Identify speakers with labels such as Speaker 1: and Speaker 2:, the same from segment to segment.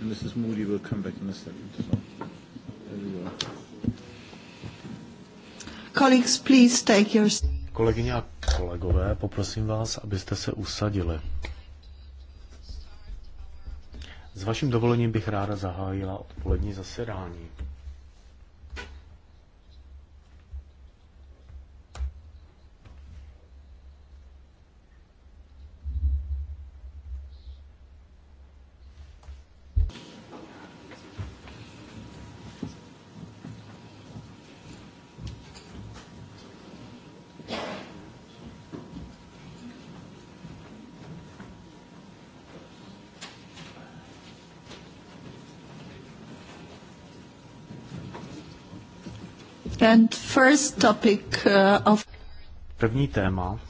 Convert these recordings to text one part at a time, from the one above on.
Speaker 1: And Mrs. Moody will come back in a second. So, there we go.
Speaker 2: Colleagues, please take your...
Speaker 1: Kolegyně a kolegové, poprosím vás, abyste se usadili. S vaším dovolením bych ráda zahájila odpolední zasedání.
Speaker 2: first topic uh, of...
Speaker 1: První téma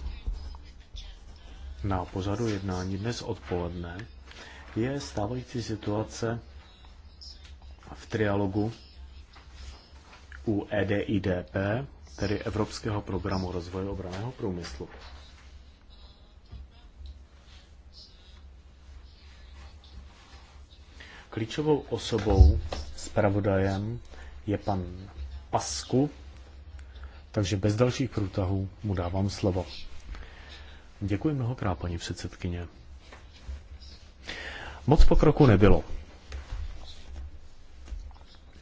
Speaker 1: na pořadu jednání dnes odpoledne je stávající situace v trialogu u EDIDP, tedy Evropského programu rozvoje obraného průmyslu. Klíčovou osobou, zpravodajem, je pan Pasku, takže bez dalších průtahů mu dávám slovo. Děkuji mnohokrát, paní předsedkyně. Moc pokroku nebylo.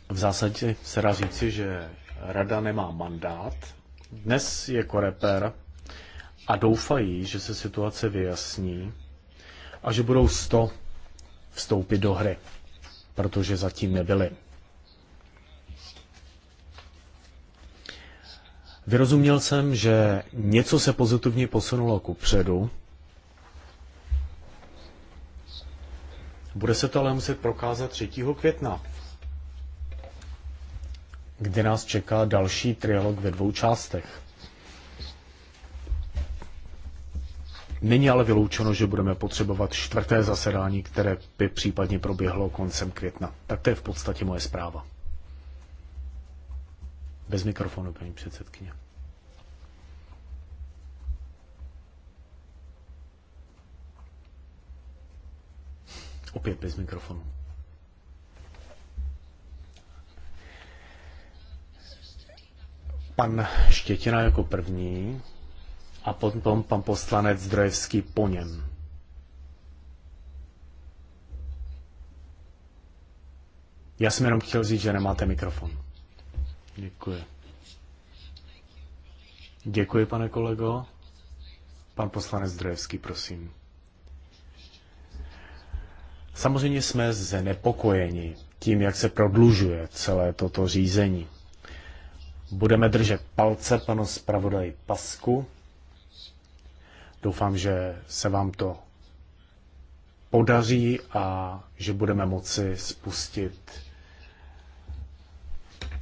Speaker 1: V zásadě se dá říci, že rada nemá mandát. Dnes je koreper a doufají, že se situace vyjasní a že budou 100 vstoupit do hry, protože zatím nebyly. Vyrozuměl jsem, že něco se pozitivně posunulo ku předu. Bude se to ale muset prokázat 3. května, kde nás čeká další trialog ve dvou částech. Není ale vyloučeno, že budeme potřebovat čtvrté zasedání, které by případně proběhlo koncem května. Tak to je v podstatě moje zpráva. Bez mikrofonu, paní předsedkyně. Opět bez mikrofonu. Pan Štětina jako první a potom pan poslanec Zdrojevský po něm. Já jsem jenom chtěl říct, že nemáte mikrofon. Děkuji. Děkuji, pane kolego. Pan poslanec Zdrojevský, prosím. Samozřejmě jsme znepokojeni tím, jak se prodlužuje celé toto řízení. Budeme držet palce panu zpravodaji Pasku. Doufám, že se vám to podaří a že budeme moci spustit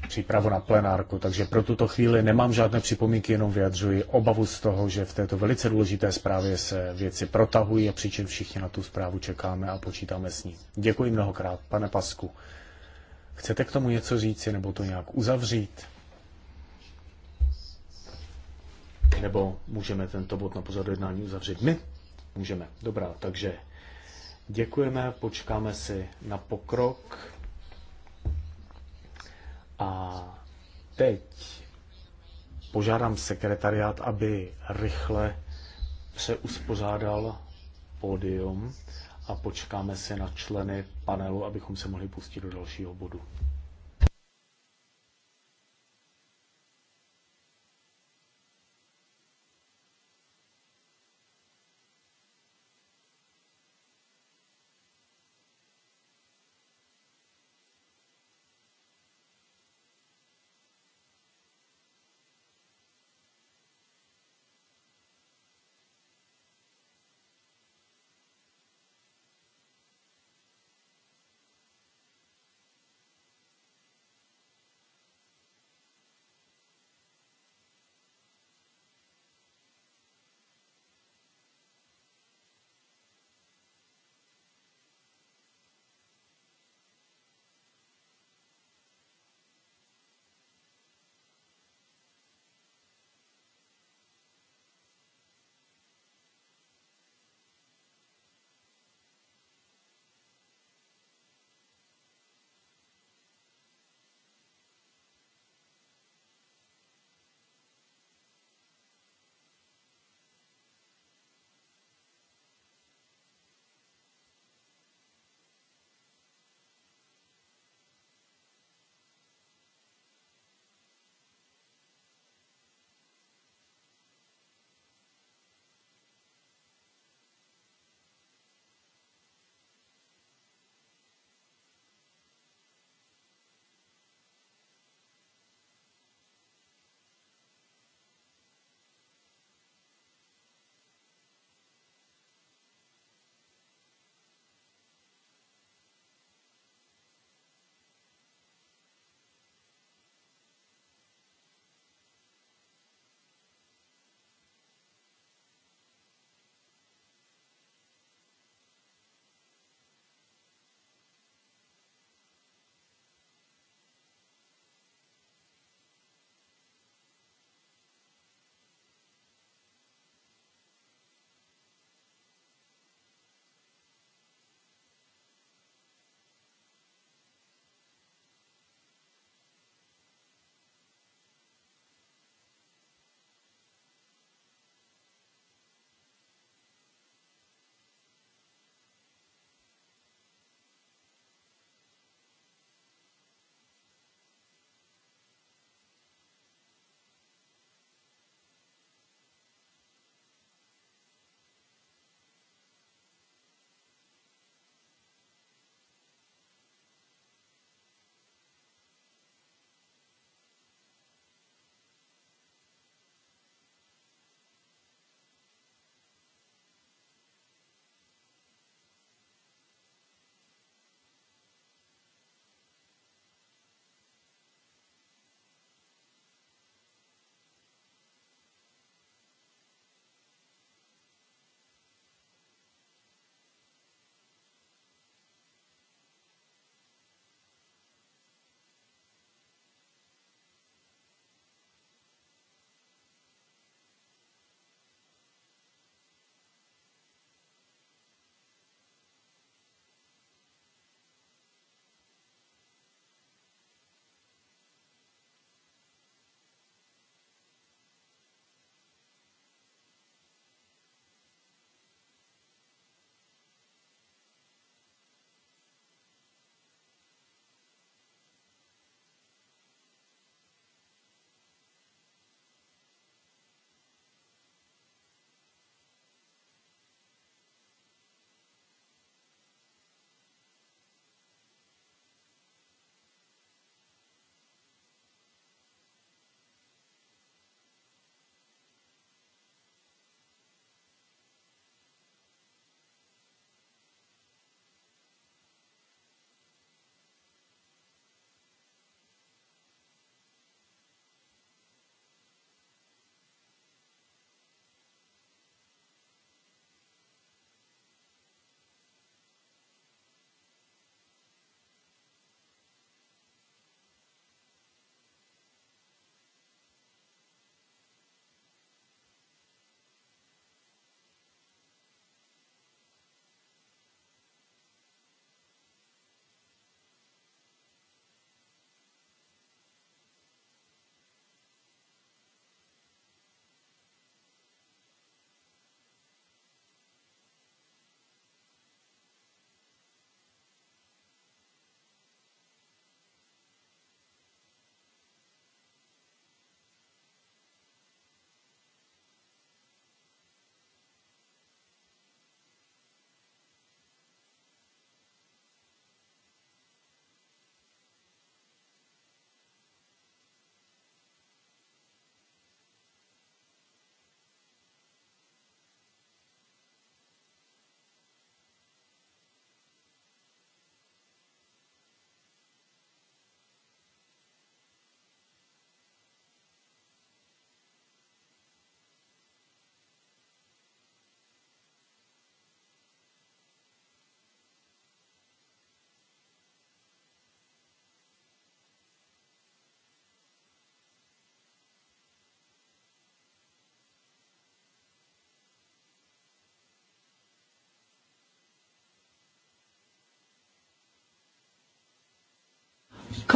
Speaker 1: přípravu na plenárku. Takže pro tuto chvíli nemám žádné připomínky, jenom vyjadřuji obavu z toho, že v této velice důležité zprávě se věci protahují a přičem všichni na tu zprávu čekáme a počítáme s ní. Děkuji mnohokrát, pane Pasku. Chcete k tomu něco říci nebo to nějak uzavřít? Nebo můžeme tento bod na pořadu jednání uzavřít my? Můžeme. Dobrá, takže děkujeme, počkáme si na pokrok. A teď požádám sekretariát, aby rychle se uspořádal pódium a počkáme se na členy panelu, abychom se mohli pustit do dalšího bodu.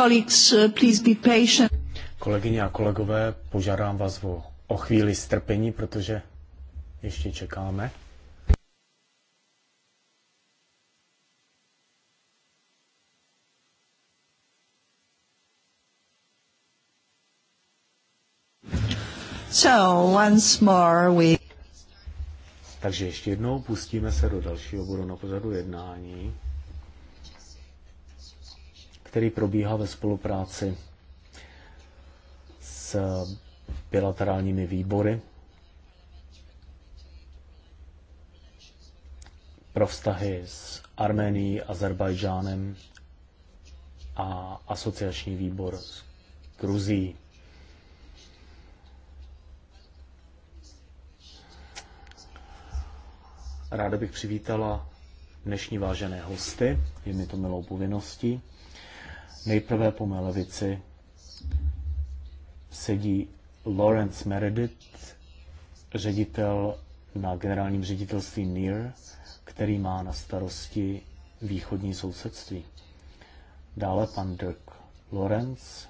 Speaker 2: colleagues, uh, please be patient.
Speaker 1: Kolegyně a kolegové, požádám vás o, o chvíli strpení, protože ještě čekáme.
Speaker 2: So, once more we... Takže
Speaker 1: ještě jednou pustíme se do dalšího bodu na pořadu jednání který probíhá ve spolupráci s bilaterálními výbory pro vztahy s Arménií, Azerbajdžánem a asociační výbor s Gruzií. Ráda bych přivítala dnešní vážené hosty, je mi to milou povinností. Nejprve po mé levici sedí Lawrence Meredith, ředitel na generálním ředitelství NIR, který má na starosti východní sousedství. Dále pan Dirk Lawrence,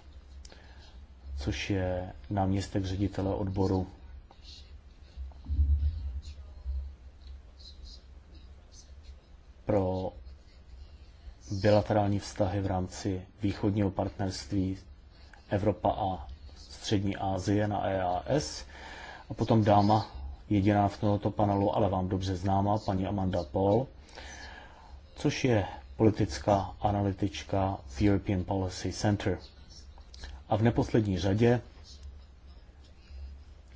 Speaker 1: což je náměstek ředitele odboru pro bilaterální vztahy v rámci východního partnerství Evropa a Střední Asie na EAS. A potom dáma, jediná v tomto panelu, ale vám dobře známá, paní Amanda Paul, což je politická analytička v European Policy Center. A v neposlední řadě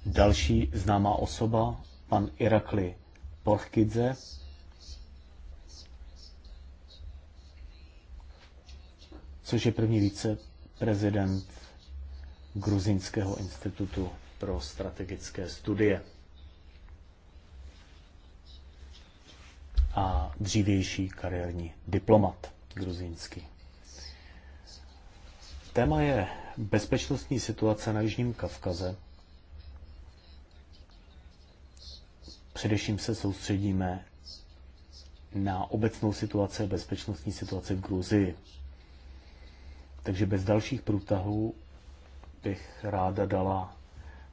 Speaker 1: další známá osoba, pan Irakli Porchkidze, což je první viceprezident Gruzinského institutu pro strategické studie a dřívější kariérní diplomat gruzínský. Téma je bezpečnostní situace na Jižním Kavkaze. Především se soustředíme na obecnou situaci bezpečnostní situaci v Gruzii. Takže bez dalších průtahů bych ráda dala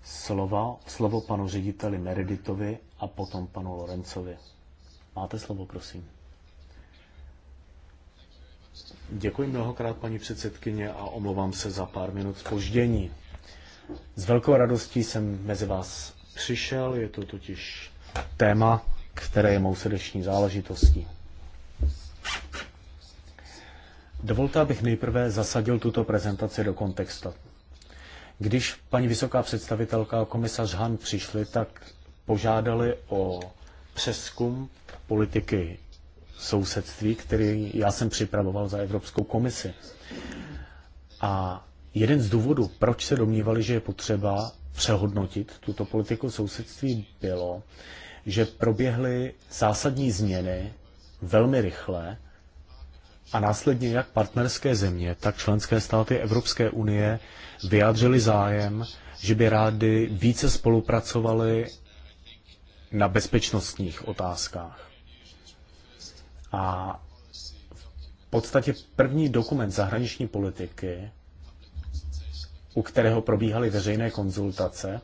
Speaker 1: slova, slovo panu řediteli Mereditovi a potom panu Lorencovi. Máte slovo, prosím. Děkuji mnohokrát, paní předsedkyně, a omlouvám se za pár minut spoždění. S velkou radostí jsem mezi vás přišel, je to totiž téma, které je mou srdeční záležitostí. Dovolte, abych nejprve zasadil tuto prezentaci do kontextu. Když paní vysoká představitelka a komisař Han přišli, tak požádali o přeskum politiky sousedství, který já jsem připravoval za Evropskou komisi. A jeden z důvodů, proč se domnívali, že je potřeba přehodnotit tuto politiku sousedství, bylo, že proběhly zásadní změny velmi rychle a následně jak partnerské země, tak členské státy Evropské unie vyjádřili zájem, že by rádi více spolupracovali na bezpečnostních otázkách. A v podstatě první dokument zahraniční politiky, u kterého probíhaly veřejné konzultace,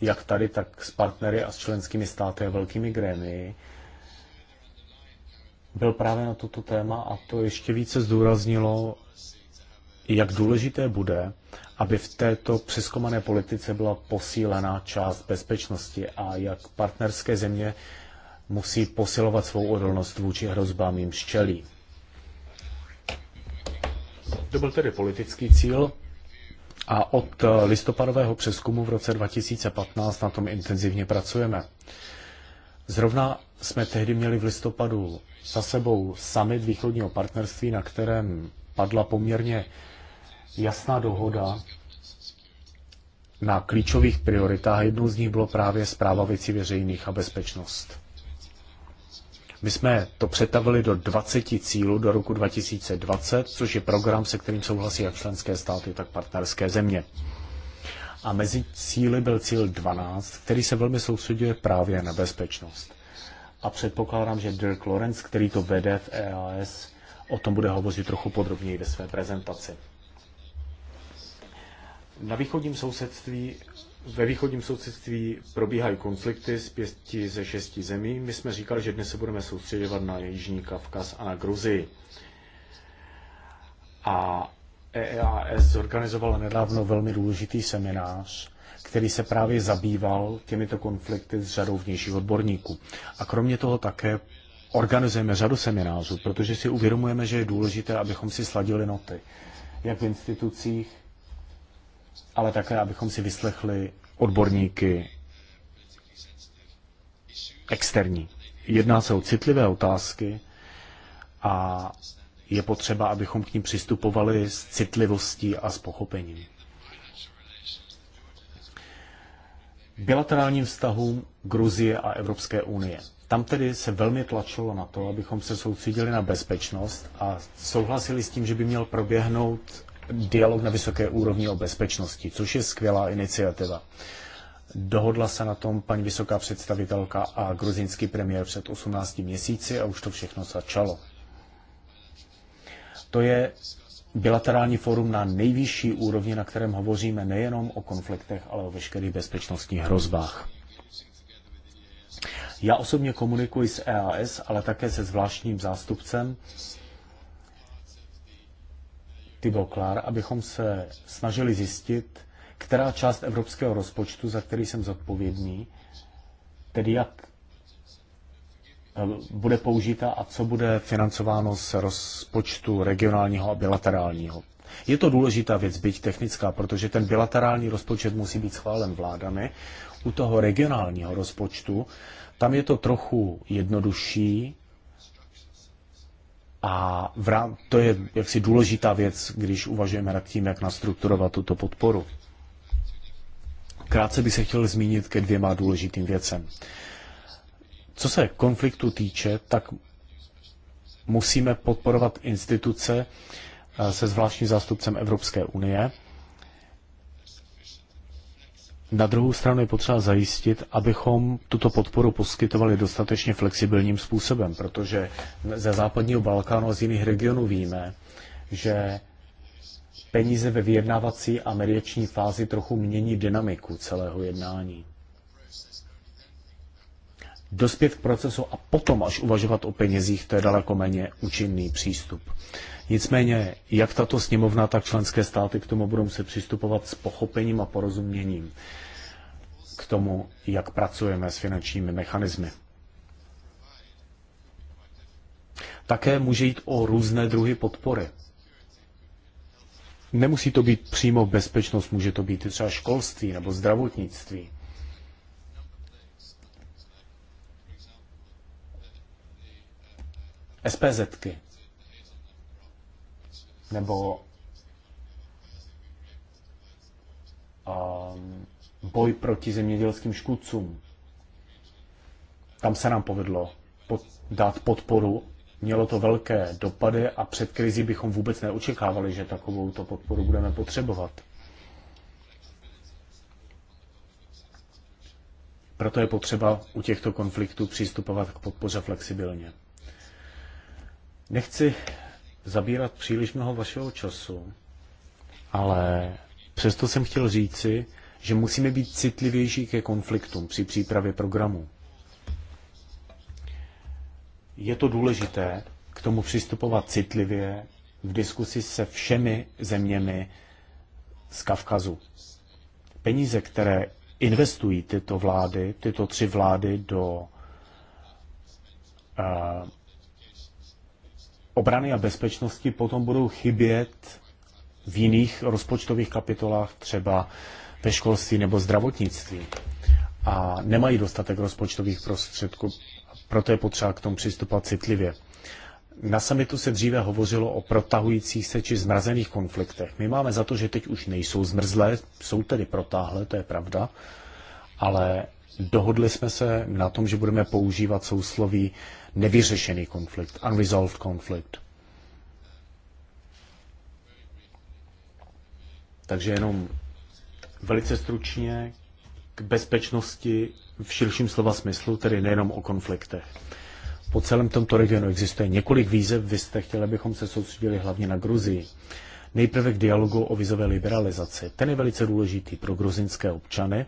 Speaker 1: jak tady, tak s partnery a s členskými státy a velkými grémii, byl právě na toto téma a to ještě více zdůraznilo, jak důležité bude, aby v této přeskomané politice byla posílená část bezpečnosti a jak partnerské země musí posilovat svou odolnost vůči hrozbám jim štělí. To byl tedy politický cíl a od listopadového přeskumu v roce 2015 na tom intenzivně pracujeme. Zrovna jsme tehdy měli v listopadu za sebou summit východního partnerství, na kterém padla poměrně jasná dohoda na klíčových prioritách. Jednou z nich bylo právě zpráva věcí veřejných a bezpečnost. My jsme to přetavili do 20 cílů do roku 2020, což je program, se kterým souhlasí jak členské státy, tak partnerské země. A mezi cíly byl cíl 12, který se velmi soustředuje právě na bezpečnost a předpokládám, že Dirk Lorenz, který to vede v EAS, o tom bude hovořit trochu podrobněji ve své prezentaci. Na východním sousedství, ve východním sousedství probíhají konflikty z pěti ze šesti zemí. My jsme říkali, že dnes se budeme soustředovat na Jižní Kavkaz a na Gruzii. A EEAS zorganizovala nedávno velmi důležitý seminář který se právě zabýval těmito konflikty s řadou vnějších odborníků. A kromě toho také organizujeme řadu seminářů, protože si uvědomujeme, že je důležité, abychom si sladili noty, jak v institucích, ale také, abychom si vyslechli odborníky externí. Jedná se o citlivé otázky a je potřeba, abychom k ním přistupovali s citlivostí a s pochopením. bilaterálním vztahům Gruzie a Evropské unie. Tam tedy se velmi tlačilo na to, abychom se soustředili na bezpečnost a souhlasili s tím, že by měl proběhnout dialog na vysoké úrovni o bezpečnosti, což je skvělá iniciativa. Dohodla se na tom paní vysoká představitelka a gruzinský premiér před 18 měsíci a už to všechno začalo. To je bilaterální fórum na nejvyšší úrovni, na kterém hovoříme nejenom o konfliktech, ale o veškerých bezpečnostních hrozbách. Já osobně komunikuji s EAS, ale také se zvláštním zástupcem Tibo Klár, abychom se snažili zjistit, která část evropského rozpočtu, za který jsem zodpovědný, tedy jak Ehm, bude použita a co bude financováno z rozpočtu regionálního a bilaterálního. Je to důležitá věc, byť technická, protože ten bilaterální rozpočet musí být schválen vládami. U toho regionálního rozpočtu tam je to trochu jednodušší a to je jaksi důležitá věc, když uvažujeme nad tím, jak nastrukturovat tuto podporu. Krátce bych se chtěl zmínit ke dvěma důležitým věcem. Co se konfliktu týče, tak musíme podporovat instituce eh, se zvláštním zástupcem Evropské unie. Na druhou stranu je potřeba zajistit, abychom tuto podporu poskytovali dostatečně flexibilním způsobem, protože ze západního Balkánu a z jiných regionů víme, že peníze ve vyjednávací a mediační fázi trochu mění dynamiku celého jednání dospět k procesu a potom až uvažovat o penězích, to je daleko méně účinný přístup. Nicméně, jak tato sněmovna, tak členské státy k tomu budou muset přistupovat s pochopením a porozuměním k tomu, jak pracujeme s finančními mechanismy. Také může jít o různé druhy podpory. Nemusí to být přímo bezpečnost, může to být třeba školství nebo zdravotnictví. SPZ. Nebo um, boj proti zemědělským škůdcům. Tam se nám povedlo pod, dát podporu. Mělo to velké dopady a před krizí bychom vůbec neočekávali, že takovou to podporu budeme potřebovat. Proto je potřeba u těchto konfliktů přistupovat k podpoře flexibilně. Nechci zabírat příliš mnoho vašeho času, ale přesto jsem chtěl říci, že musíme být citlivější ke konfliktům při přípravě programu. Je to důležité k tomu přistupovat citlivě v diskusi se všemi zeměmi z Kavkazu. Peníze, které investují tyto vlády, tyto tři vlády do uh, obrany a bezpečnosti potom budou chybět v jiných rozpočtových kapitolách, třeba ve školství nebo zdravotnictví. A nemají dostatek rozpočtových prostředků, proto je potřeba k tomu přistupovat citlivě. Na samitu se dříve hovořilo o protahujících se či zmrazených konfliktech. My máme za to, že teď už nejsou zmrzlé, jsou tedy protáhlé, to je pravda, ale Dohodli jsme se na tom, že budeme používat sousloví nevyřešený konflikt, unresolved conflict. Takže jenom velice stručně k bezpečnosti v širším slova smyslu, tedy nejenom o konfliktech. Po celém tomto regionu existuje několik výzev, vy jste chtěli, abychom se soustředili hlavně na Gruzii. Nejprve k dialogu o vizové liberalizaci. Ten je velice důležitý pro gruzinské občany,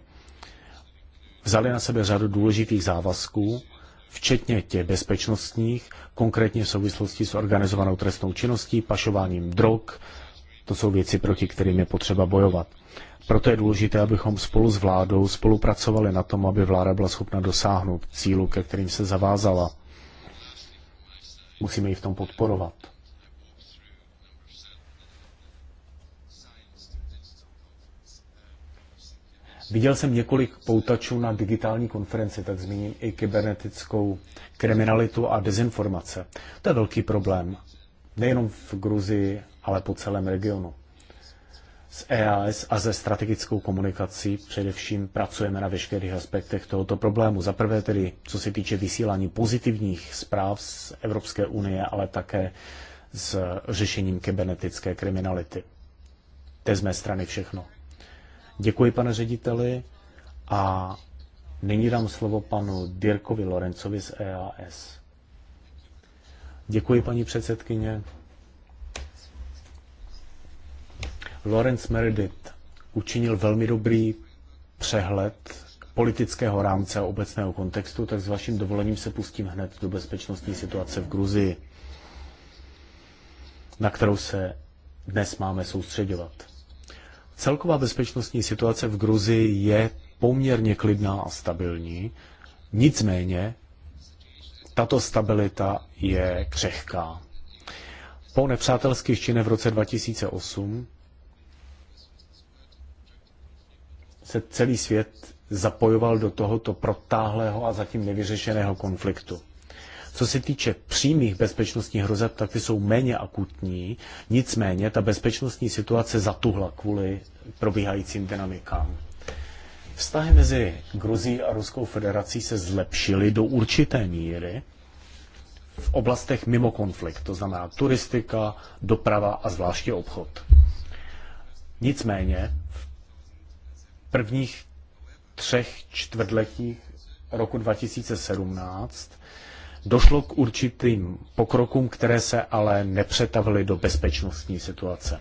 Speaker 1: vzali na sebe řadu důležitých závazků, včetně těch bezpečnostních, konkrétně v souvislosti s organizovanou trestnou činností, pašováním drog. To jsou věci, proti kterým je potřeba bojovat. Proto je důležité, abychom spolu s vládou spolupracovali na tom, aby vláda byla schopna dosáhnout cílu, ke kterým se zavázala. Musíme ji v tom podporovat. Viděl jsem několik poutačů na digitální konferenci, tak zmíním i kybernetickou kriminalitu a dezinformace. To je velký problém, nejenom v Gruzii, ale po celém regionu. S EAS a ze strategickou komunikací především pracujeme na veškerých aspektech tohoto problému. Za prvé tedy, co se týče vysílání pozitivních zpráv z Evropské unie, ale také s řešením kybernetické kriminality. To je z mé strany všechno. Děkuji, pane řediteli. A nyní dám slovo panu Dirkovi Lorencovi z EAS. Děkuji, paní předsedkyně. Lorenz Meredith učinil velmi dobrý přehled politického rámce a obecného kontextu, tak s vaším dovolením se pustím hned do bezpečnostní situace v Gruzii, na kterou se dnes máme soustředovat. Celková bezpečnostní situace v Gruzii je poměrně klidná a stabilní, nicméně tato stabilita je křehká. Po nepřátelských činech v roce 2008 se celý svět zapojoval do tohoto protáhlého a zatím nevyřešeného konfliktu. Co se týče přímých bezpečnostních hrozeb, tak ty jsou méně akutní, nicméně ta bezpečnostní situace zatuhla kvůli probíhajícím dynamikám. Vztahy mezi Gruzí a Ruskou federací se zlepšily do určité míry v oblastech mimo konflikt, to znamená turistika, doprava a zvláště obchod. Nicméně v prvních třech čtvrtletích roku 2017 Došlo k určitým pokrokům, které se ale nepřetavily do bezpečnostní situace.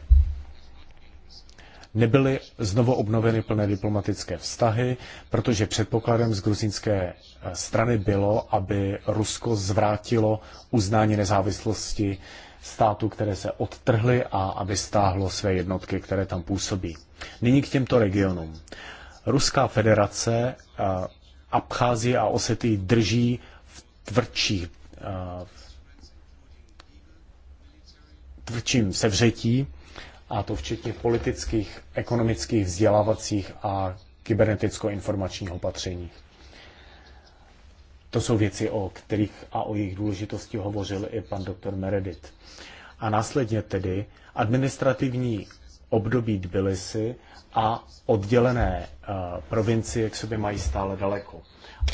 Speaker 1: Nebyly znovu obnoveny plné diplomatické vztahy, protože předpokladem z gruzínské eh, strany bylo, aby Rusko zvrátilo uznání nezávislosti států, které se odtrhly a aby stáhlo své jednotky, které tam působí. Nyní k těmto regionům. Ruská federace eh, Abcházie a Osety drží tvrdší, eh, tvrdším sevřetí, a to včetně politických, ekonomických, vzdělávacích a kyberneticko-informačních opatření. To jsou věci, o kterých a o jejich důležitosti hovořil i pan doktor Meredith. A následně tedy administrativní období Tbilisi a oddělené uh, provincie k sobě mají stále daleko.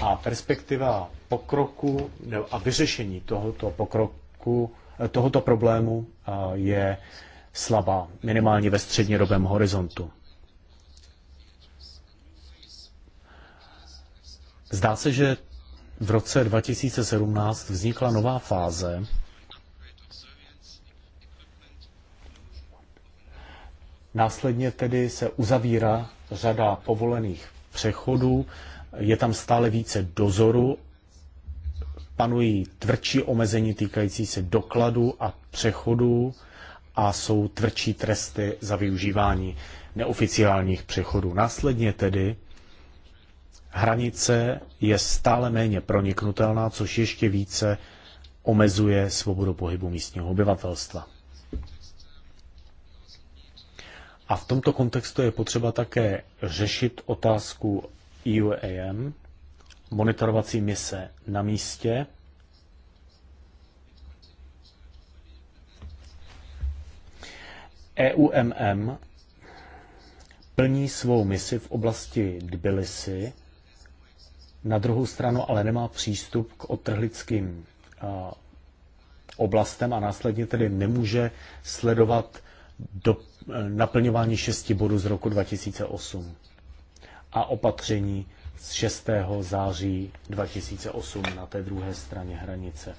Speaker 1: A perspektiva pokroku a vyřešení tohoto pokroku, eh, tohoto problému eh, je slabá, minimálně ve střednědobém horizontu. Zdá se, že v roce 2017 vznikla nová fáze, Následně tedy se uzavírá řada povolených přechodů, je tam stále více dozoru, panují tvrdší omezení týkající se dokladů a přechodů a jsou tvrdší tresty za využívání neoficiálních přechodů. Následně tedy hranice je stále méně proniknutelná, což ještě více omezuje svobodu pohybu místního obyvatelstva. A v tomto kontextu je potřeba také řešit otázku EUAM, monitorovací mise na místě, EUMM plní svou misi v oblasti Tbilisi, na druhou stranu ale nemá přístup k otrhlickým oblastem a následně tedy nemůže sledovat do, e, naplňování šesti bodů z roku 2008 a opatření z 6. září 2008 na té druhé straně hranice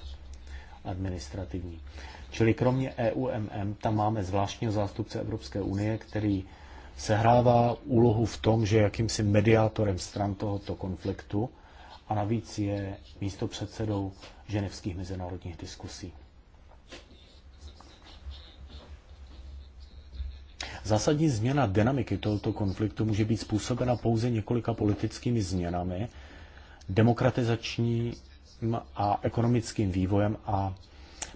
Speaker 1: administrativní. Čili kromě EUMM tam máme zvláštního zástupce Evropské unie, který sehrává úlohu v tom, že jakýmsi mediátorem stran tohoto konfliktu a navíc je místo ženevských mezinárodních diskusí. Zásadní změna dynamiky tohoto konfliktu může být způsobena pouze několika politickými změnami, demokratizačním a ekonomickým vývojem a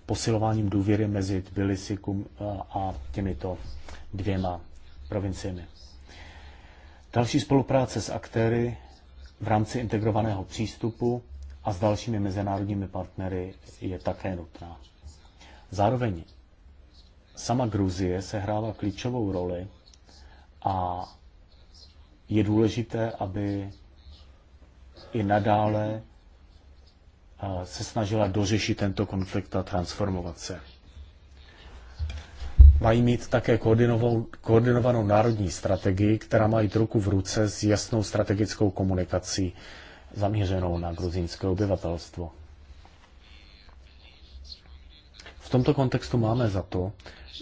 Speaker 1: posilováním důvěry mezi Tbilisi eh, a těmito dvěma provinciemi. Další spolupráce s aktéry v rámci integrovaného přístupu a s dalšími mezinárodními partnery je také nutná. Zároveň sama Gruzie sehrála klíčovou roli a je důležité, aby i nadále eh, se snažila dořešit tento konflikt a transformovat se. Mají mít také koordinovanou národní strategii, která má jít ruku v ruce s jasnou strategickou komunikací zaměřenou na gruzínské obyvatelstvo. V tomto kontextu máme za to,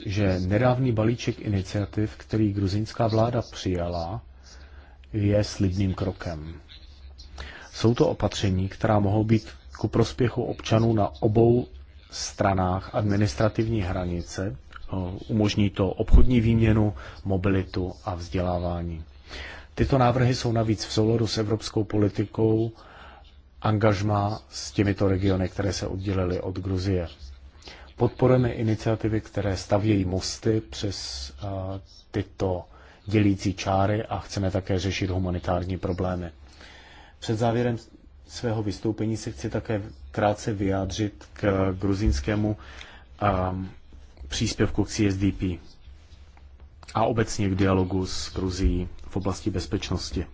Speaker 1: že nedávný balíček iniciativ, který gruzinská vláda přijala, je slibným krokem. Jsou to opatření, která mohou být ku prospěchu občanů na obou stranách administrativní hranice. Umožní to obchodní výměnu, mobilitu a vzdělávání. Tyto návrhy jsou navíc v souladu s evropskou politikou angažma s těmito regiony, které se oddělily od Gruzie. Podporujeme iniciativy, které stavějí mosty přes eh, tyto dělící čáry a chceme také řešit humanitární problémy. Před závěrem svého vystoupení se chci také krátce vyjádřit k gruzínskému ehm, příspěvku k CSDP a obecně k dialogu s Gruzií v oblasti bezpečnosti.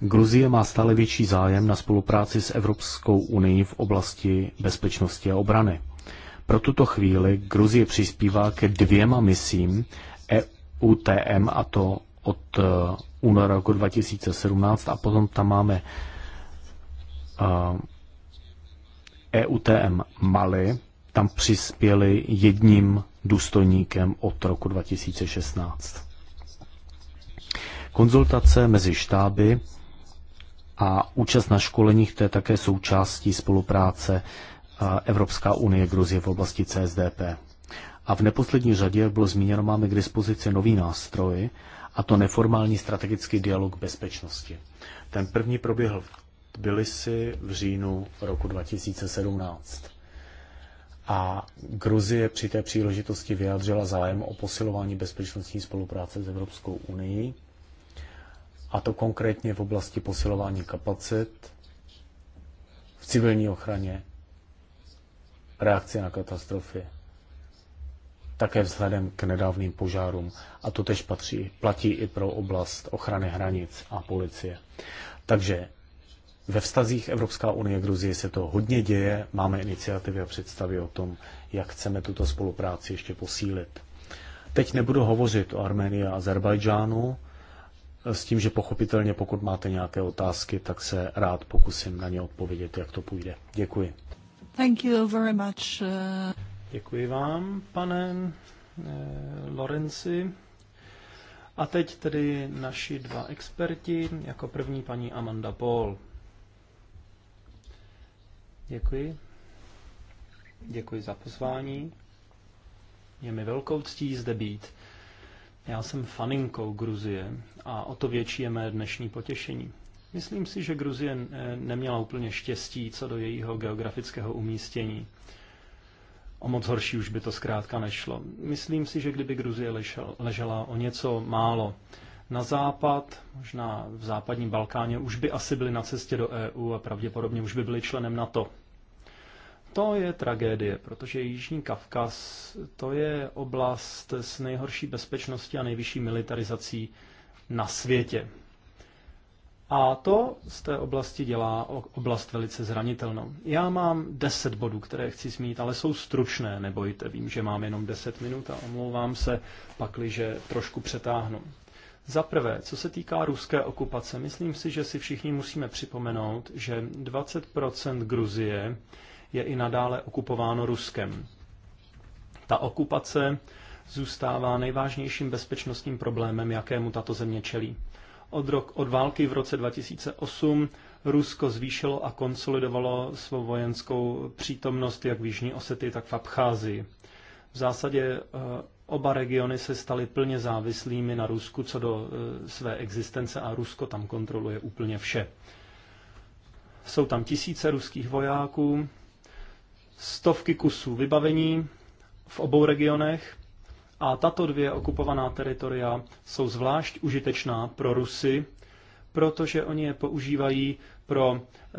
Speaker 1: Gruzie má stále větší zájem na spolupráci s Evropskou unii v oblasti bezpečnosti a obrany. Pro tuto chvíli Gruzie přispívá ke dvěma misím EUTM, a to od eh, února roku 2017, a potom tam máme EUTM eh, e Mali, tam přispěli jedním důstojníkem od roku 2016. Konzultace mezi štáby a účast na školeních, to je také součástí spolupráce Evropská unie Gruzie v oblasti CSDP. A v neposlední řadě, jak bylo zmíněno, máme k dispozici nový nástroj, a to neformální strategický dialog bezpečnosti. Ten první proběhl v Tbilisi v říjnu roku 2017. A Gruzie při té příležitosti vyjádřila zájem o posilování bezpečnostní spolupráce s Evropskou unii, a to konkrétně v oblasti posilování kapacit, v civilní ochraně reakci na katastrofy. Také vzhledem k nedávným požárům. A to tež patří, platí i pro oblast ochrany hranic a policie. Takže ve vztazích Evropská unie Gruzie se to hodně děje, máme iniciativy a představy o tom, jak chceme tuto spolupráci ještě posílit. Teď nebudu hovořit o Arménii a Azerbajdžánu, s tím, že pochopitelně pokud máte nějaké otázky, tak se rád pokusím na ně odpovědět, jak to půjde. Děkuji.
Speaker 3: Thank you very much. Uh,
Speaker 4: Děkuji vám, pane eh, Lorenci. A teď tedy naši dva experti, jako první paní Amanda Paul. Děkuji. Děkuji za pozvání. Je mi velkou ctí zde být. Já jsem faninkou Gruzie a o to větší je mé dnešní potěšení. Myslím si, že Gruzie eh, neměla úplně štěstí co do jejího geografického umístění. O moc horší už by to zkrátka nešlo. Myslím si, že kdyby Gruzie ležela o něco málo na západ, možná v západním Balkáně, už by asi byli na cestě do EU a pravděpodobně už by byli členem NATO. To je tragédie, protože Jižní Kavkaz to je oblast s nejhorší bezpečností a nejvyšší militarizací na světě. A to z té oblasti dělá oblast velice zranitelnou. Já mám 10 bodů, které chci zmínit, ale jsou stručné, nebojte, vím, že mám jenom 10 minut a omlouvám se, pakliže trošku přetáhnu. Za prvé, co se týká ruské okupace, myslím si, že si všichni musíme připomenout, že 20% Gruzie je i nadále okupováno Ruskem. Ta okupace zůstává nejvážnějším bezpečnostním problémem, jakému tato země čelí. Od, rok, od války v roce 2008 Rusko zvýšilo a konsolidovalo svou vojenskou přítomnost jak v Jižní Osety, tak v Abcházii. V zásadě eh, oba regiony se staly plně závislými na Rusku co do eh, své existence a Rusko tam kontroluje úplně vše. Jsou tam tisíce ruských vojáků, stovky kusů vybavení v obou regionech a tato dvě okupovaná teritoria jsou zvlášť užitečná pro Rusy, protože oni je používají pro eh,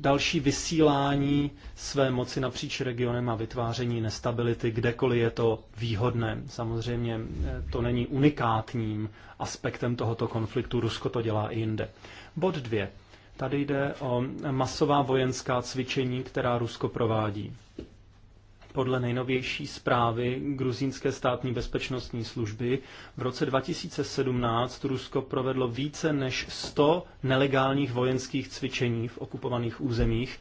Speaker 4: další vysílání své moci napříč regionem a vytváření nestability, kdekoliv je to výhodné. Samozřejmě eh, to není unikátním aspektem tohoto konfliktu, Rusko to dělá i jinde. Bod dvě. Tady jde o masová vojenská cvičení, která Rusko provádí. Podle nejnovější zprávy gruzínské státní bezpečnostní služby v roce 2017 Rusko provedlo více než 100 nelegálních vojenských cvičení v okupovaných územích,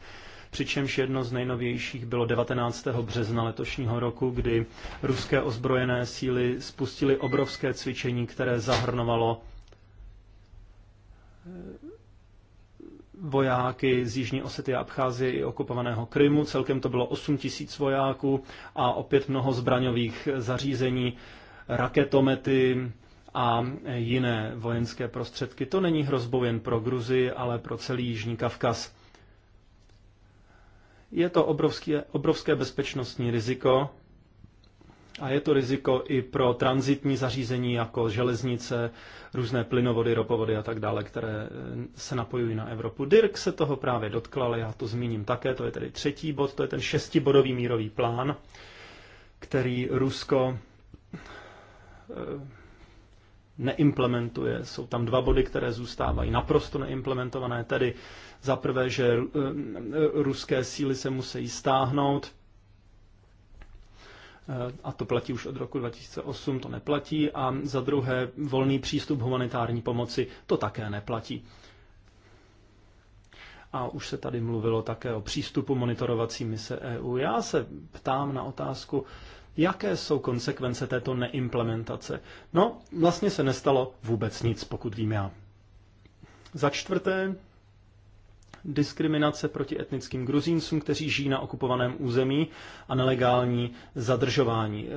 Speaker 4: přičemž jedno z nejnovějších bylo 19. března letošního roku, kdy ruské ozbrojené síly spustily obrovské cvičení, které zahrnovalo vojáky z Jižní Osety a Abcházie i okupovaného Krymu. Celkem to bylo 8 tisíc vojáků a opět mnoho zbraňových zařízení, raketomety a jiné vojenské prostředky. To není hrozbou jen pro Gruzi, ale pro celý Jižní Kavkaz. Je to obrovské, obrovské bezpečnostní riziko, a je to riziko i pro transitní zařízení jako železnice, různé plynovody, ropovody a tak dále, které eh, se napojují na Evropu. Dirk se toho právě dotkl, ale já to zmíním také. To je tedy třetí bod, to je ten šestibodový mírový plán, který Rusko eh, neimplementuje. Jsou tam dva body, které zůstávají naprosto neimplementované, tedy za prvé, že eh, ruské síly se musí stáhnout, a to platí už od roku 2008, to neplatí, a za druhé volný přístup humanitární pomoci, to také neplatí. A už se tady mluvilo také o přístupu monitorovací mise EU. Já se ptám na otázku, jaké jsou konsekvence této neimplementace. No, vlastně se nestalo vůbec nic, pokud vím já. Za čtvrté, diskriminace proti etnickým gruzíncům, kteří žijí na okupovaném území a nelegální zadržování. E,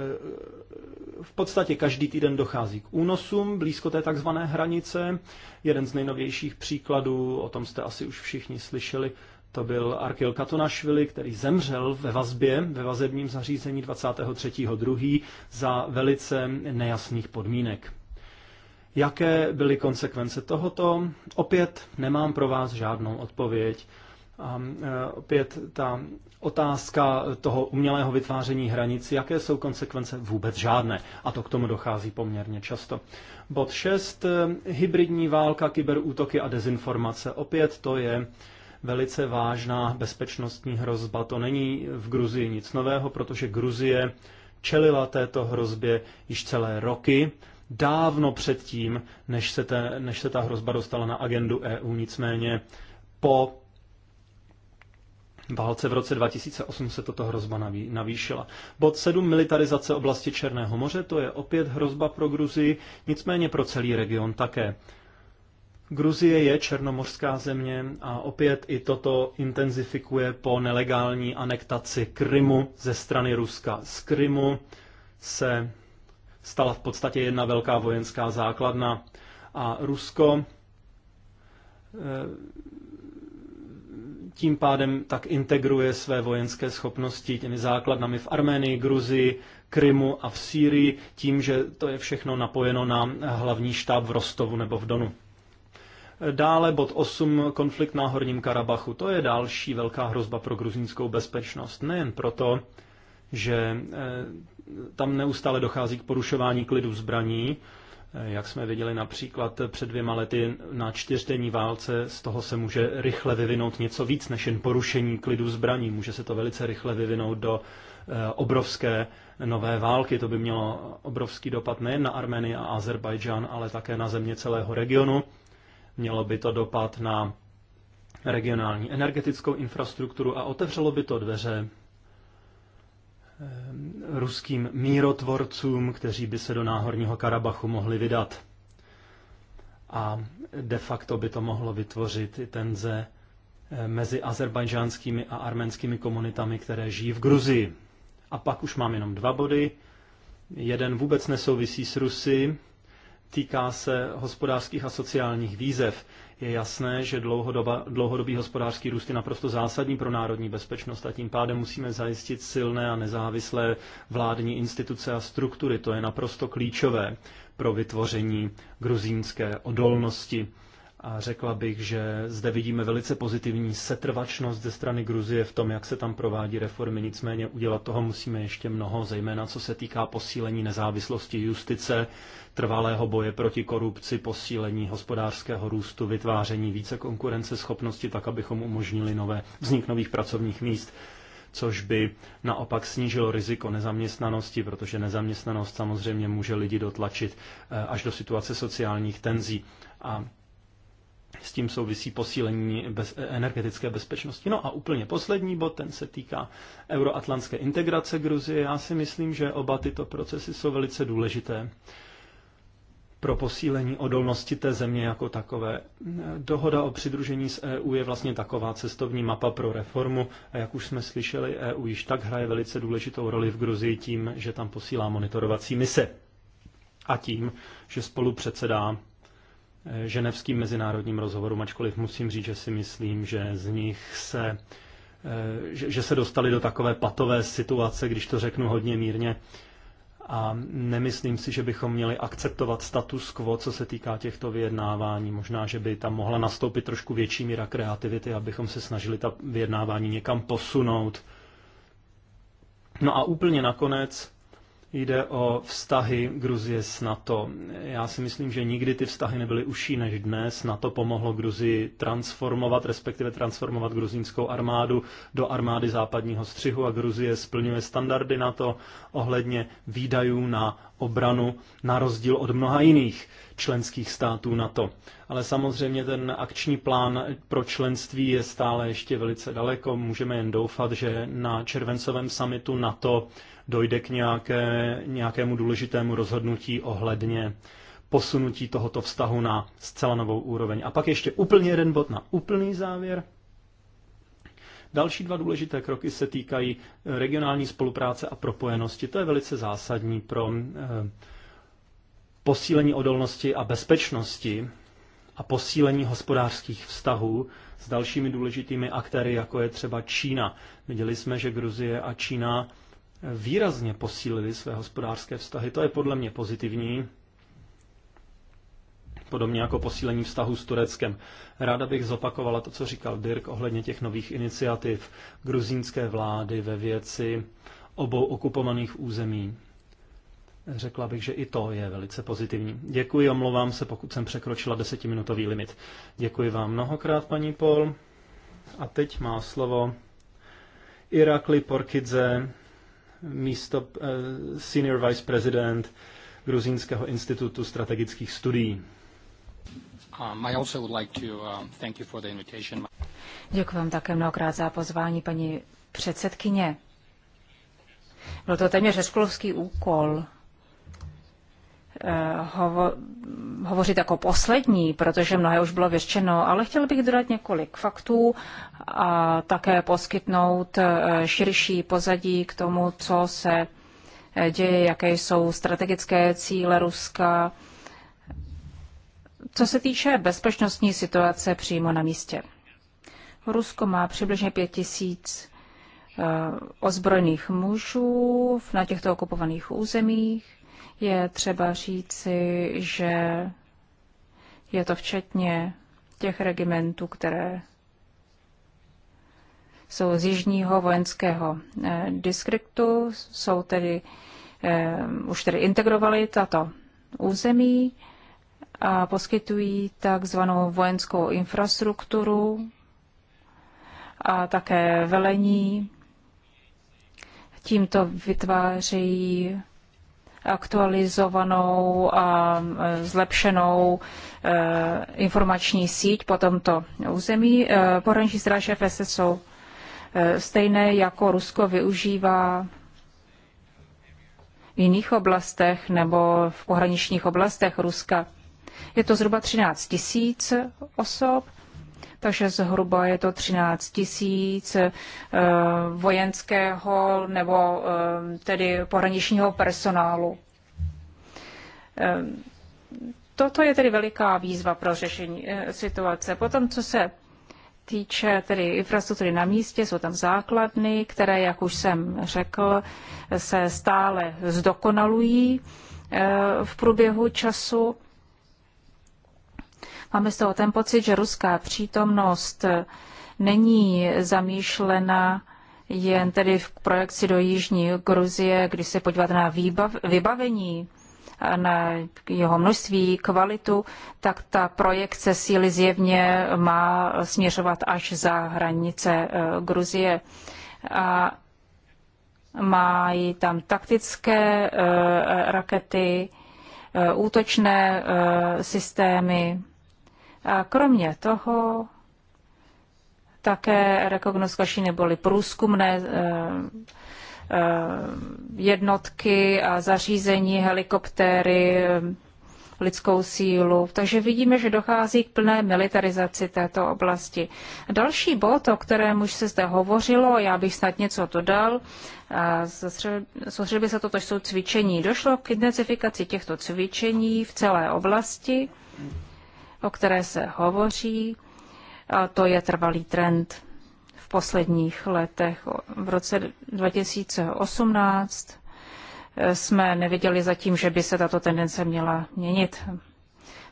Speaker 4: v podstatě každý týden dochází k únosům blízko té takzvané hranice. Jeden z nejnovějších příkladů, o tom jste asi už všichni slyšeli, to byl Arkil Katonašvili, který zemřel ve vazbě, ve vazebním zařízení 23.2. za velice nejasných podmínek. Jaké byly konsekvence tohoto? Opět nemám pro vás žádnou odpověď. A e, opět ta otázka toho umělého vytváření hranic, jaké jsou konsekvence? Vůbec žádné. A to k tomu dochází poměrně často. Bod 6. E, hybridní válka, kyberútoky a dezinformace. Opět to je velice vážná bezpečnostní hrozba. To není v Gruzii nic nového, protože Gruzie čelila této hrozbě již celé roky dávno předtím, než se, te, než se ta hrozba dostala na agendu EU. Nicméně po válce v roce 2008 se toto hrozba navýšila. Bod 7. Militarizace oblasti Černého moře, to je opět hrozba pro Gruzii, nicméně pro celý region také. Gruzie je černomořská země a opět i toto intenzifikuje po nelegální anektaci Krymu ze strany Ruska. Z Krymu se stala v podstatě jedna velká vojenská základna. A Rusko eh, tím pádem tak integruje své vojenské schopnosti těmi základnami v Arménii, Gruzii, Krymu a v Sýrii, tím, že to je všechno napojeno na hlavní štáb v Rostovu nebo v Donu. Dále bod 8, konflikt na Horním Karabachu. To je další velká hrozba pro gruzínskou bezpečnost. Nejen proto, že eh, tam neustále dochází k porušování klidu zbraní. Eh, jak jsme viděli například před dvěma lety na čtyřdenní válce, z toho se může rychle vyvinout něco víc než jen porušení klidu zbraní. Může se to velice rychle vyvinout do eh, obrovské nové války. To by mělo obrovský dopad nejen na Armenii a Azerbajdžán, ale také na země celého regionu. Mělo by to dopad na regionální energetickou infrastrukturu a otevřelo by to dveře Ehm, ruským mírotvorcům, kteří by se do Náhorního Karabachu mohli vydat. A de facto by to mohlo vytvořit i tenze eh, mezi azerbajdžánskými a arménskými komunitami, které žijí v Gruzii. A pak už mám jenom dva body. Jeden vůbec nesouvisí s Rusy, týká se hospodářských a sociálních výzev. Je jasné, že dlouhodoba, dlouhodobý hospodářský růst je naprosto zásadní pro národní bezpečnost a tím pádem musíme zajistit silné a nezávislé vládní instituce a struktury. To je naprosto klíčové pro vytvoření gruzínské odolnosti a řekla bych, že zde vidíme velice pozitivní setrvačnost ze strany Gruzie v tom, jak se tam provádí reformy. Nicméně udělat toho musíme ještě mnoho, zejména co se týká posílení nezávislosti justice, trvalého boje proti korupci, posílení hospodářského růstu, vytváření více konkurenceschopnosti, tak abychom umožnili nové, vznik nových pracovních míst což by naopak snížilo riziko nezaměstnanosti, protože nezaměstnanost samozřejmě může lidi dotlačit eh, až do situace sociálních tenzí. A s tím souvisí posílení bez, energetické bezpečnosti. No a úplně poslední bod, ten se týká euroatlantské integrace Gruzie. Já si myslím, že oba tyto procesy jsou velice důležité pro posílení odolnosti té země jako takové. Dohoda o přidružení s EU je vlastně taková cestovní mapa pro reformu a jak už jsme slyšeli, EU již tak hraje velice důležitou roli v Gruzii tím, že tam posílá monitorovací mise a tím, že spolu předsedá Eh, ženevským mezinárodním rozhovorům, ačkoliv musím říct, že si myslím, že z nich se, eh, že se dostali do takové patové situace, když to řeknu hodně mírně, a nemyslím si, že bychom měli akceptovat status quo, co se týká těchto vyjednávání. Možná, že by tam mohla nastoupit trošku větší míra kreativity, abychom se snažili ta vyjednávání někam posunout. No a úplně nakonec Jde o vztahy Gruzie s NATO. Já si myslím, že nikdy ty vztahy nebyly užší než dnes. NATO pomohlo Gruzii transformovat, respektive transformovat gruzínskou armádu do armády západního střihu a Gruzie splňuje standardy NATO ohledně výdajů na obranu na rozdíl od mnoha jiných členských států NATO. Ale samozřejmě ten akční plán pro členství je stále ještě velice daleko. Můžeme jen doufat, že na červencovém samitu NATO dojde k nějaké, nějakému důležitému rozhodnutí ohledně posunutí tohoto vztahu na zcela novou úroveň. A pak ještě úplně jeden bod na úplný závěr. Další dva důležité kroky se týkají eh, regionální spolupráce a propojenosti. To je velice zásadní pro eh, posílení odolnosti a bezpečnosti a posílení hospodářských vztahů s dalšími důležitými aktéry, jako je třeba Čína. Viděli jsme, že Gruzie a Čína výrazně posílili své hospodářské vztahy. To je podle mě pozitivní, podobně jako posílení vztahu s Tureckem. Ráda bych zopakovala to, co říkal Dirk ohledně těch nových iniciativ gruzínské vlády ve věci obou okupovaných území. Řekla bych, že i to je velice pozitivní. Děkuji, omlouvám se, pokud jsem překročila desetiminutový limit. Děkuji vám mnohokrát, paní Pol. A teď má slovo Irakli Porkidze místo eh, senior vice president Gruzínského institutu strategických studií. Um, I also would like to
Speaker 1: uh, thank you for the invitation.
Speaker 3: Děkuji vám také mnohokrát za pozvání, paní předsedkyně. Byl to téměř školský úkol Eh, hovo- hovořit jako poslední, protože mnohé už bylo vyřčeno, ale chtěl bych dodat několik faktů a také poskytnout eh, širší pozadí k tomu, co se eh, děje, jaké jsou strategické cíle Ruska. Co se týče bezpečnostní situace přímo na místě. Rusko má přibližně pět tisíc ozbrojených mužů na těchto okupovaných územích je třeba říci, že je to včetně těch regimentů, které jsou z jižního vojenského eh, distriktu, jsou tedy, eh, už tedy integrovali tato území a poskytují takzvanou vojenskou infrastrukturu a také velení. Tímto vytvářejí aktualizovanou a zlepšenou e, informační síť po tomto území. E, pohraniční stráž FSS jsou e, stejné, jako Rusko využívá v jiných oblastech nebo v pohraničních oblastech Ruska. Je to zhruba 13 tisíc osob takže zhruba je to 13 tisíc eh, vojenského nebo eh, tedy pohraničního personálu. Eh, toto je tedy veliká výzva pro řešení situace. Potom, co se týče tedy infrastruktury na místě, jsou tam základny, které, jak už jsem řekl, se stále zdokonalují v průběhu času. Máme z toho ten pocit, že ruská přítomnost není zamýšlena jen tedy v projekci do Jižní Gruzie, když se podíváte na výbav, vybavení, na jeho množství, kvalitu, tak ta projekce síly zjevně má směřovat až za hranice e, Gruzie. A mají tam taktické e, rakety, e, útočné systémy, a kromě toho také rekognoskační neboli průzkumné eh, eh, jednotky a zařízení, helikoptéry, eh, lidskou sílu. Takže vidíme, že dochází k plné militarizaci této oblasti. Další bod, o kterém už se zde hovořilo, já bych snad něco dodal, soustředili by se to, to jsou cvičení. Došlo k intenzifikaci těchto cvičení v celé oblasti o které se hovoří, a to je trvalý trend v posledních letech. V roce 2018 eh, jsme neviděli zatím, že by se tato tendence měla měnit.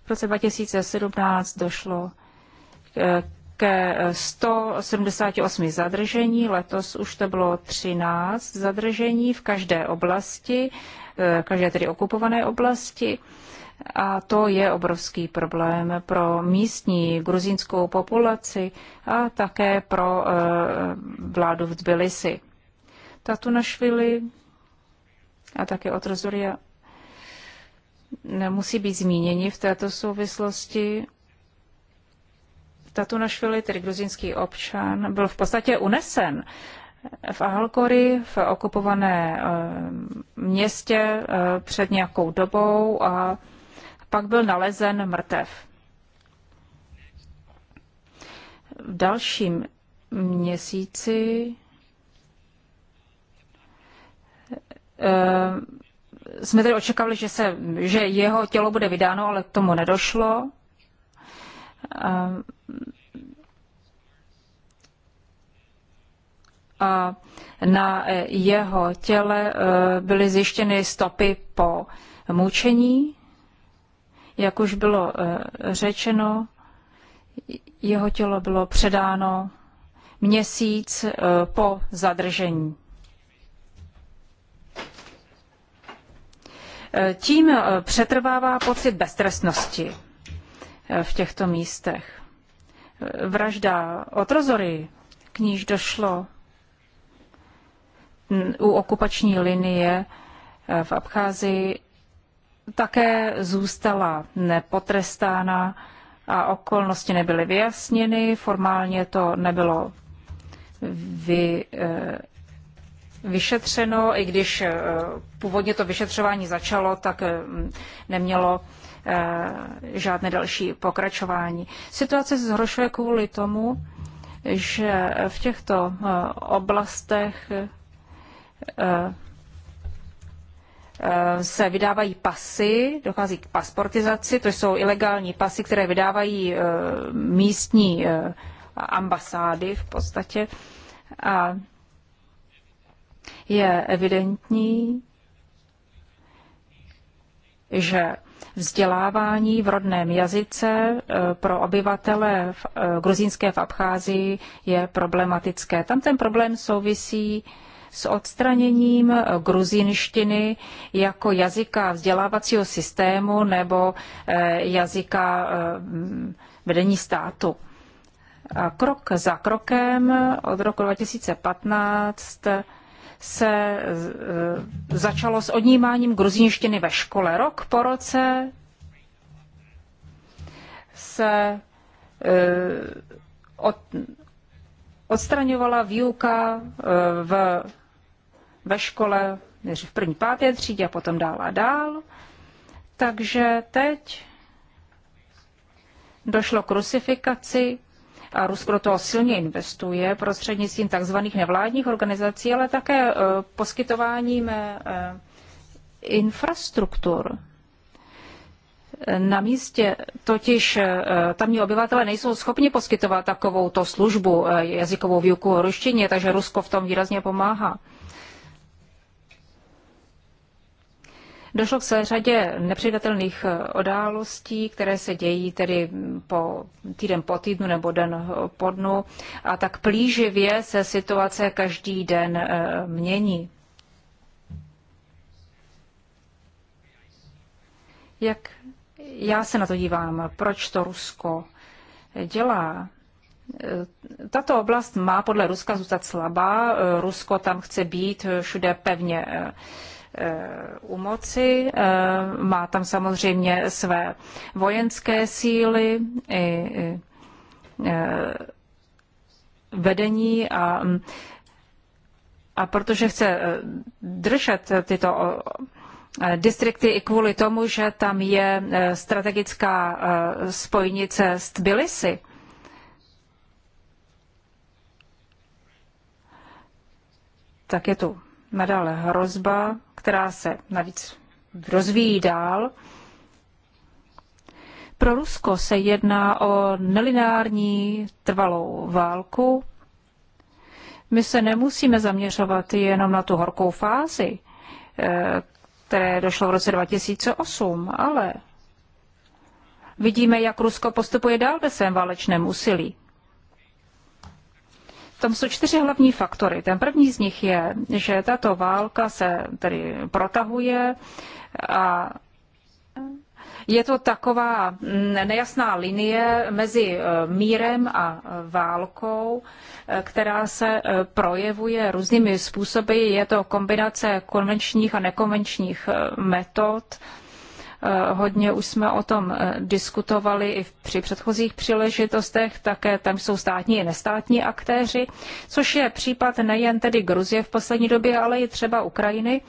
Speaker 3: V roce 2017 došlo eh, ke 178 zadržení, letos už to bylo 13 zadržení v každé oblasti, eh, každé tedy okupované oblasti. A to je obrovský problém pro místní gruzínskou populaci a také pro eh, vládu v Tbilisi. Tatunašvili a také Otrozoria musí být zmíněni v této souvislosti. Tatunašvili, tedy gruzínský občan, byl v podstatě unesen v Ahalkori, v okupované eh, městě eh, před nějakou dobou a pak byl nalezen mrtev. V dalším měsíci eh, jsme tedy očekávali, že, se, že jeho tělo bude vydáno, ale k tomu nedošlo. E, a na jeho těle eh, byly zjištěny stopy po mučení. Jak už bylo eh, řečeno, jeho tělo bylo předáno měsíc eh, po zadržení. Eh, tím přetrvává pocit beztrestnosti v těchto místech. Vražda Otrozory, k níž došlo mm, u okupační linie v Abcházii, také zůstala nepotrestána a okolnosti nebyly vyjasněny, formálně to nebylo vy, eh, vyšetřeno, i když eh, původně to vyšetřování začalo, tak eh, nemělo žádné další pokračování. Situace se zhoršuje kvůli tomu, že v těchto oblastech Eh, se vydávají pasy, dochází k pasportizaci, to jsou ilegální pasy, které vydávají eh, místní eh, ambasády v podstatě. A je evidentní, že vzdělávání v rodném jazyce pro obyvatele v gruzínské v Abcházii je problematické. Tam ten problém souvisí s odstraněním gruzinštiny jako jazyka vzdělávacího systému nebo eh, jazyka eh, vedení státu. A krok za krokem od roku 2015 se eh, začalo s odnímáním gruzinštiny ve škole. Rok po roce se od, odstraňovala výuka v ve škole, než v první páté třídě a potom dál a dál. Takže teď došlo k rusifikaci a Rusko do toho silně investuje prostřednictvím tzv. nevládních organizací, ale také eh, poskytováním eh, infrastruktur. Na místě totiž eh, tamní obyvatele nejsou schopni poskytovat takovouto službu jazykovou výuku ruštině, takže Rusko v tom výrazně pomáhá. Došlo k celé řadě nepředatelných odálostí, eh, které se dějí tedy po týden po týdnu nebo den eh, po dnu a tak plíživě se situace každý den eh, mění. Jak já se na to dívám, proč to Rusko dělá? Tato oblast má podle Ruska zůstat slabá. Rusko tam chce být všude pevně Eh, u moci. Eh, má tam samozřejmě své vojenské síly i eh, vedení a, a protože chce držet tyto distrikty i kvůli tomu, že tam je strategická spojnice s Tbilisi, tak je tu nadále hrozba, která se navíc rozvíjí dál. Pro Rusko se jedná o nelineární trvalou válku. My se nemusíme zaměřovat jenom na tu horkou fázi, eh, které došlo v roce 2008, ale vidíme, jak Rusko postupuje dál ve svém válečném úsilí. Tam jsou čtyři hlavní faktory. Ten první z nich je, že tato válka se tedy protahuje a je to taková nejasná linie mezi e, mírem a e, válkou, e, která se projevuje různými způsoby. Je to kombinace konvenčních a nekonvenčních metod Eh, hodně už jsme o tom eh, diskutovali i při předchozích příležitostech, také tam jsou státní i nestátní aktéři, což je případ nejen tedy Gruzie v poslední době, ale i třeba Ukrajiny.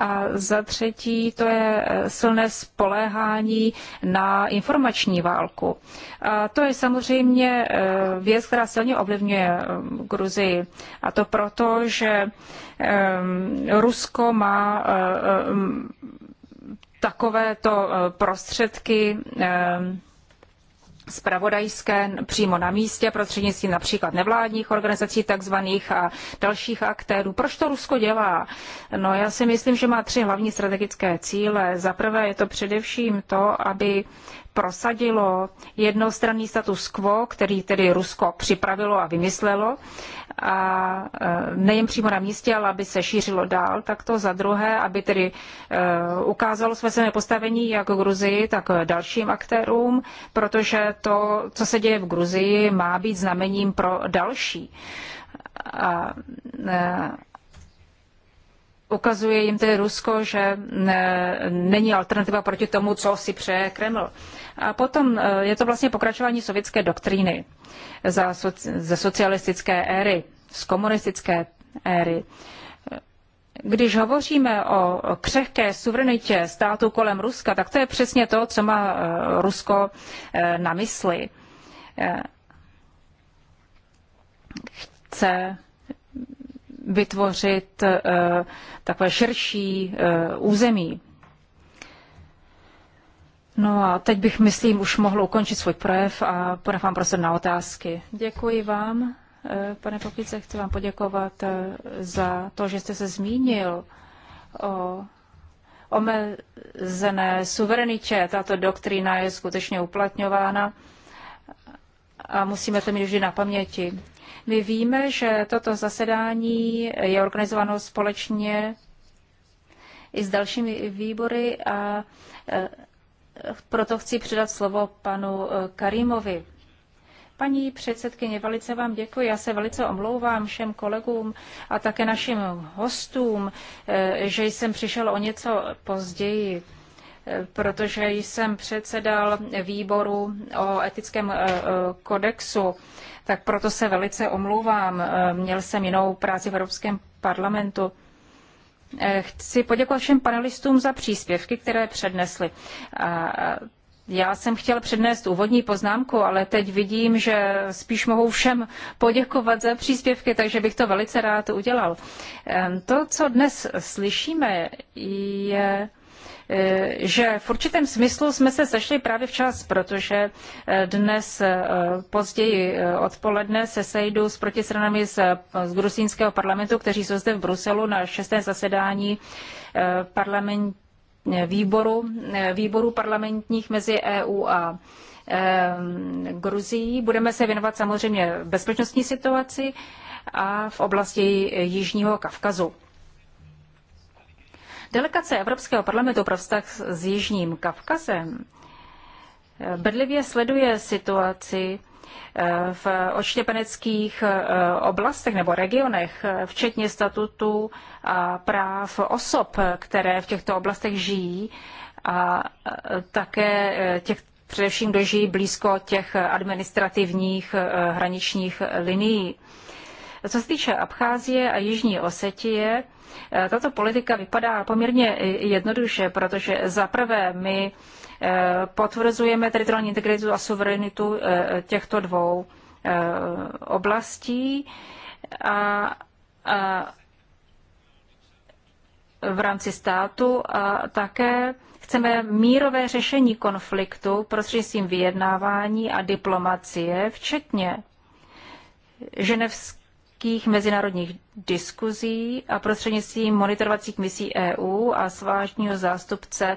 Speaker 3: A za třetí to je eh, silné spoléhání na informační válku. A to je samozřejmě věc, která silně ovlivňuje Gruzii. A to proto, že Rusko má takovéto eh, prostředky eh, spravodajské přímo na místě prostřednictvím například nevládních organizací takzvaných a dalších aktérů. Proč to Rusko dělá? No já si myslím, že má tři hlavní strategické cíle. Za prvé je to především to, aby prosadilo jednostranný status quo, který tedy Rusko připravilo a vymyslelo, a e, nejen přímo na místě, ale aby se šířilo dál, tak to za druhé, aby tedy e, ukázalo své své postavení jak Gruzii, tak dalším aktérům, protože to, co se děje v Gruzii, má být znamením pro další. A, e, ukazuje jim tedy Rusko, že není alternativa proti tomu, co si přeje Kreml. A potom e, je to vlastně pokračování sovětské doktríny za, ze socialistické éry, z komunistické éry. Když hovoříme o křehké suverenitě státu kolem Ruska, tak to je přesně to, co má e, Rusko e, na mysli. Chce vytvořit takové širší území No a teď bych, myslím, už mohl ukončit svůj projev a ponechám prostor na otázky. Děkuji vám, eh, pane Popice, chci vám poděkovat eh, za to, že jste se zmínil o omezené suverenitě. Tato doktrína je skutečně uplatňována a musíme to mít vždy na paměti. My víme, že toto zasedání je organizováno společně i s dalšími výbory a eh, proto chci předat slovo panu eh, Karimovi. Paní předsedkyně, velice vám děkuji. Já se velice omlouvám všem kolegům a také našim hostům, eh, že jsem přišel o něco později, eh, protože jsem předsedal výboru o etickém kodexu, tak proto se velice omlouvám. Měl jsem jinou práci v Evropském parlamentu. Eh, chci poděkovat všem panelistům za příspěvky, které přednesli. Já jsem chtěl přednést úvodní poznámku, ale teď vidím, že spíš mohu všem poděkovat za příspěvky, takže bych to velice rád udělal. To, co dnes slyšíme, je Eh, že v určitém smyslu jsme se sešli právě včas, protože eh, dnes eh, později odpoledne se sejdu s protistranami z, z gruzínského parlamentu, kteří jsou zde v Bruselu na šestém zasedání parlament, výboru, výboru parlamentních mezi EU a Gruzií. Budeme se věnovat samozřejmě bezpečnostní situaci a v oblasti Jižního Kavkazu. Delegace Evropského parlamentu pro vztah s Jižním Kavkazem eh, bedlivě sleduje situaci eh, v odštěpeneckých eh, oblastech nebo regionech, včetně statutu a práv osob, které v těchto oblastech žijí a také těch, především kdo žijí blízko těch administrativních hraničních linií. Co se týče Abcházie a Jižní Osetie, Eh, tato politika vypadá poměrně jednoduše, protože za prvé my eh, potvrzujeme teritoriální integritu a suverenitu eh, těchto dvou oblastí a, a v rámci státu a také chceme mírové řešení konfliktu prostřednictvím vyjednávání a diplomacie, včetně ženevské velkých mezinárodních diskuzí a prostřednictvím monitorovacích misí EU a svážního zástupce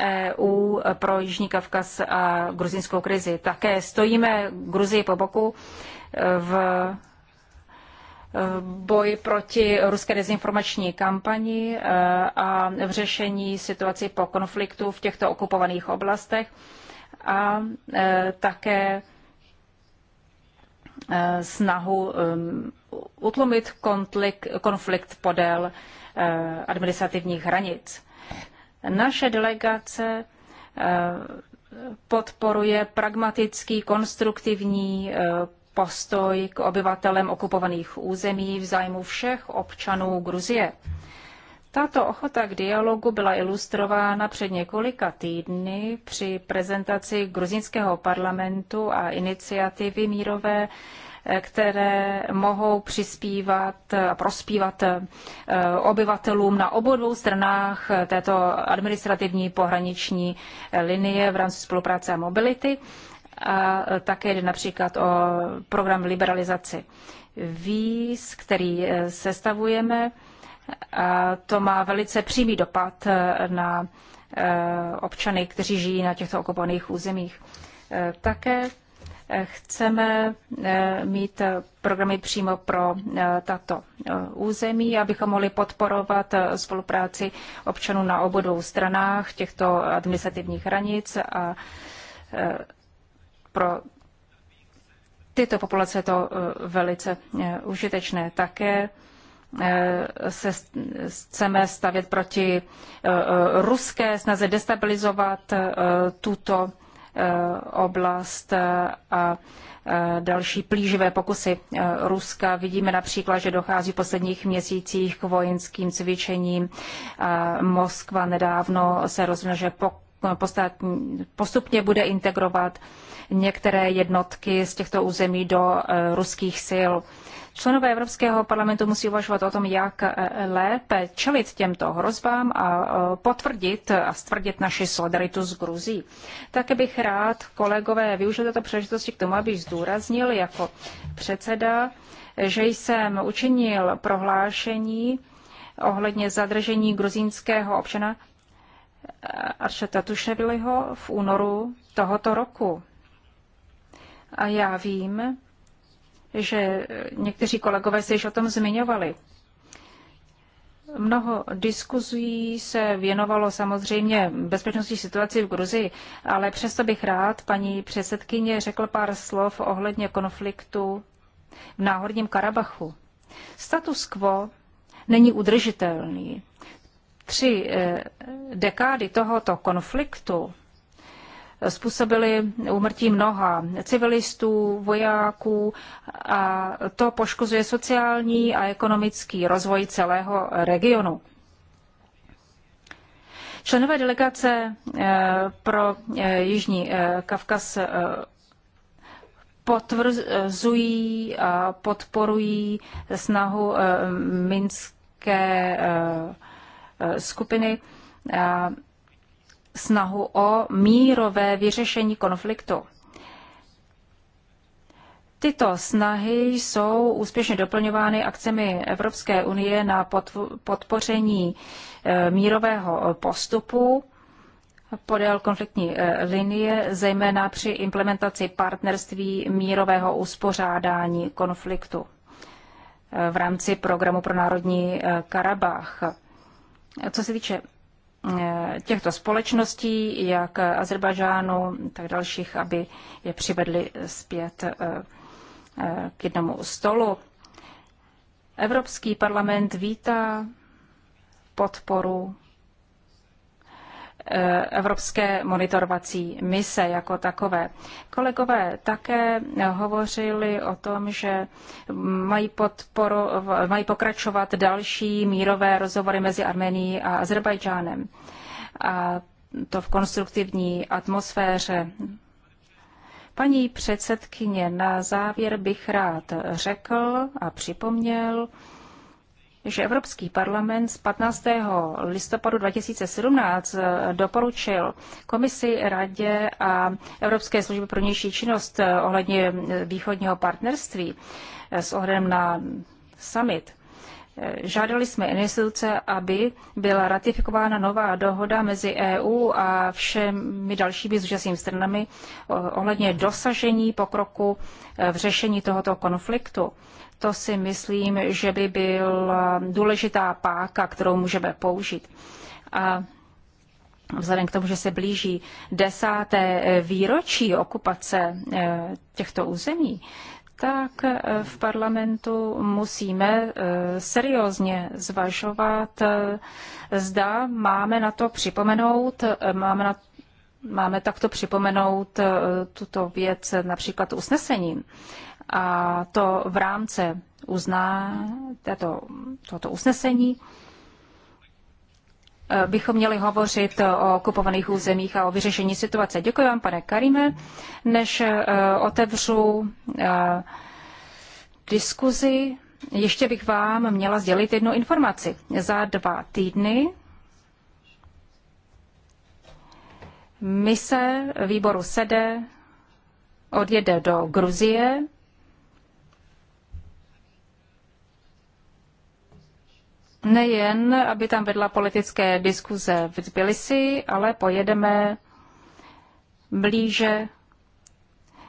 Speaker 3: EU e pro Jižní Kavkaz a gruzinskou krizi. Také stojíme Gruzii po boku eh, v eh, boji proti ruské dezinformační kampani eh, a v řešení situaci po konfliktu v těchto okupovaných oblastech a také Eh, snahu utlumit konflikt, podél eh, administrativních hranic. Naše delegace eh, podporuje pragmatický, konstruktivní postoj k obyvatelem okupovaných území v zájmu všech občanů Gruzie. Tato ochota k dialogu byla ilustrována před několika týdny při prezentaci gruzinského parlamentu a iniciativy mírové, eh, které mohou přispívat a eh, prospívat eh, obyvatelům na obou dvou stranách této administrativní pohraniční linie v rámci spolupráce a mobility. A také jde například o program liberalizaci víz, který sestavujeme to má velice přímý dopad eh, na eh, občany, kteří žijí na těchto okupovaných územích. Eh, také chceme mít programy přímo pro tato území, abychom mohli podporovat spolupráci občanů na obou dvou stranách těchto administrativních hranic a pro tyto populace je to velice užitečné také Eh, se chceme stavět proti eh, eh, ruské snaze destabilizovat tuto oblast a další plíživé pokusy Ruska. Vidíme například, že dochází v posledních měsících k vojenským cvičením. Moskva nedávno se rozhodla, že postupně bude integrovat některé jednotky z těchto území do ruských sil. Členové Evropského parlamentu musí uvažovat o tom, jak eh, lépe čelit těmto hrozbám a eh, potvrdit a stvrdit naši solidaritu s Gruzí. Také bych rád, kolegové, využil této příležitosti k tomu, abych zdůraznil jako předseda, že jsem učinil prohlášení ohledně zadržení gruzínského občana eh, Aršeta Tuševiliho v únoru tohoto roku. A já vím, že někteří kolegové se již o tom zmiňovali. Mnoho diskuzí se věnovalo samozřejmě bezpečnostní situaci v Gruzii, ale přesto bych rád, paní předsedkyně, řekl pár slov ohledně konfliktu v Náhorním Karabachu. Status quo není udržitelný. Tři eh, dekády tohoto konfliktu způsobili úmrtí mnoha civilistů, vojáků a to poškozuje sociální a ekonomický rozvoj celého regionu. Členové delegace eh, pro eh, Jižní eh, Kavkaz potvrzují a podporují snahu Minské skupiny snahu o mírové vyřešení konfliktu. Tyto snahy jsou úspěšně doplňovány akcemi Evropské unie na podpoření e, mírového postupu podél konfliktní e, linie, zejména při implementaci partnerství mírového uspořádání konfliktu e, v rámci programu pro národní Karabach. Co se týče Eh, těchto společností, jak Azerbajdžánu, tak dalších, aby je přivedli zpět eh, eh, k jednomu stolu. Evropský parlament vítá podporu Eh, evropské monitorovací mise jako takové. Kolegové také hovořili o tom, že mají, podporu, mají pokračovat další mírové rozhovory mezi Armenií a Azerbajdžánem. A to v konstruktivní atmosféře. Paní předsedkyně, na závěr bych rád řekl a připomněl, že Evropský parlament z 15. listopadu 2017 eh, doporučil komisi, radě a Evropské služby pro vnější činnost eh, ohledně eh, východního partnerství s ohledem na summit. Žádali jsme instituce, aby byla ratifikována nová dohoda mezi EU a všemi dalšími zúčastnými stranami ohledně dosažení pokroku v řešení tohoto konfliktu. To si myslím, že by byl důležitá páka, kterou můžeme použít. A vzhledem k tomu, že se blíží desáté výročí okupace eh, těchto území, tak eh, v parlamentu musíme eh, seriózně zvažovat, zda máme na to připomenout, máme, na, máme takto připomenout tuto věc například usnesením a to v rámci uzná této, toto usnesení eh, bychom měli hovořit o okupovaných územích a o vyřešení situace. Děkuji vám, pane Karime. Než eh, otevřu eh, diskuzi, ještě bych vám měla sdělit jednu informaci. Za dva týdny mise výboru SEDE odjede do Gruzie nejen, aby tam vedla politické diskuze v Tbilisi, ale pojedeme blíže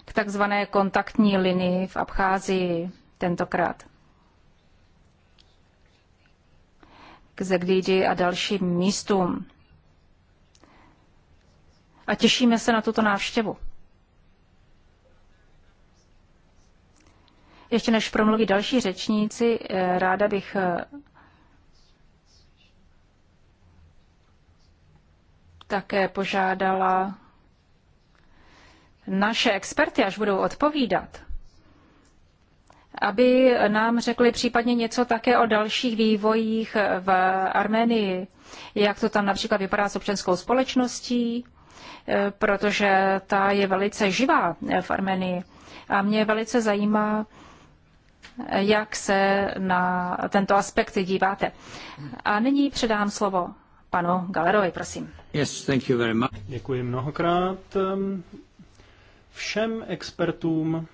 Speaker 3: k takzvané kontaktní linii v Abcházii tentokrát. K Zeglídi a dalším místům. A těšíme se na tuto návštěvu. Ještě než promluví další řečníci, eh, ráda bych eh, také požádala naše experty, až budou odpovídat, aby nám řekli případně něco také o dalších vývojích v Arménii, jak to tam například vypadá s občanskou společností, eh, protože ta je velice živá eh, v Armenii. A mě velice zajímá, eh, jak se na tento aspekt díváte. A nyní předám slovo panu Galerovi, prosím.
Speaker 2: Yes, thank you very much.
Speaker 4: Děkuji mnohokrát um, všem expertům,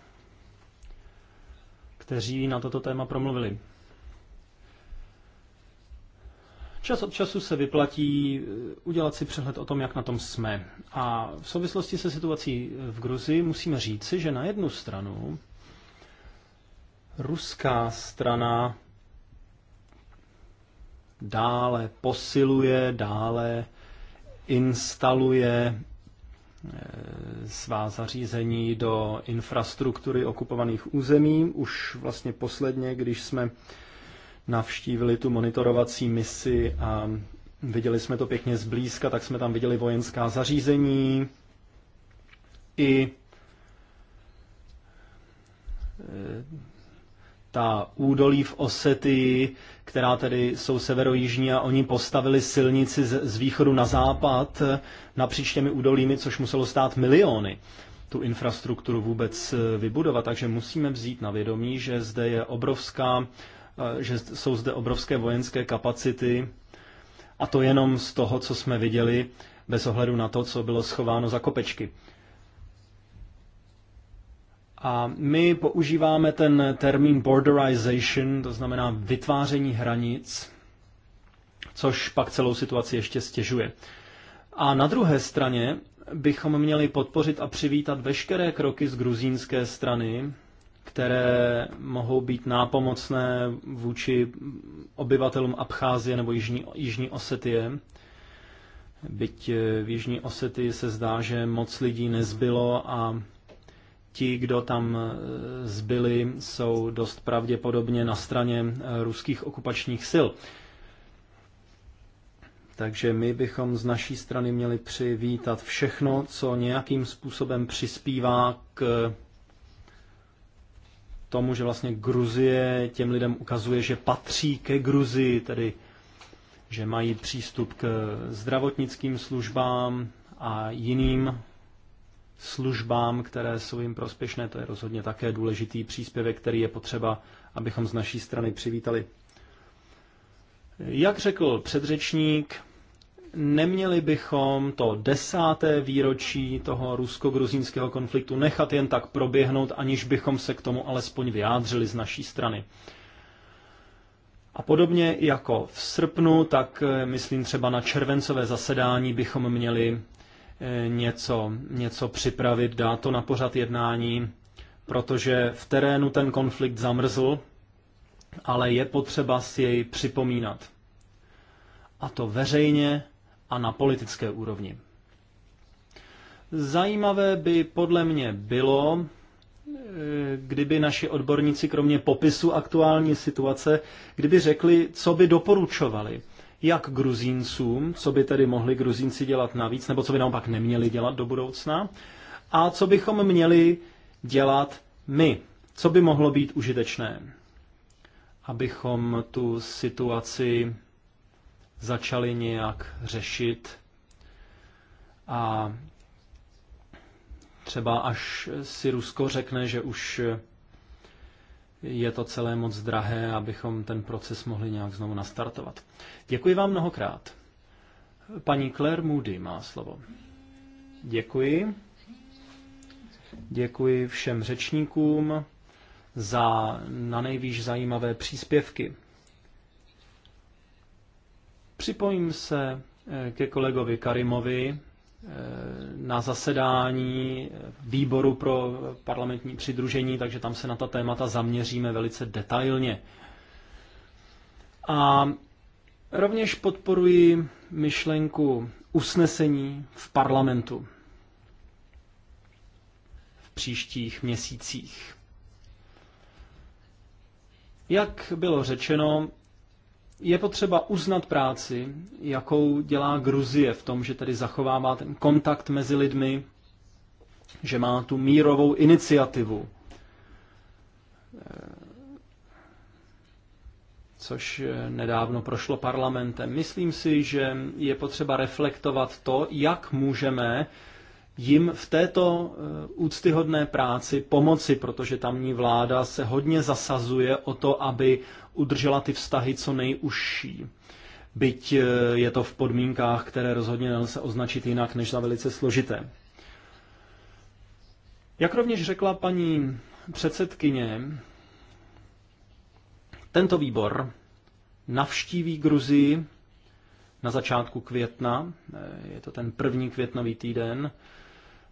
Speaker 4: kteří na toto téma promluvili. Čas od času se vyplatí uh, udělat si přehled o tom, jak na tom jsme. A v souvislosti se situací v Gruzii musíme říci, že na jednu stranu ruská strana dále posiluje, dále instaluje eh, svá zařízení do infrastruktury okupovaných území. Už vlastně posledně, když jsme navštívili tu monitorovací misi a viděli jsme to pěkně zblízka, tak jsme tam viděli vojenská zařízení i eh, ta údolí v Osety, která tedy jsou severojižní a oni postavili silnici z, z východu na západ eh, napříč těmi údolími, což muselo stát miliony tu infrastrukturu vůbec eh, vybudovat. Takže musíme vzít na vědomí, že zde je obrovská, eh, že jsou zde obrovské vojenské kapacity a to jenom z toho, co jsme viděli, bez ohledu na to, co bylo schováno za kopečky. A my používáme ten termín borderization, to znamená vytváření hranic, což pak celou situaci ještě stěžuje. A na druhé straně bychom měli podpořit a přivítat veškeré kroky z gruzínské strany, které mohou být nápomocné vůči obyvatelům Abcházie nebo Jižní, Jižní Osetie. Byť v Jižní Osetii se zdá, že moc lidí nezbylo a ti, kdo tam e, zbyli, jsou dost pravděpodobně na straně e, ruských okupačních sil. Takže my bychom z naší strany měli přivítat všechno, co nějakým způsobem přispívá k tomu, že vlastně Gruzie těm lidem ukazuje, že patří ke Gruzii, tedy že mají přístup k zdravotnickým službám a jiným službám, které jsou jim prospěšné. To je rozhodně také důležitý příspěvek, který je potřeba, abychom z naší strany přivítali. Jak řekl předřečník, neměli bychom to desáté výročí toho rusko-gruzínského konfliktu nechat jen tak proběhnout, aniž bychom se k tomu alespoň vyjádřili z naší strany. A podobně jako v srpnu, tak eh, myslím třeba na červencové zasedání bychom měli něco, něco připravit, dát to na pořad jednání, protože v terénu ten konflikt zamrzl, ale je potřeba si jej připomínat. A to veřejně a na politické úrovni. Zajímavé by podle mě bylo, kdyby naši odborníci kromě popisu aktuální situace, kdyby řekli, co by doporučovali jak gruzíncům, co by tedy mohli gruzínci dělat navíc, nebo co by naopak neměli dělat do budoucna, a co bychom měli dělat my, co by mohlo být užitečné, abychom tu situaci začali nějak řešit a třeba až si Rusko řekne, že už je to celé moc drahé, abychom ten proces mohli nějak znovu nastartovat. Děkuji vám mnohokrát. Paní Claire Moody má slovo. Děkuji. Děkuji všem řečníkům za na nejvíc zajímavé příspěvky. Připojím se ke kolegovi Karimovi Eh, na zasedání výboru pro parlamentní přidružení, takže tam se na ta témata zaměříme velice detailně. A rovněž podporuji myšlenku usnesení v parlamentu v příštích měsících. Jak bylo řečeno, je potřeba uznat práci, jakou dělá Gruzie v tom, že tedy zachovává ten kontakt mezi lidmi, že má tu mírovou iniciativu, eh, což eh, nedávno prošlo parlamentem. Myslím si, že je potřeba reflektovat to, jak můžeme jim v této eh, úctyhodné práci pomoci, protože tamní vláda se hodně zasazuje o to, aby udržela ty vztahy co nejužší. Byť eh, je to v podmínkách, které rozhodně nelze označit jinak než za velice složité. Jak rovněž řekla paní předsedkyně, tento výbor navštíví Gruzii na začátku května, eh, je to ten první květnový týden,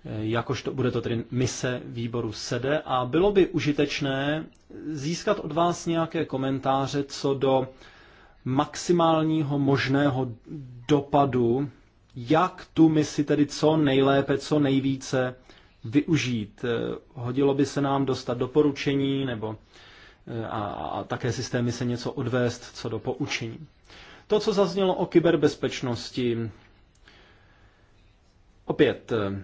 Speaker 4: jakož to, bude to tedy mise výboru SEDE a bylo by užitečné získat od vás nějaké komentáře co do maximálního možného dopadu, jak tu misi tedy co nejlépe, co nejvíce využít. Hodilo by se nám dostat doporučení nebo eh, a, a také systémy se něco odvést co do poučení. To, co zaznělo o kyberbezpečnosti, opět eh,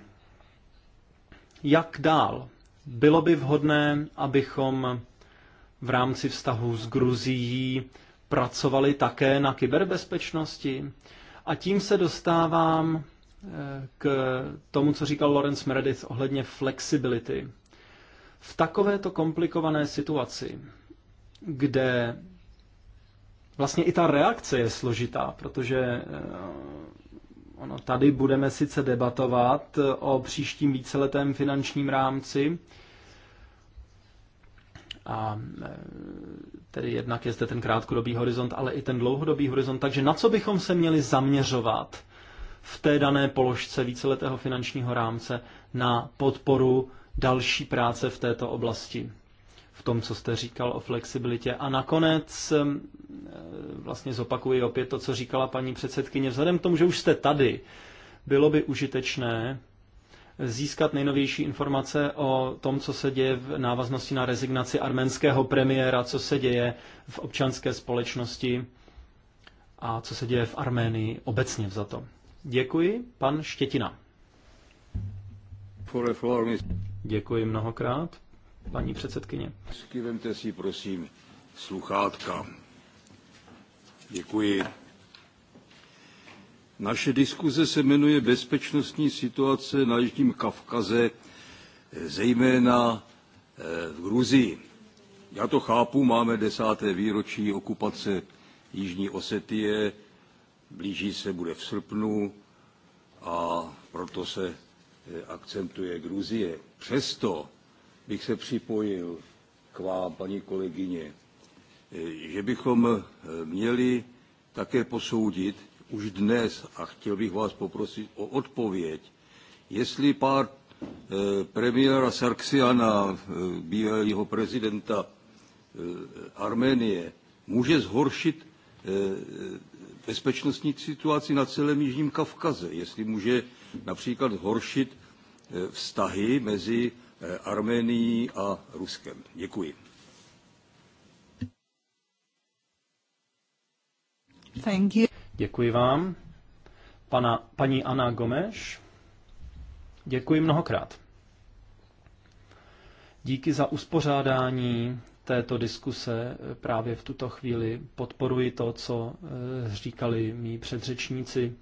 Speaker 4: jak dál? Bylo by vhodné, abychom v rámci vztahu s Gruzií pracovali také na kyberbezpečnosti. A tím se dostávám eh, k tomu, co říkal Lawrence Meredith ohledně flexibility. V takovéto komplikované situaci, kde vlastně i ta reakce je složitá, protože eh, Ono tady budeme sice debatovat eh, o příštím víceletém finančním rámci, a eh, tedy jednak je zde ten krátkodobý horizont, ale i ten dlouhodobý horizont. Takže na co bychom se měli zaměřovat v té dané položce víceletého finančního rámce na podporu další práce v této oblasti? v tom, co jste říkal o flexibilitě. A nakonec eh, vlastně zopakuji opět to, co říkala paní předsedkyně. Vzhledem k tomu, že už jste tady, bylo by užitečné získat nejnovější informace o tom, co se děje v návaznosti na rezignaci arménského premiéra, co se děje v občanské společnosti a co se děje v Arménii obecně to. Děkuji, pan Štětina. Děkuji mnohokrát paní předsedkyně.
Speaker 2: Vemte si prosím sluchátka. Děkuji. Naše diskuze se jmenuje Bezpečnostní situace na Jižním Kavkaze, zejména e, v Gruzii. Já to chápu, máme desáté výročí okupace Jižní Osetie, blíží se bude v srpnu a proto se e, akcentuje Gruzie. Přesto bych se připojil k vám, paní kolegyně, že bychom měli také posoudit už dnes, a chtěl bych vás poprosit o odpověď, jestli pár eh, premiéra Sarksiana, eh, bývalého prezidenta eh, Arménie, může zhoršit bezpečnostní situaci na celém Jižním Kavkaze, jestli může například zhoršit vztahy mezi Eh, Arménií a Ruskem. Děkuji.
Speaker 4: Thank you. Děkuji vám. Pana, paní Ana Gomeš, děkuji mnohokrát. Díky za uspořádání této diskuse právě v tuto chvíli. Podporuji to, co eh, říkali mý předřečníci,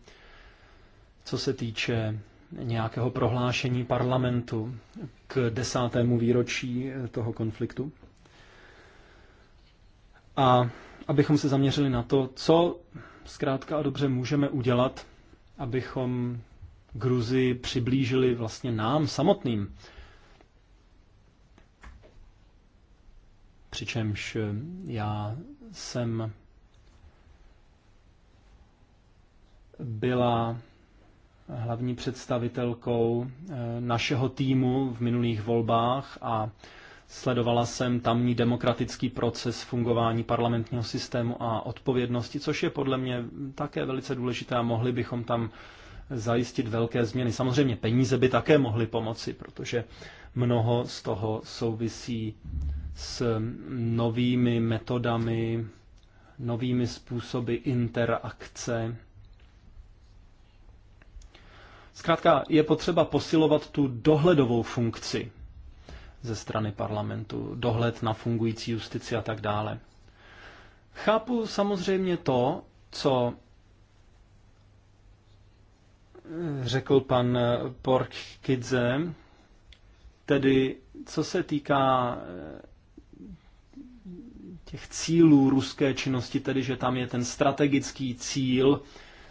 Speaker 4: co se týče nějakého prohlášení parlamentu k desátému výročí eh, toho konfliktu. A abychom se zaměřili na to, co zkrátka a dobře můžeme udělat, abychom Gruzi přiblížili vlastně nám samotným. Přičemž eh, já jsem byla hlavní představitelkou eh, našeho týmu v minulých volbách a sledovala jsem tamní demokratický proces fungování parlamentního systému a odpovědnosti, což je podle mě také velice důležité a mohli bychom tam zajistit velké změny. Samozřejmě peníze by také mohly pomoci, protože mnoho z toho souvisí s novými metodami, novými způsoby interakce Zkrátka je potřeba posilovat tu dohledovou funkci ze strany parlamentu, dohled na fungující justici a tak dále. Chápu samozřejmě to, co eh, řekl pan eh, Pork Kidze, tedy co se týká eh, těch cílů ruské činnosti, tedy že tam je ten strategický cíl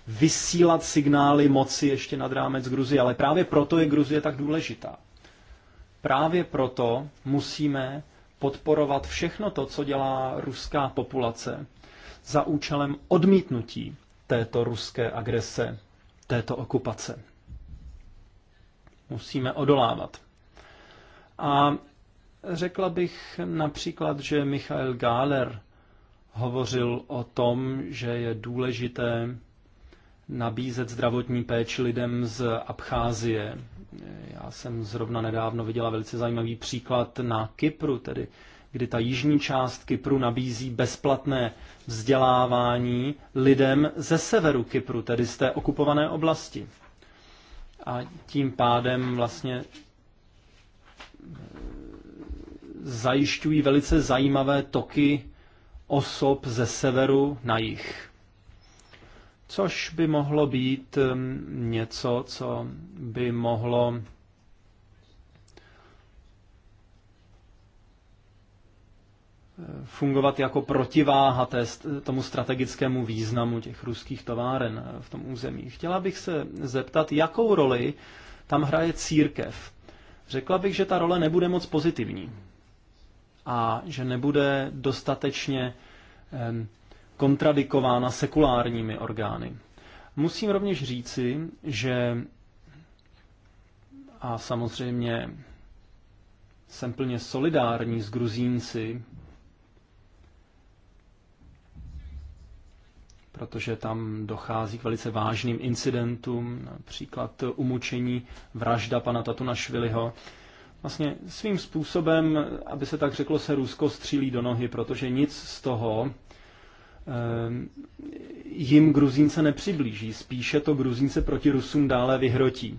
Speaker 4: vysílat signály moci ještě nad rámec Gruzie, ale právě proto je Gruzie tak důležitá. Právě proto musíme podporovat všechno to, co dělá ruská populace za účelem odmítnutí této ruské agrese, této okupace. Musíme odolávat. A řekla bych například, že Michael Gáler hovořil o tom, že je důležité nabízet zdravotní péči lidem z Abcházie. Já jsem zrovna nedávno viděla velice zajímavý příklad na Kypru, tedy kdy ta jižní část Kypru nabízí bezplatné vzdělávání lidem ze severu Kypru, tedy z té okupované oblasti. A tím pádem vlastně eh, zajišťují velice zajímavé toky osob ze severu na jih což by mohlo být um, něco, co by mohlo fungovat jako protiváha té, tomu strategickému významu těch ruských továren eh, v tom území. Chtěla bych se zeptat, jakou roli tam hraje církev. Řekla bych, že ta role nebude moc pozitivní a že nebude dostatečně kontradikována sekulárními orgány. Musím rovněž říci, že a samozřejmě jsem plně solidární s Gruzínci, protože tam dochází k velice vážným incidentům, například umučení vražda pana Tatuna Šviliho. Vlastně svým způsobem, aby se tak řeklo, se Rusko střílí do nohy, protože nic z toho Eh, jim Gruzínce nepřiblíží, spíše to Gruzínce proti Rusům dále vyhrotí.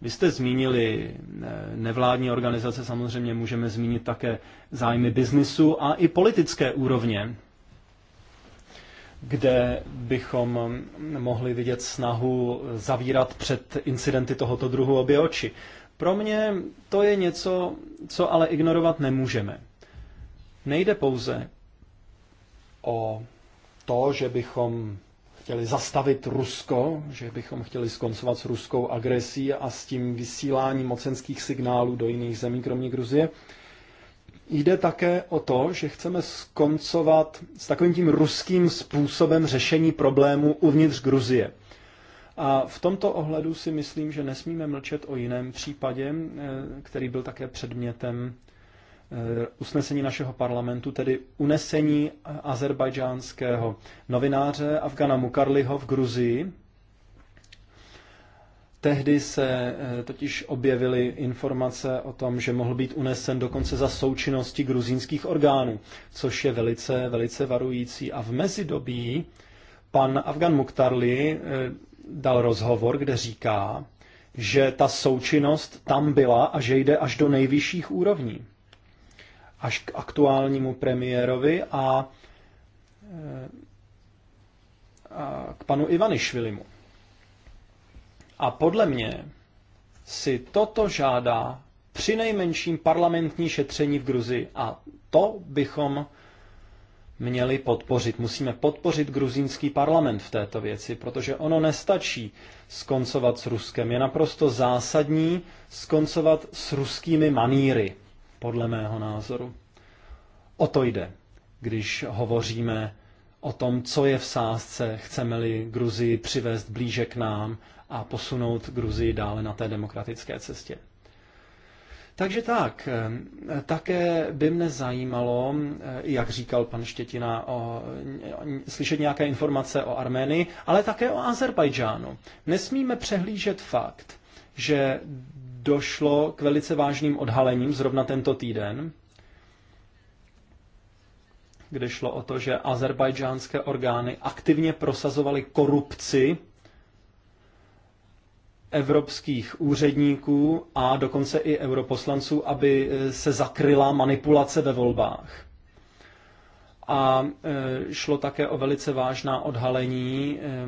Speaker 4: Vy jste zmínili eh, nevládní organizace, samozřejmě můžeme zmínit také zájmy biznisu a i politické úrovně, kde bychom mohli vidět snahu zavírat před incidenty tohoto druhu obě oči. Pro mě to je něco, co ale ignorovat nemůžeme. Nejde pouze o to, že bychom chtěli zastavit Rusko, že bychom chtěli skoncovat s ruskou agresí a s tím vysíláním mocenských signálů do jiných zemí, kromě Gruzie. Jde také o to, že chceme skoncovat s takovým tím ruským způsobem řešení problému uvnitř Gruzie. A v tomto ohledu si myslím, že nesmíme mlčet o jiném případě, eh, který byl také předmětem Eh, usnesení našeho parlamentu, tedy unesení azerbajdžánského novináře Afgana Mukarliho v Gruzii. Tehdy se eh, totiž objevily informace o tom, že mohl být unesen dokonce za součinnosti gruzínských orgánů, což je velice, velice varující. A v mezidobí pan Afgan Muktarli eh, dal rozhovor, kde říká, že ta součinnost tam byla a že jde až do nejvyšších úrovní až k aktuálnímu premiérovi a, e, a k panu Ivanišvilimu. A podle mě si toto žádá při nejmenším parlamentní šetření v Gruzii a to bychom měli podpořit. Musíme podpořit gruzínský parlament v této věci, protože ono nestačí skoncovat s Ruskem. Je naprosto zásadní skoncovat s ruskými maníry podle mého názoru. O to jde, když hovoříme o tom, co je v sázce, chceme-li Gruzii přivést blíže k nám a posunout Gruzii dále na té demokratické cestě. Takže tak, eh, také by mne zajímalo, eh, jak říkal pan Štětina, o, eh, slyšet nějaké informace o Arménii, ale také o Azerbajdžánu. Nesmíme přehlížet fakt, že došlo k velice vážným odhalením zrovna tento týden, kde šlo o to, že azerbajdžánské orgány aktivně prosazovaly korupci evropských úředníků a dokonce i europoslanců, aby eh, se zakryla manipulace ve volbách. A eh, šlo také o velice vážná odhalení eh,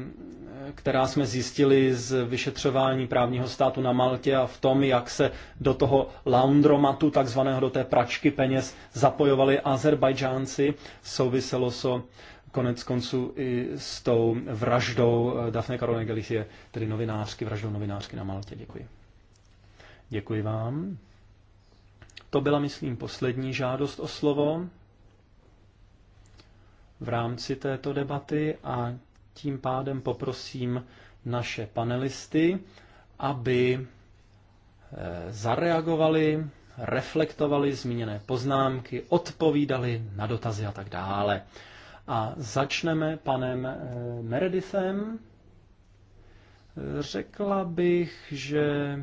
Speaker 4: která jsme zjistili z vyšetřování právního státu na Maltě a v tom, jak se do toho laundromatu, takzvaného do té pračky peněz, zapojovali Azerbajdžánci, souviselo so konec konců i s tou vraždou eh, Dafne Karone Galicie, tedy novinářky, vraždou novinářky na Maltě. Děkuji. Děkuji vám. To byla, myslím, poslední žádost o slovo v rámci této debaty a tím pádem poprosím naše panelisty, aby eh, zareagovali, reflektovali zmíněné poznámky, odpovídali na dotazy a tak dále. A začneme panem eh, Meredithem. Řekla bych, že eh,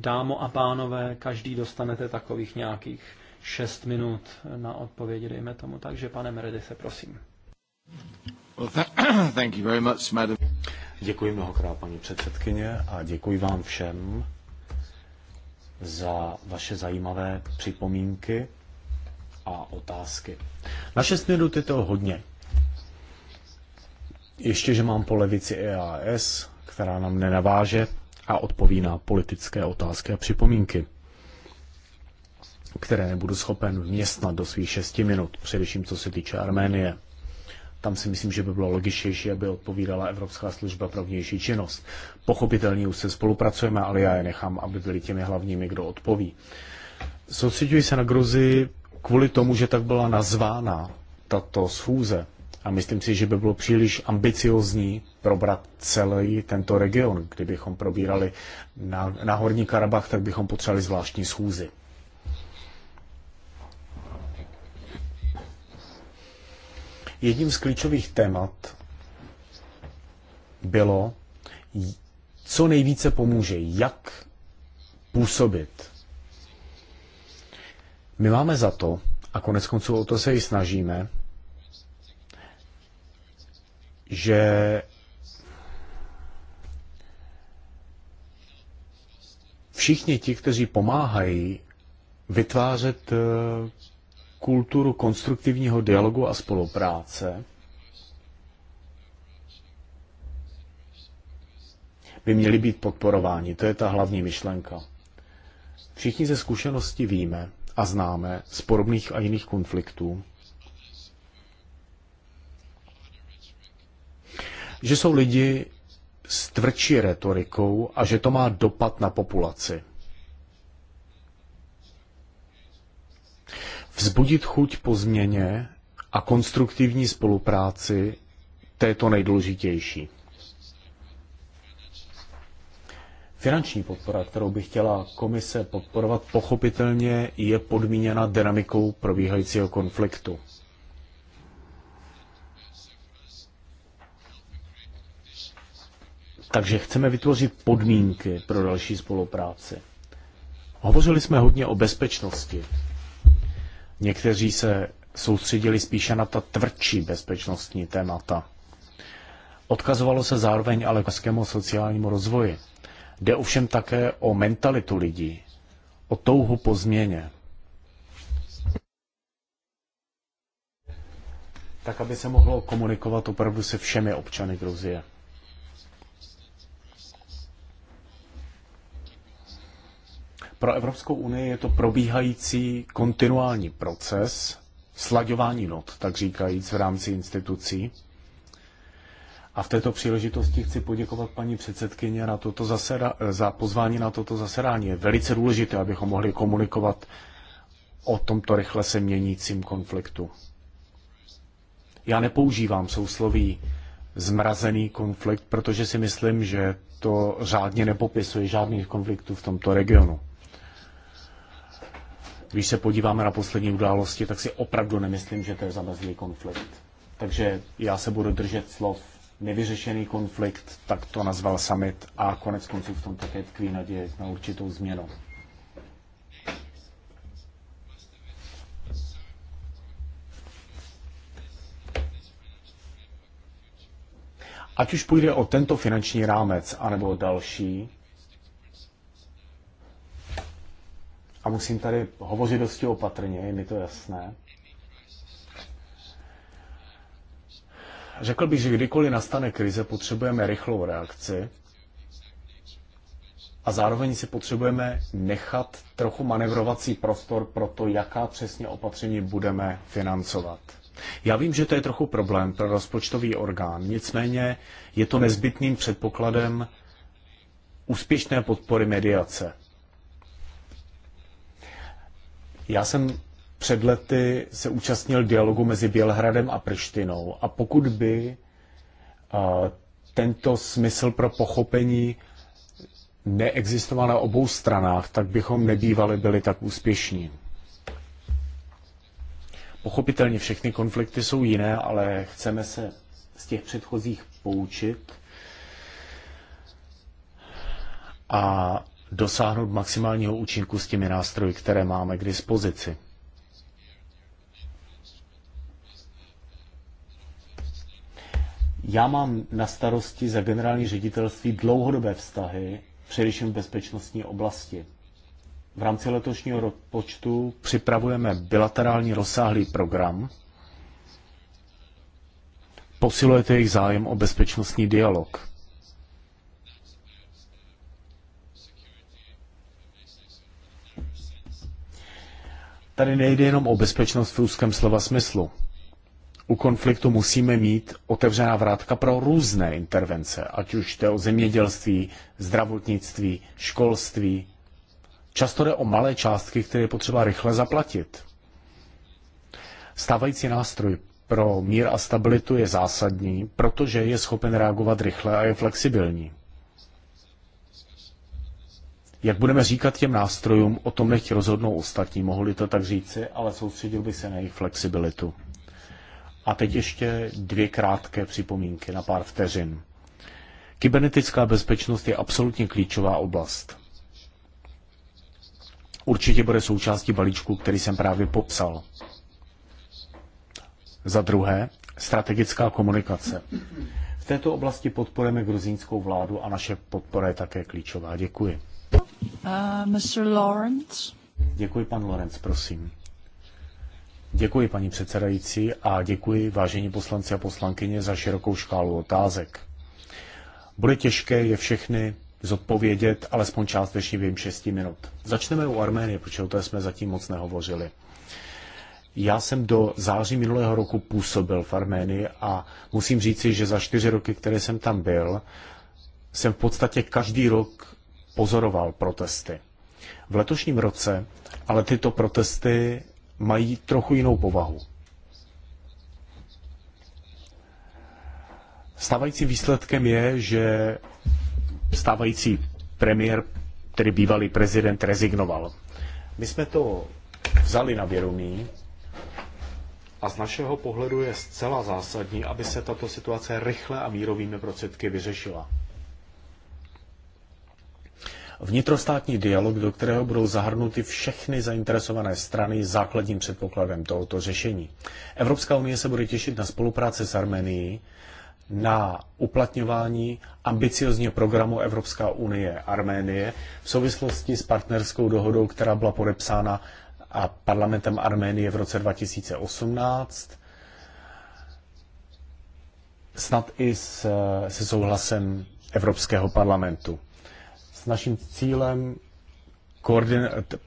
Speaker 4: dámo a pánové, každý dostanete takových nějakých šest minut na odpovědi, dejme tomu. Takže pane Meredith, prosím.
Speaker 1: Děkuji mnohokrát, paní předsedkyně, a děkuji vám všem za vaše zajímavé připomínky a otázky. Na 6 minut je toho hodně. Ještě, že mám po levici EAS, která nám nenaváže a odpoví na politické otázky a připomínky, které nebudu schopen vměstnat do svých 6 minut, především co se týče Arménie. Tam si myslím, že by bylo logičtější, aby odpovídala Evropská služba pro vnější činnost. Pochopitelně už se spolupracujeme, ale já je nechám, aby byli těmi hlavními, kdo odpoví. Soustředuji se na Gruzi kvůli tomu, že tak byla nazvána tato schůze. A myslím si, že by bylo příliš ambiciozní probrat celý tento region. Kdybychom probírali na, na Horní Karabach, tak bychom potřebovali zvláštní schůzi. Jedním z klíčových témat bylo, co nejvíce pomůže, jak působit. My máme za to, a konec konců o to se i snažíme, že všichni ti, kteří pomáhají vytvářet eh, kulturu konstruktivního dialogu a spolupráce by měli být podporováni. To je ta hlavní myšlenka. Všichni ze zkušenosti víme a známe z podobných a jiných konfliktů, že jsou lidi s tvrdší retorikou a že to má dopad na populaci. vzbudit chuť po změně a konstruktivní spolupráci, to je to nejdůležitější. Finanční podpora, kterou by chtěla komise podporovat, pochopitelně je podmíněna dynamikou probíhajícího konfliktu. Takže chceme vytvořit podmínky pro další spolupráci. Hovořili jsme hodně o bezpečnosti Někteří se soustředili spíše na ta tvrdší bezpečnostní témata. Odkazovalo se zároveň ale k sociálnímu rozvoji. Jde ovšem také o mentalitu lidí, o touhu po změně. Tak, aby se mohlo komunikovat opravdu se všemi občany Gruzie. Pro Evropskou unii je to probíhající kontinuální proces slaďování not, tak říkajíc, v rámci institucí. A v této příležitosti chci poděkovat paní předsedkyně na toto zaseda, za pozvání na toto zasedání. Je velice důležité, abychom mohli komunikovat o tomto rychle se měnícím konfliktu. Já nepoužívám sousloví zmrazený konflikt, protože si myslím, že to řádně nepopisuje žádných konfliktů v tomto regionu. Když se podíváme na poslední události, tak si opravdu nemyslím, že to je zamezlý konflikt. Takže já se budu držet slov nevyřešený konflikt, tak to nazval summit a konec konců v tom také tkví naděje na určitou změnu. Ať už půjde o tento finanční rámec, anebo o další, a musím tady hovořit dosti opatrně, je mi to jasné. Řekl bych, že kdykoliv nastane krize, potřebujeme rychlou reakci a zároveň si potřebujeme nechat trochu manevrovací prostor pro to, jaká přesně opatření budeme financovat. Já vím, že to je trochu problém pro rozpočtový orgán, nicméně je to nezbytným předpokladem úspěšné podpory mediace. Já jsem před lety se účastnil dialogu mezi Bělhradem a Prištinou a pokud by eh, tento smysl pro pochopení neexistoval na obou stranách, tak bychom nebývali byli tak úspěšní. Pochopitelně všechny konflikty jsou jiné, ale chceme se z těch předchozích poučit. A dosáhnout maximálního účinku s těmi nástroji, které máme k dispozici. Já mám na starosti za generální ředitelství dlouhodobé vztahy, především v bezpečnostní oblasti. V rámci letošního rozpočtu připravujeme bilaterální rozsáhlý program. Posilujete jejich zájem o bezpečnostní dialog. Tady nejde jenom o bezpečnost v úzkém slova smyslu. U konfliktu musíme mít otevřená vrátka pro různé intervence, ať už jde o zemědělství, zdravotnictví, školství. Často jde o malé částky, které je potřeba rychle zaplatit. Stávající nástroj pro mír a stabilitu je zásadní, protože je schopen reagovat rychle a je flexibilní. Jak budeme říkat těm nástrojům, o tom nechť rozhodnou ostatní, mohli to tak říci, ale soustředil by se na jejich flexibilitu. A teď ještě dvě krátké připomínky na pár vteřin. Kybernetická bezpečnost je absolutně klíčová oblast. Určitě bude součástí balíčku, který jsem právě popsal. Za druhé, strategická komunikace. V této oblasti podporujeme gruzínskou vládu a naše podpora je také klíčová. Děkuji.
Speaker 2: Uh, Mr. Lawrence.
Speaker 1: Děkuji, pan Lawrence, prosím. Děkuji, paní předsedající, a děkuji, vážení poslanci a poslankyně, za širokou škálu otázek. Bude těžké je všechny zodpovědět, alespoň částečně vím 6 minut. Začneme u Arménie, protože o té jsme zatím moc nehovořili. Já jsem do září minulého roku působil v Arménii a musím říci, že za čtyři roky, které jsem tam byl, jsem v podstatě každý rok pozoroval protesty. V letošním roce ale tyto protesty mají trochu jinou povahu. Stávajícím výsledkem je, že stávající premiér, tedy bývalý prezident, rezignoval. My jsme to vzali na vědomí a z našeho pohledu je zcela zásadní, aby se tato situace rychle a mírovými prostředky vyřešila. Vnitrostátní dialog, do kterého budou zahrnuty všechny zainteresované strany, základním předpokladem tohoto řešení. Evropská unie se bude těšit na spolupráci s Armenií, na uplatňování ambiciozního programu Evropská unie Arménie v souvislosti s partnerskou dohodou, která byla podepsána a parlamentem Arménie v roce 2018, snad i se souhlasem Evropského parlamentu s naším cílem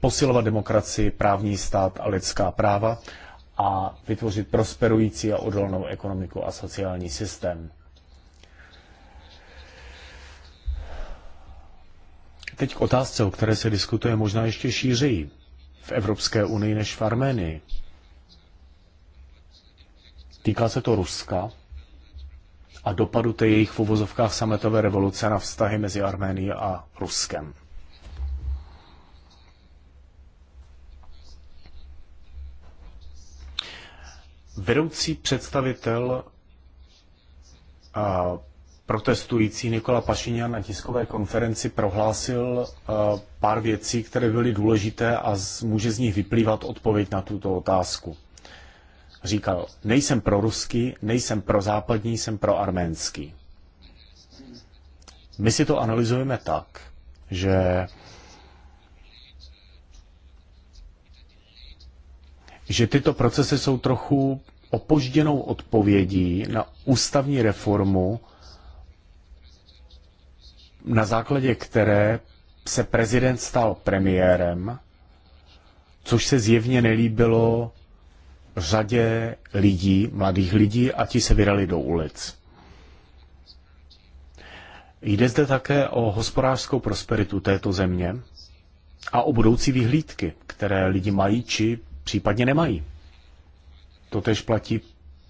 Speaker 1: posilovat demokracii, právní stát a lidská práva a vytvořit prosperující a odolnou ekonomiku a sociální systém. Teď k otázce, o které se diskutuje možná ještě šířejí v Evropské unii než v Arménii. Týká se to Ruska, a dopadu té jejich v uvozovkách sametové revoluce na vztahy mezi Arménií a Ruskem. Vedoucí představitel a protestující Nikola Pašiňan na tiskové konferenci prohlásil eh, pár věcí, které byly důležité a může z nich vyplývat odpověď na tuto otázku říkal, nejsem pro ruský, nejsem pro západní, jsem pro arménský. My si to analyzujeme tak, že že tyto procesy jsou trochu opožděnou odpovědí na ústavní reformu, na základě které se prezident stal premiérem, což se zjevně nelíbilo řadě lidí, mladých lidí, a ti se vydali do ulic. Jde zde také o hospodářskou prosperitu této země a o budoucí vyhlídky, které lidi mají či případně nemají. To Totež platí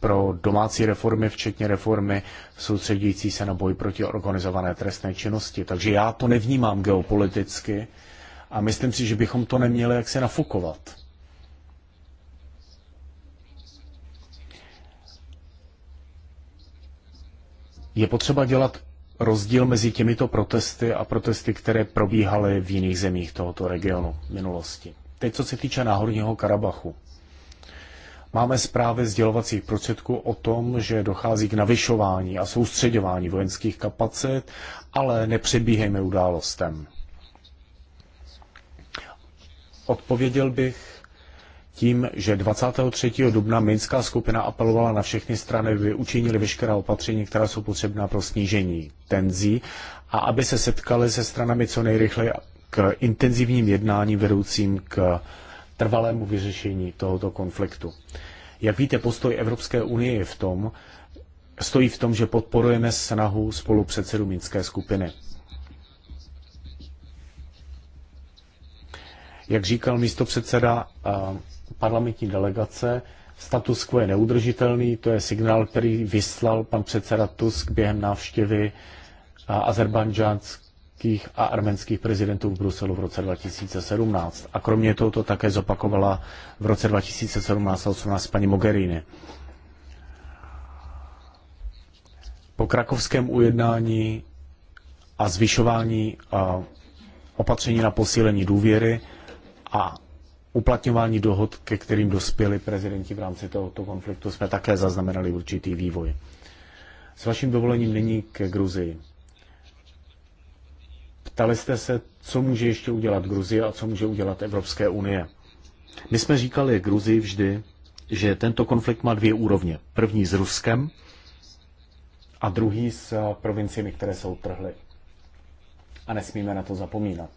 Speaker 1: pro domácí reformy, včetně reformy soustředící se na boj proti organizované trestné činnosti. Takže já to nevnímám geopoliticky a myslím si, že bychom to neměli jak se nafukovat. Je potřeba dělat rozdíl mezi těmito protesty a protesty, které probíhaly v jiných zemích tohoto regionu v minulosti. Teď, co se týče Náhorního Karabachu. Máme zprávy sdělovacích prostředků o tom, že dochází k navyšování a soustředování vojenských kapacit, ale nepřebíhejme událostem. Odpověděl bych tím, že 23. dubna Minská skupina apelovala na všechny strany, aby učinili veškerá opatření, která jsou potřebná pro snížení tenzí a aby se setkali se stranami co nejrychleji k intenzivním jednáním vedoucím k trvalému vyřešení tohoto konfliktu. Jak víte, postoj Evropské unie je v tom, stojí v tom, že podporujeme snahu spolupředsedu Minské skupiny. Jak říkal místo předseda parlamentní delegace. Status quo je neudržitelný, to je signál, který vyslal pan předseda Tusk během návštěvy azerbajdžánských a arménských prezidentů v Bruselu v roce 2017. A kromě toho to také zopakovala v roce 2017 a 2018 paní Mogherini. Po krakovském ujednání a zvyšování opatření na posílení důvěry a uplatňování dohod, ke kterým dospěli prezidenti v rámci tohoto konfliktu, jsme také zaznamenali určitý vývoj. S vaším dovolením nyní k Gruzii. Ptali jste se, co může ještě udělat Gruzie a co může udělat Evropské unie. My jsme říkali Gruzii vždy, že tento konflikt má dvě úrovně. První s Ruskem a druhý s provinciemi, které jsou trhly. A nesmíme na to zapomínat.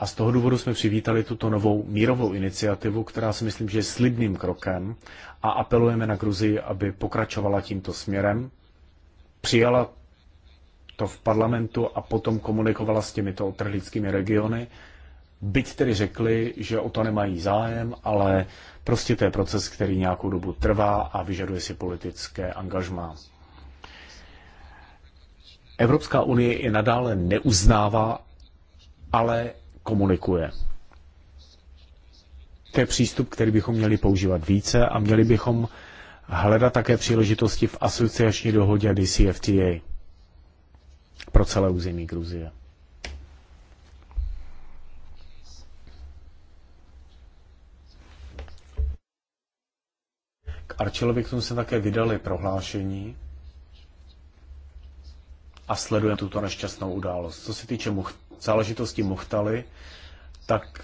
Speaker 1: A z toho důvodu jsme přivítali tuto novou mírovou iniciativu, která si myslím, že je slibným krokem a apelujeme na Gruzii, aby pokračovala tímto směrem, přijala to v parlamentu a potom komunikovala s těmito otrhlickými regiony, byť tedy řekli, že o to nemají zájem, ale prostě to je proces, který nějakou dobu trvá a vyžaduje si politické angažmá. Evropská unie i nadále neuznává ale komunikuje. To je přístup, který bychom měli používat více a měli bychom hledat také příležitosti v asociační dohodě DCFTA pro celé území Gruzie. K Arčilovi k tomu se také vydali prohlášení a sledujeme tuto nešťastnou událost. Co se týče záležitosti Mochtaly, tak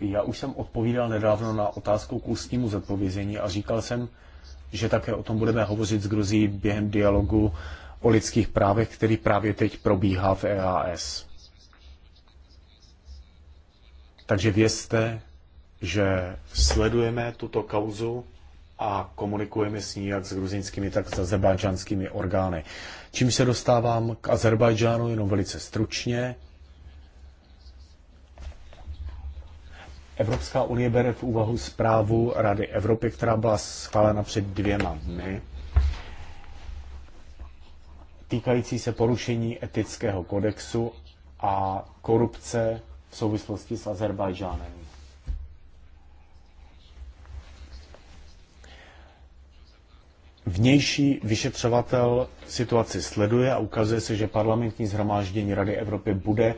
Speaker 1: já už jsem odpovídal nedávno na otázku k ústnímu zodpovězení a říkal jsem, že také o tom budeme hovořit s Gruzí během dialogu o lidských právech, který právě teď probíhá v EAS. Takže vězte, že sledujeme tuto kauzu a komunikujeme s ní jak s gruzinskými, tak s azerbajdžanskými orgány. Čím se dostávám k Azerbajdžánu jenom velice stručně, Evropská unie bere v úvahu zprávu Rady Evropy, která byla schválena před dvěma dny, týkající se porušení etického kodexu a korupce v souvislosti s Azerbajdžánem. Vnější vyšetřovatel situaci sleduje a ukazuje se, že parlamentní zhromáždění Rady Evropy bude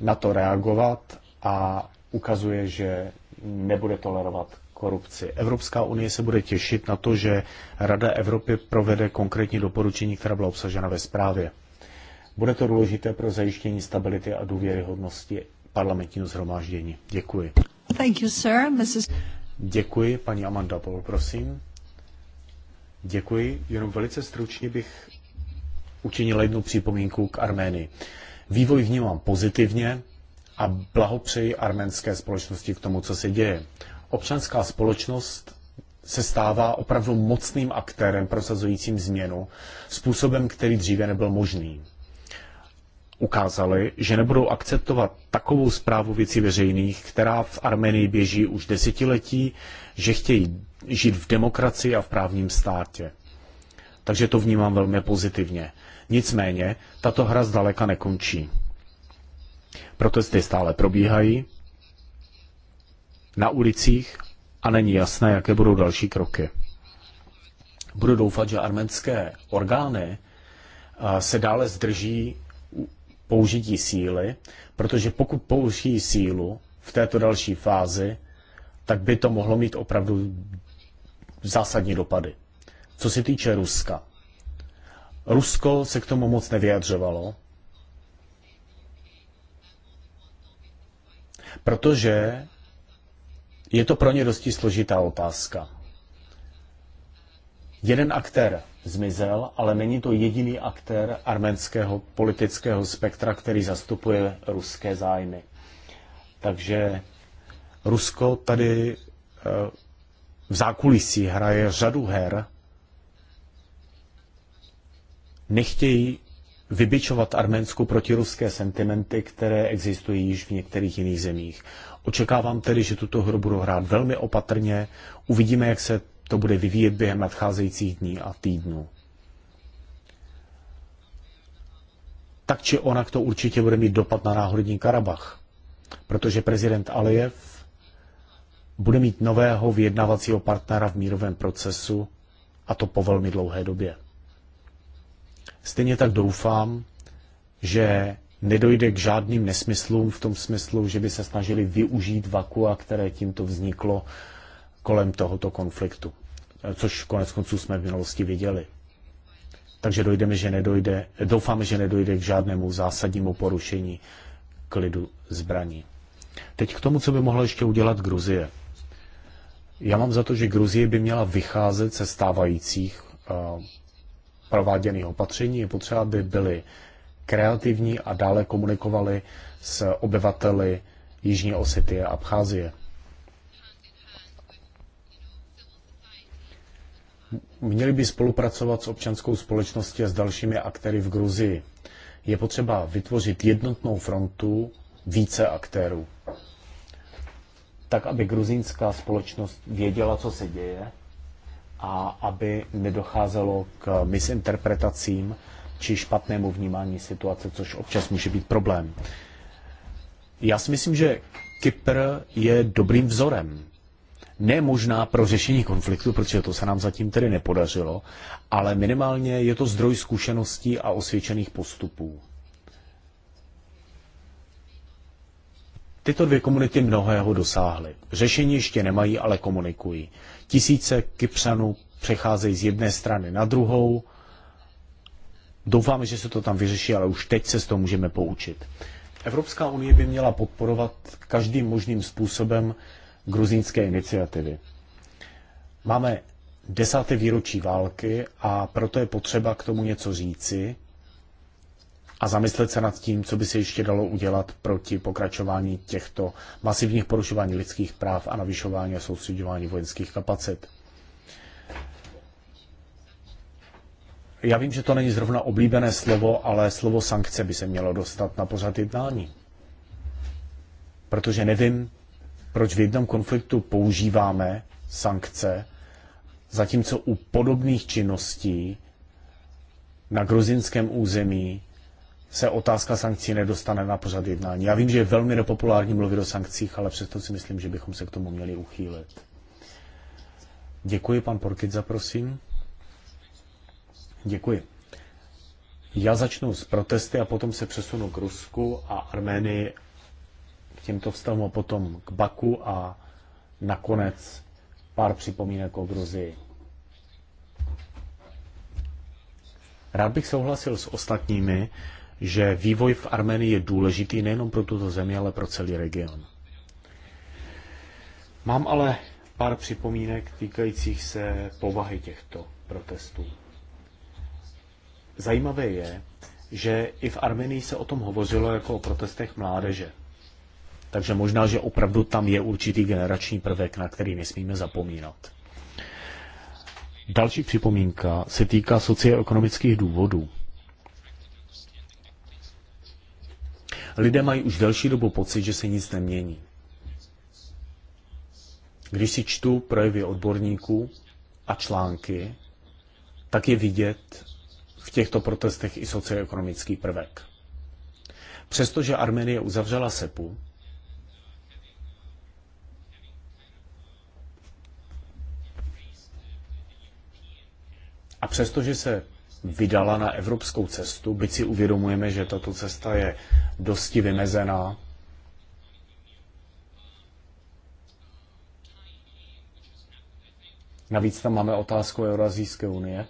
Speaker 1: na to reagovat a ukazuje, že nebude tolerovat korupci. Evropská unie se bude těšit na to, že Rada Evropy provede konkrétní doporučení, která byla obsažena ve zprávě. Bude to důležité pro zajištění stability a důvěryhodnosti parlamentního zhromáždění. Děkuji.
Speaker 3: Thank you, sir. Mrs.
Speaker 1: Děkuji, paní Amanda Paul, prosím. Děkuji. Jenom velice stručně bych učinil jednu připomínku k Arménii. Vývoj vnímám pozitivně, a blahopřeji arménské společnosti k tomu, co se děje. Občanská společnost se stává opravdu mocným aktérem prosazujícím změnu způsobem, který dříve nebyl možný. Ukázali, že nebudou akceptovat takovou zprávu věcí veřejných, která v Armenii běží už desetiletí, že chtějí žít v demokracii a v právním státě. Takže to vnímám velmi pozitivně. Nicméně, tato hra zdaleka nekončí. Protesty stále probíhají na ulicích a není jasné, jaké budou další kroky. Budu doufat, že arménské orgány eh, se dále zdrží použití síly, protože pokud použijí sílu v této další fázi, tak by to mohlo mít opravdu zásadní dopady. Co se týče Ruska, Rusko se k tomu moc nevyjadřovalo, protože je to pro ně dosti složitá otázka. Jeden aktér zmizel, ale není to jediný aktér arménského politického spektra, který zastupuje ruské zájmy. Takže Rusko tady eh, v zákulisí hraje řadu her. Nechtějí vybičovat Arménsku proti ruské sentimenty, které existují již v některých jiných zemích. Očekávám tedy, že tuto hru budou hrát velmi opatrně. Uvidíme, jak se to bude vyvíjet během nadcházejících dní a týdnů. Tak či onak to určitě bude mít dopad na náhodní Karabach, protože prezident Alijev bude mít nového vyjednavacího partnera v mírovém procesu, a to po velmi dlouhé době. Stejně tak doufám, že nedojde k žádným nesmyslům v tom smyslu, že by se snažili využít vakua, které tímto vzniklo kolem tohoto konfliktu, což konec konců jsme v minulosti viděli. Takže dojdeme, že nedojde, doufáme, že nedojde k žádnému zásadnímu porušení klidu zbraní. Teď k tomu, co by mohla ještě udělat Gruzie. Já mám za to, že Gruzie by měla vycházet ze stávajících eh, prováděny opatření. Je potřeba, aby byli kreativní a dále komunikovali s obyvateli Jižní Osity a Abcházie. Měli by spolupracovat s občanskou společností a s dalšími aktéry v Gruzii. Je potřeba vytvořit jednotnou frontu více aktérů, tak aby gruzínská společnost věděla, co se děje a aby nedocházelo k misinterpretacím či špatnému vnímání situace, což občas může být problém. Já si myslím, že Kypr je dobrým vzorem. Ne možná pro řešení konfliktu, protože to se nám zatím tedy nepodařilo, ale minimálně je to zdroj zkušeností a osvědčených postupů. Tyto dvě komunity mnohého dosáhly. Řešení ještě nemají, ale komunikují. Tisíce Kypřanů přecházejí z jedné strany na druhou. Doufáme, že se to tam vyřeší, ale už teď se z toho můžeme poučit. Evropská unie by měla podporovat každým možným způsobem gruzínské iniciativy. Máme desáté výročí války a proto je potřeba k tomu něco říci, a zamyslet se nad tím, co by se ještě dalo udělat proti pokračování těchto masivních porušování lidských práv a navyšování a soustředování vojenských kapacit. Já vím, že to není zrovna oblíbené slovo, ale slovo sankce by se mělo dostat na pořad jednání. Protože nevím, proč v jednom konfliktu používáme sankce, zatímco u podobných činností na gruzinském území se otázka sankcí nedostane na pořad jednání. Já vím, že je velmi nepopulární mluvit o sankcích, ale přesto si myslím, že bychom se k tomu měli uchýlit. Děkuji, pan Porkidza, prosím. Děkuji. Já začnu s protesty a potom se přesunu k Rusku a Arménii k těmto vztahům a potom k Baku a nakonec pár připomínek o Gruzii. Rád bych souhlasil s ostatními, že vývoj v Armenii je důležitý nejenom pro tuto zemi, ale pro celý region. Mám ale pár připomínek týkajících se povahy těchto protestů. Zajímavé je, že i v Armenii se o tom hovořilo jako o protestech mládeže. Takže možná, že opravdu tam je určitý generační prvek, na který nesmíme zapomínat. Další připomínka se týká socioekonomických důvodů. lidé mají už delší dobu pocit, že se nic nemění. Když si čtu projevy odborníků a články, tak je vidět v těchto protestech i socioekonomický prvek. Přestože Arménie uzavřela SEPu, a přestože se vydala na evropskou cestu, byť si uvědomujeme, že tato cesta je dosti vymezená. Navíc tam máme otázku Eurazijské unie.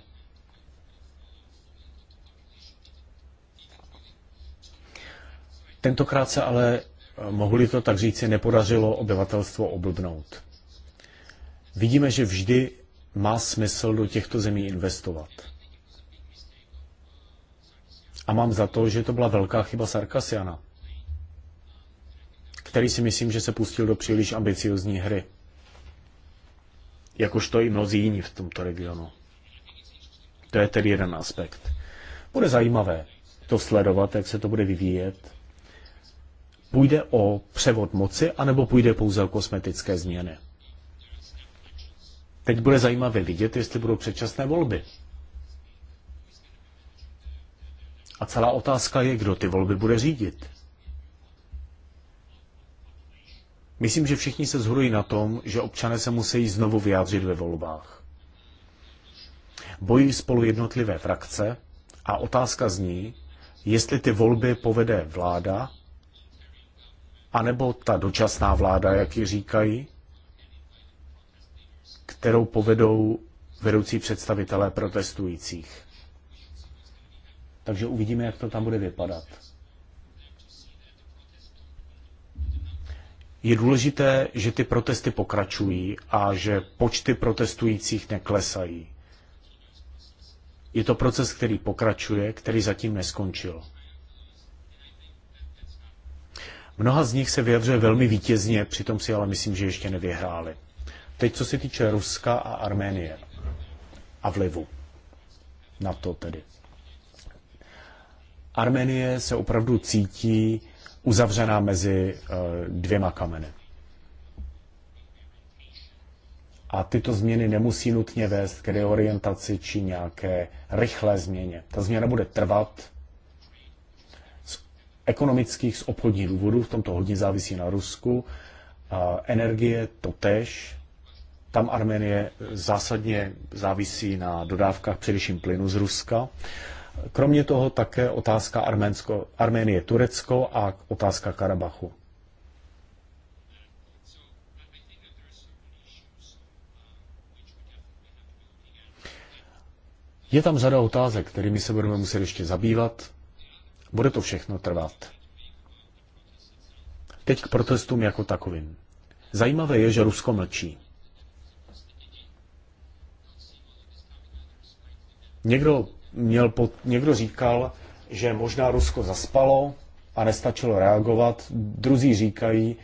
Speaker 1: Tentokrát se ale, mohli to tak říci, nepodařilo obyvatelstvo oblbnout. Vidíme, že vždy má smysl do těchto zemí investovat. A mám za to, že to byla velká chyba Sarkasiana, který si myslím, že se pustil do příliš ambiciozní hry. to i mnozí jiní v tomto regionu. To je tedy jeden aspekt. Bude zajímavé to sledovat, jak se to bude vyvíjet. Půjde o převod moci, anebo půjde pouze o kosmetické změny? Teď bude zajímavé vidět, jestli budou předčasné volby. A celá otázka je, kdo ty volby bude řídit. Myslím, že všichni se zhodují na tom, že občané se musí znovu vyjádřit ve volbách. Bojí spolu jednotlivé frakce a otázka zní, jestli ty volby povede vláda, anebo ta dočasná vláda, jak ji říkají, kterou povedou vedoucí představitelé protestujících. Takže uvidíme, jak to tam bude vypadat. Je důležité, že ty protesty pokračují a že počty protestujících neklesají. Je to proces, který pokračuje, který zatím neskončil. Mnoha z nich se vyjadřuje velmi vítězně, přitom si ale myslím, že ještě nevyhráli. Teď, co se týče Ruska a Arménie a vlivu na to tedy. Armenie se opravdu cítí uzavřená mezi eh, dvěma kameny. A tyto změny nemusí nutně vést k reorientaci či nějaké rychlé změně. Ta změna bude trvat z ekonomických, z obchodních důvodů, v tomto hodně závisí na Rusku. Energie to tež. Tam Arménie zásadně závisí na dodávkách především plynu z Ruska. Kromě toho také otázka Arménsko, Arménie, Turecko a otázka Karabachu. Je tam řada otázek, kterými se budeme muset ještě zabývat. Bude to všechno trvat. Teď k protestům jako takovým. Zajímavé je, že Rusko mlčí. Někdo měl pod, někdo říkal, že možná Rusko zaspalo a nestačilo reagovat. Druzí říkají,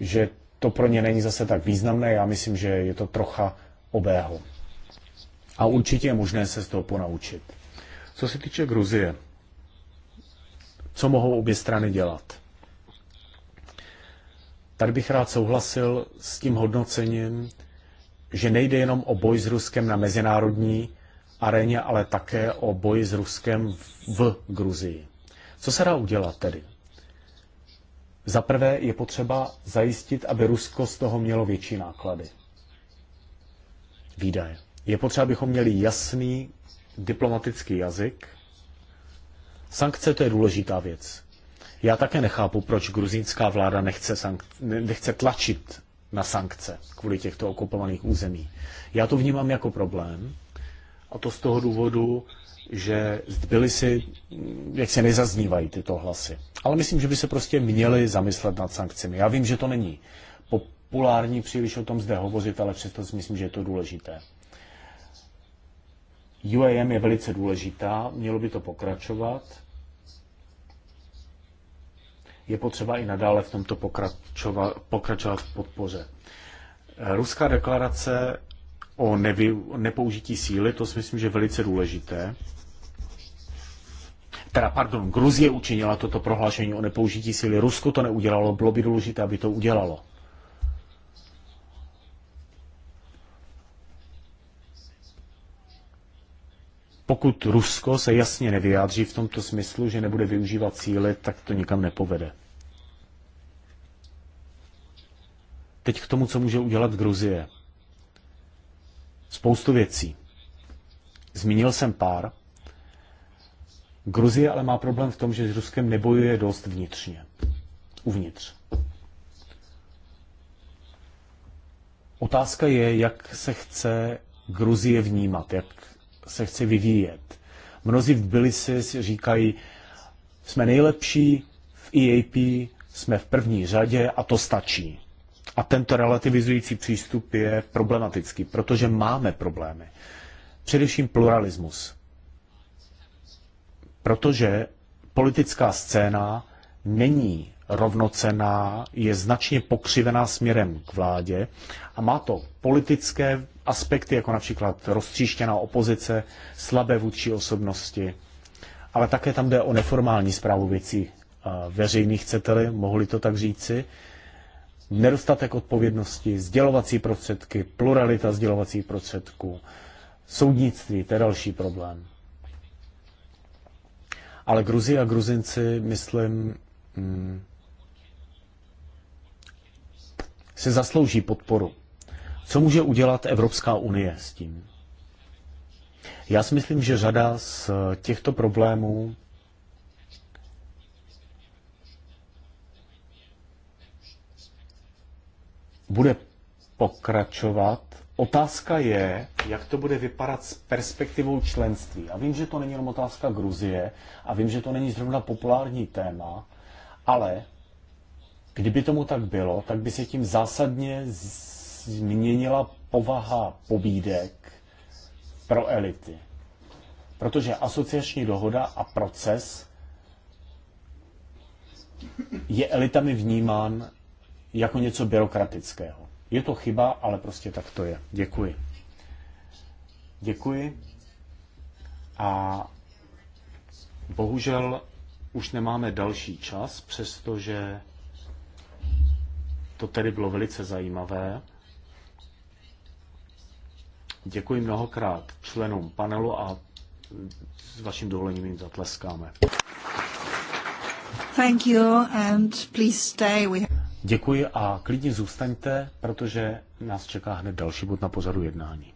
Speaker 1: že to pro ně není zase tak významné. Já myslím, že je to trocha obého. A určitě je možné se z toho ponaučit. Co se týče Gruzie, co mohou obě strany dělat? Tady bych rád souhlasil s tím hodnocením, že nejde jenom o boj s Ruskem na mezinárodní aréně, ale také o boji s Ruskem v Gruzii. Co se dá udělat tedy? Za prvé je potřeba zajistit, aby Rusko z toho mělo větší náklady. Výdaje. Je potřeba, abychom měli jasný diplomatický jazyk. Sankce to je důležitá věc. Já také nechápu, proč gruzínská vláda nechce, sank- nechce tlačit na sankce kvůli těchto okupovaných území. Já to vnímám jako problém, a to z toho důvodu, že z Tbilisi jak se nezaznívají tyto hlasy. Ale myslím, že by se prostě měli zamyslet nad sankcemi. Já vím, že to není populární příliš o tom zde hovořit, ale přesto si myslím, že je to důležité. UAM je velice důležitá, mělo by to pokračovat. Je potřeba i nadále v tomto pokračovat, pokračovat v podpoře. Ruská deklarace o nevy, nepoužití síly, to si myslím, že je velice důležité. Teda, pardon, Gruzie učinila toto prohlášení o nepoužití síly, Rusko to neudělalo, bylo by důležité, aby to udělalo. Pokud Rusko se jasně nevyjádří v tomto smyslu, že nebude využívat síly, tak to nikam nepovede. Teď k tomu, co může udělat Gruzie spoustu věcí. Zmínil jsem pár. Gruzie ale má problém v tom, že s Ruskem nebojuje dost vnitřně. Uvnitř. Otázka je, jak se chce Gruzie vnímat, jak se chce vyvíjet. Mnozí v Tbilisi říkají, jsme nejlepší v EAP, jsme v první řadě a to stačí. A tento relativizující přístup je problematický, protože máme problémy. Především pluralismus. Protože politická scéna není rovnocená, je značně pokřivená směrem k vládě a má to politické aspekty, jako například roztříštěná opozice, slabé vůči osobnosti, ale také tam jde o neformální zprávu věcí veřejných, chcete-li, mohli to tak říci, nedostatek odpovědnosti, sdělovací prostředky, pluralita sdělovacích prostředků, soudnictví, to je další problém. Ale Gruzi a Gruzinci, myslím, mm, si zaslouží podporu. Co může udělat Evropská unie s tím? Já si myslím, že řada z těchto problémů bude pokračovat. Otázka je, jak to bude vypadat s perspektivou členství. A vím, že to není jenom otázka Gruzie a vím, že to není zrovna populární téma, ale kdyby tomu tak bylo, tak by se tím zásadně změnila povaha pobídek pro elity. Protože asociační dohoda a proces je elitami vnímán jako něco byrokratického. Je to chyba, ale prostě tak to je. Děkuji. Děkuji. A bohužel už nemáme další čas, přestože to tedy bylo velice zajímavé. Děkuji mnohokrát členům panelu a s vaším dovolením jim zatleskáme.
Speaker 3: Thank you and please stay. We
Speaker 1: Děkuji a klidně zůstaňte, protože nás čeká hned další bod na pořadu jednání.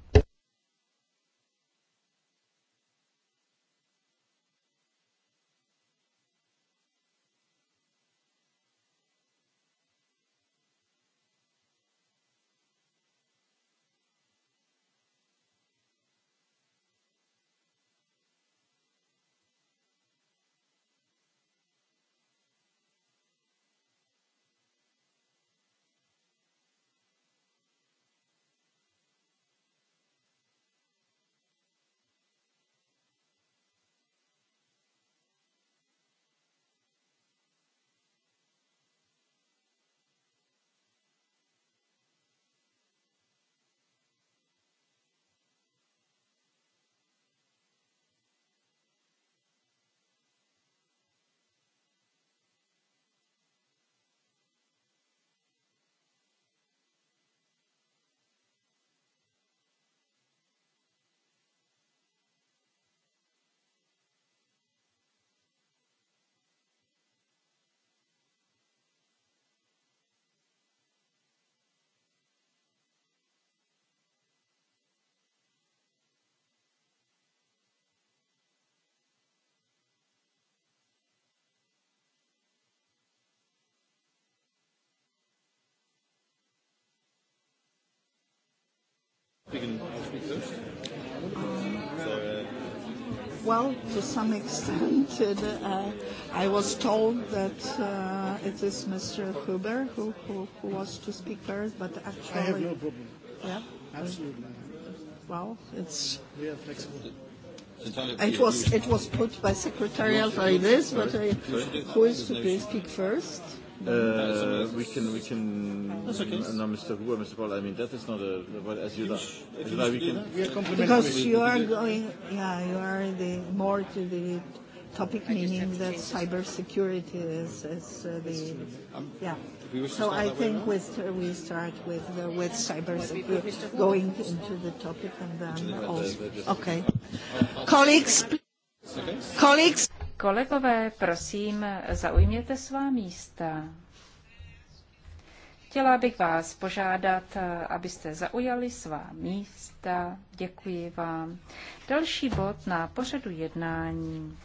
Speaker 2: Well, to some extent, it, uh, I was told that uh, it is Mr. Huber who, who, who was to speak first, but actually. I have no problem. Yeah? Absolutely. well, it's. We are flexible. It was, it was put by secretarial like this, but I, who is to speak first? No, no, uh, we can, we can. That's okay. No, Mr. Hu Mr. Paul. I mean, that is not a. But as you, know we can. We are because you are going, yeah,
Speaker 3: you are the more to the topic, meaning that cybersecurity is, is uh, the. Um, yeah.
Speaker 2: So I think
Speaker 3: with, uh, we start with the, with cybersecurity, going into the topic and then. also. okay. Oh, oh, colleagues. Okay. Colleagues. Kolegové, prosím, zaujměte svá místa. Chtěla bych vás požádat, abyste zaujali svá místa. Děkuji vám. Další bod na pořadu jednání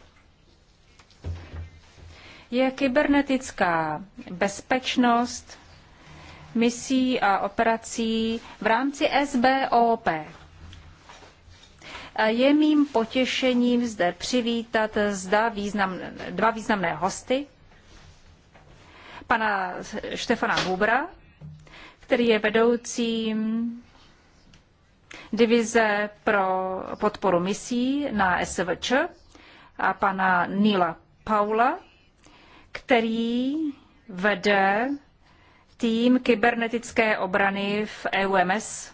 Speaker 3: je kybernetická bezpečnost misí a operací v rámci SBOP. Je mým potěšením zde přivítat zda význam, dva významné hosty. Pana Štefana Hubra, který je vedoucím divize pro podporu misí na SVČ a pana Nila Paula, který vede tým kybernetické obrany v EUMS,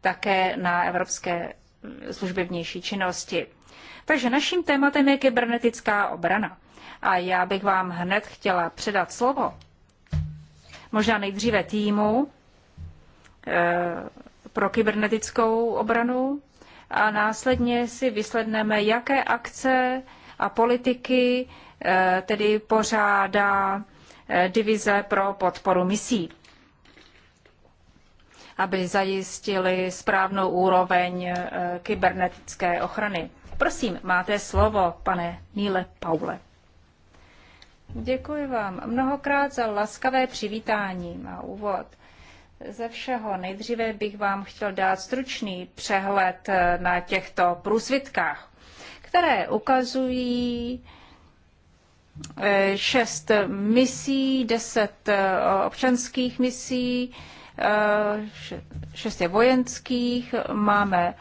Speaker 3: také na evropské služby vnější činnosti. Takže naším tématem je kybernetická obrana. A já bych vám hned chtěla předat slovo. Možná nejdříve týmu eh, pro kybernetickou obranu a následně si vysledneme, jaké akce a politiky eh, tedy pořádá eh, divize pro podporu misí aby zajistili správnou úroveň eh, kybernetické ochrany. Prosím, máte slovo, pane Níle Paule. Děkuji vám mnohokrát za laskavé přivítání a úvod. Ze všeho nejdříve bych vám chtěl dát stručný přehled eh, na těchto průsvitkách, které ukazují eh, šest misí, deset občanských misí, Eh, šest je vojenských, máme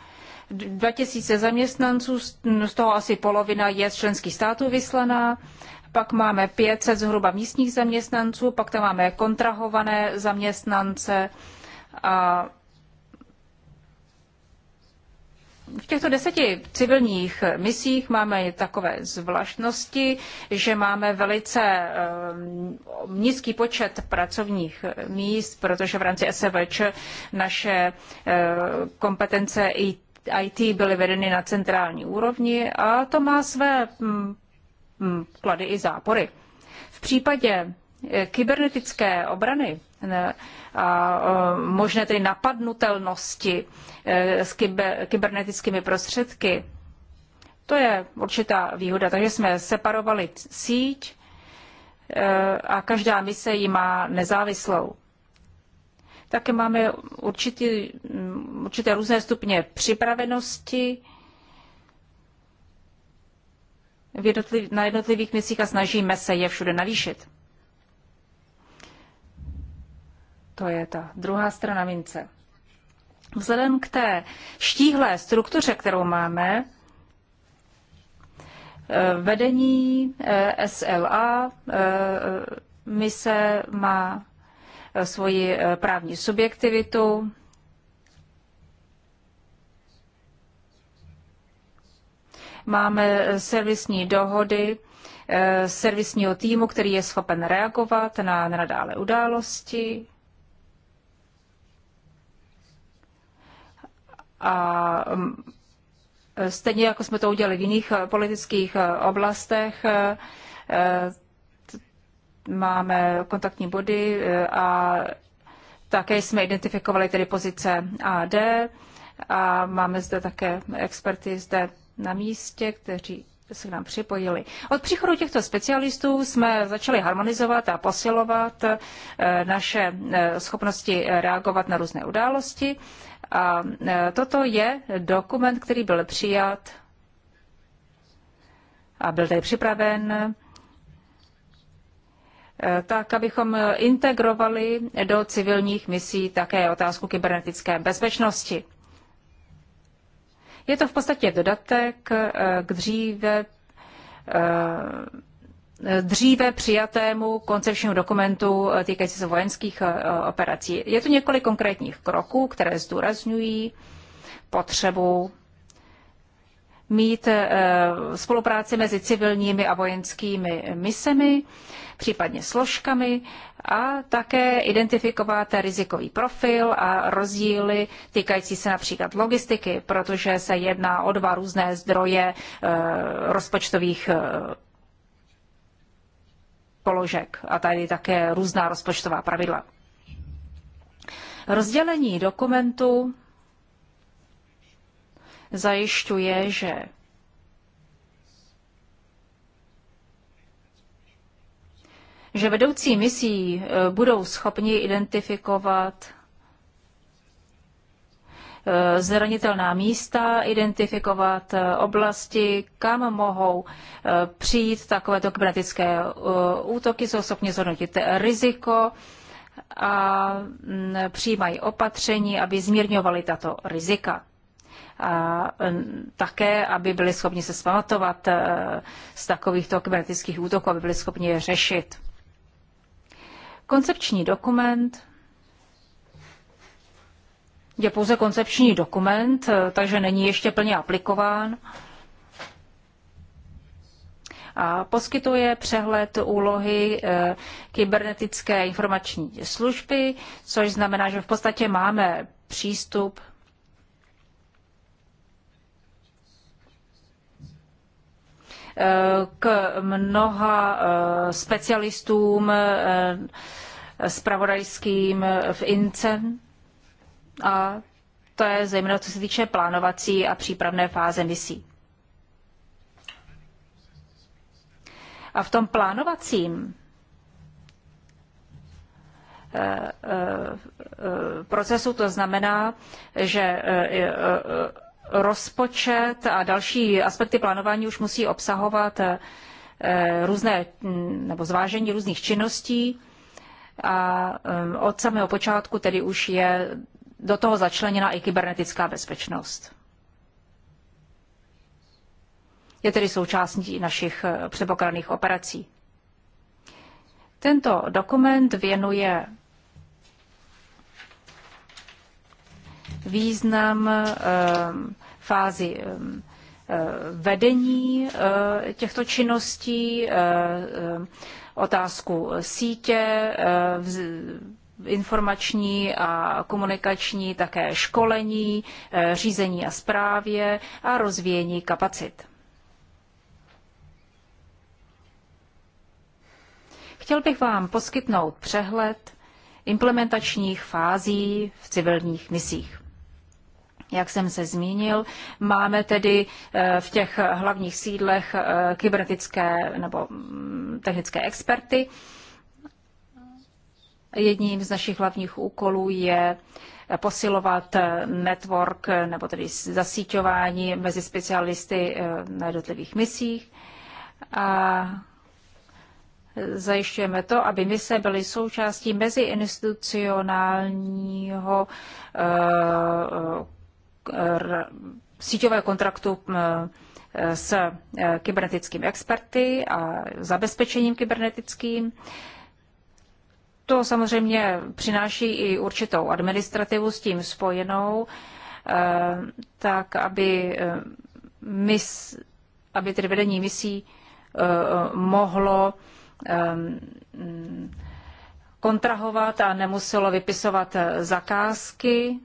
Speaker 3: 2000 zaměstnanců, z toho asi polovina je z členských států vyslaná, pak máme 500 zhruba místních zaměstnanců, pak tam máme kontrahované zaměstnance a v těchto deseti civilních misích máme takové zvláštnosti, že máme velice ehm, nízký počet pracovních míst, protože v rámci SVČ naše ehm, kompetence IT byly vedeny na centrální úrovni a to má své mm, mm, klady i zápory. V případě eh, kybernetické obrany možné tedy napadnutelnosti e, s kybernetickými prostředky. To je určitá výhoda. Takže jsme separovali síť e, a každá mise ji má nezávislou. Také máme určitý, mm, určité různé stupně připravenosti na jednotlivých misích a snažíme se je všude navýšit. To je ta druhá strana mince. Vzhledem k té štíhlé struktuře, kterou máme, eh, vedení eh, SLA eh, mise má svoji právní subjektivitu, máme servisní dohody servisního týmu, který je schopen reagovat na nadále události. A mm, stejně jako jsme to udělali v jiných eh, politických eh, oblastech, eh, máme kontaktní body a také jsme identifikovali tedy pozice A a D a máme zde také experty zde na místě, kteří se k nám připojili. Od příchodu těchto specialistů jsme začali harmonizovat a posilovat naše schopnosti reagovat na různé události a e, toto je dokument, který byl přijat a byl tady připraven e, tak, abychom integrovali do civilních misí také otázku kybernetické bezpečnosti. Je to v podstatě dodatek e, k dříve Eh, dříve přijatému koncepčnímu dokumentu eh, týkající se vojenských eh, operací. Je tu několik konkrétních kroků, které zdůrazňují potřebu mít spolupráci mezi civilními a vojenskými misemi, případně složkami a také identifikovat rizikový profil a rozdíly týkající se například logistiky, protože se jedná o dva různé zdroje rozpočtových položek a tady také různá rozpočtová pravidla. Rozdělení dokumentu zajišťuje, že že vedoucí misí eh, budou schopni identifikovat Eh, zranitelná místa, identifikovat eh, oblasti, kam mohou eh, přijít takovéto kybernetické útoky, jsou schopni zhodnotit riziko a mm, přijímají opatření, aby zmírňovali tato rizika. A mm, také, aby byli schopni se spamatovat z takovýchto kybernetických útoků, aby byli schopni je řešit. Koncepční dokument je pouze koncepční dokument, eh, takže není ještě plně aplikován. A poskytuje přehled úlohy eh, kybernetické informační služby, což znamená, že v podstatě máme přístup eh, k mnoha specialistům spravodajským v INCEN a to je zejména co se týče plánovací a přípravné fáze misí. A v tom plánovacím eh, eh, procesu to znamená, že eh, rozpočet a další aspekty plánování už musí obsahovat různé nebo zvážení různých činností a od samého počátku tedy už je do toho začleněna i kybernetická bezpečnost. Je tedy součástí našich eh, předpokládaných operací. Tento dokument věnuje význam eh, fázi eh, vedení těchto činností, otázku sítě, informační a komunikační, také školení, eh, řízení a správě a rozvíjení kapacit. Chtěl bych vám poskytnout přehled implementačních fází v civilních misích. Jak jsem se zmínil, máme tedy eh, v těch hlavních sídlech eh, kybernetické nebo mm, technické experty, Jedním z našich hlavních úkolů je posilovat network, nebo tedy zasíťování mezi specialisty eh, na jednotlivých misích. A zajišťujeme to, aby mise byly součástí meziinstitucionálního eh, eh, síťové kontraktu s kybernetickými experty a zabezpečením kybernetickým. To samozřejmě přináší i určitou administrativu s tím spojenou, eh, tak aby, eh, mis, aby tedy vedení misí eh, mohlo kontrahovat a nemuselo vypisovat zakázky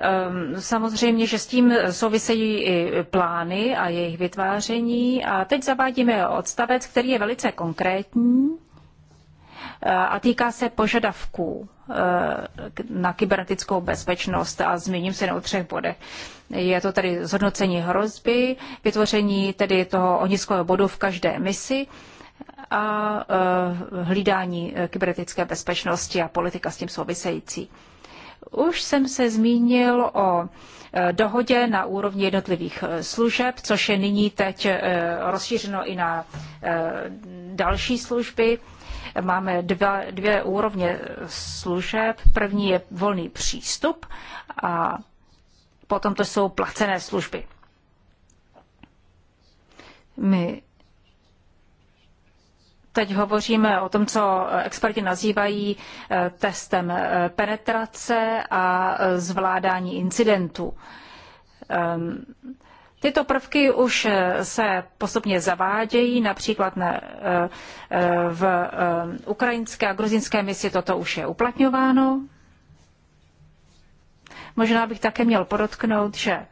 Speaker 3: Ehm, samozřejmě, že s tím souvisejí i plány a jejich vytváření. A teď zavádíme odstavec, který je velice konkrétní eh, a týká se požadavků eh, na kybernetickou bezpečnost a zmíním se o třech bodech. Je to tedy zhodnocení hrozby, vytvoření tedy toho ohniskového bodu v každé misi a eh, hlídání kybernetické bezpečnosti a politika s tím související. Už jsem se zmínil o e, dohodě na úrovni jednotlivých e, služeb, což je nyní teď e, rozšířeno i na další služby. Máme dva, dvě úrovně služeb. První je volný přístup a potom to jsou placené služby. My Teď hovoříme o tom, co experti nazývají eh, testem eh, penetrace a eh, zvládání incidentů. Ehm, tyto prvky už se postupně zavádějí, například ne, v ukrajinské a gruzinské misi toto už je uplatňováno. Možná bych také měl podotknout, že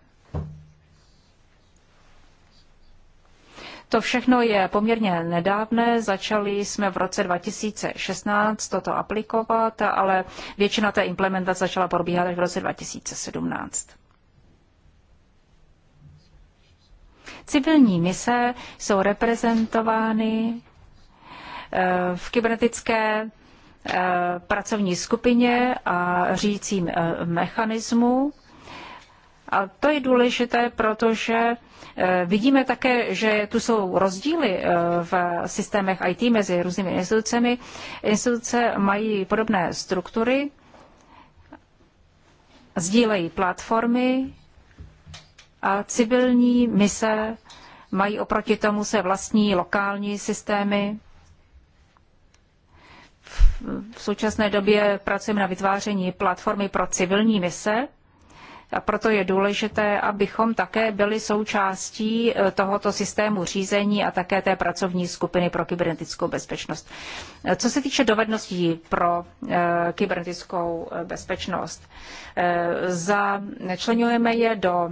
Speaker 3: To všechno je poměrně nedávné. Začali jsme v roce 2016 toto aplikovat, ale většina té implementace začala probíhat až v roce 2017. Civilní mise jsou reprezentovány eh, v kybernetické eh, pracovní skupině a řídícím eh, mechanismu a to je důležité, protože eh, vidíme také, že tu jsou rozdíly eh, v systémech IT mezi různými institucemi. Instituce mají podobné struktury, sdílejí platformy a civilní mise mají oproti tomu se vlastní lokální systémy. V současné době pracujeme na vytváření platformy pro civilní mise, a proto je důležité, abychom také byli součástí eh, tohoto systému řízení a také té pracovní skupiny pro kybernetickou bezpečnost. Eh, co se týče dovedností pro eh, kybernetickou bezpečnost, začlenujeme je do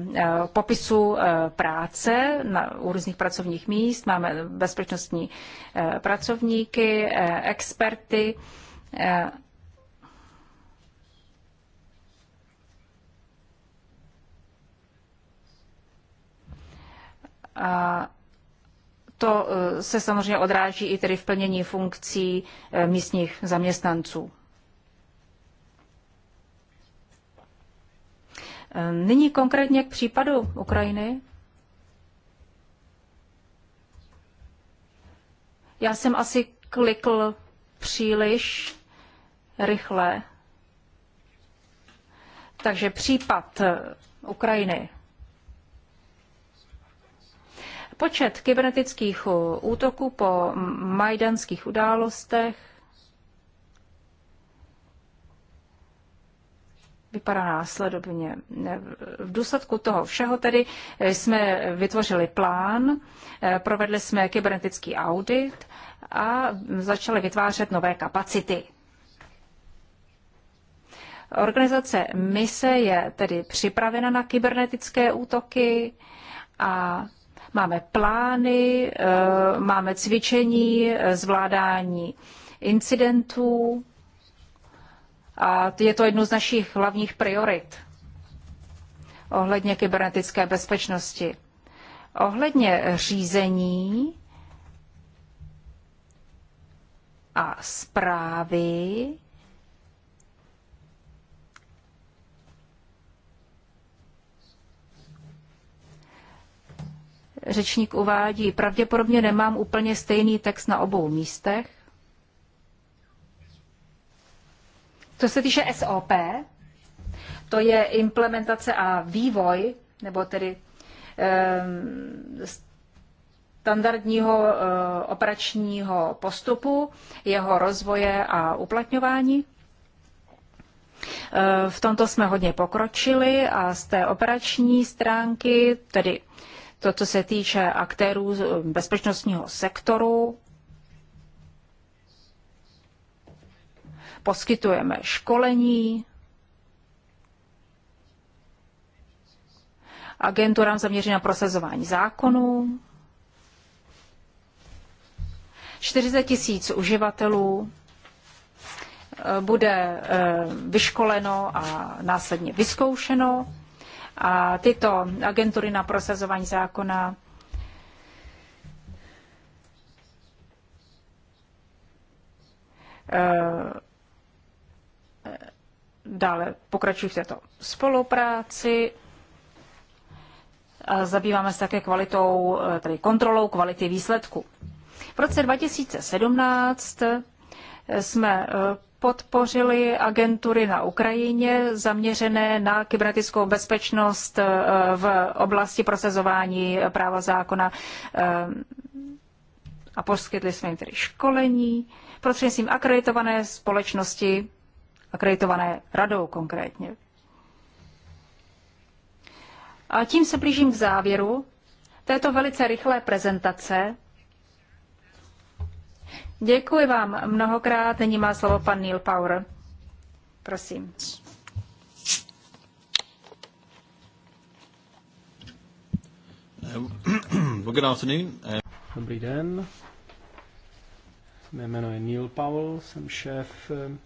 Speaker 3: popisu práce na, u různých pracovních míst. Máme bezpečnostní pracovníky, experty A to eh, se samozřejmě odráží i tedy v plnění funkcí eh, místních zaměstnanců. Ehm, nyní konkrétně k případu Ukrajiny. Já jsem asi klikl příliš rychle. Takže případ eh, Ukrajiny. Počet kybernetických eh, útoků po majdanských událostech vypadá následovně. V důsledku toho všeho tedy eh, jsme vytvořili plán, eh, provedli jsme kybernetický audit a začali vytvářet nové kapacity. Organizace mise je tedy připravena na kybernetické útoky a Máme plány, eh, máme cvičení, eh, zvládání incidentů a je to jedno z našich hlavních priorit ohledně kybernetické bezpečnosti. Ohledně řízení a zprávy řečník uvádí, pravděpodobně nemám úplně stejný text na obou místech. Co se týče SOP, to je implementace a vývoj, nebo tedy ehm, eh, standardního operačního postupu, jeho rozvoje a uplatňování. Eh, v tomto jsme hodně pokročili a z té operační stránky, tedy to, co se týče aktérů eh, bezpečnostního sektoru, poskytujeme školení, agenturám zaměří na prosazování zákonů, 40 tisíc uživatelů eh, bude eh, vyškoleno a následně vyzkoušeno a tyto agentury na prosazování zákona eh, dále pokračují v této spolupráci. Zabýváme se také kvalitou, eh, tedy kontrolou kvality výsledku. V roce 2017 eh, jsme podpořili agentury na Ukrajině zaměřené na kybernetickou bezpečnost eh, v oblasti prosazování práva zákona eh, a poskytli jsme jim tedy školení prostřednictvím akreditované společnosti, akreditované radou konkrétně. A tím se blížím k závěru této velice rychlé prezentace Děkuji vám mnohokrát. Nyní má slovo pan Neil Power. Prosím.
Speaker 4: Dobrý den. Mé jméno je Neil Powell, jsem šéf eh,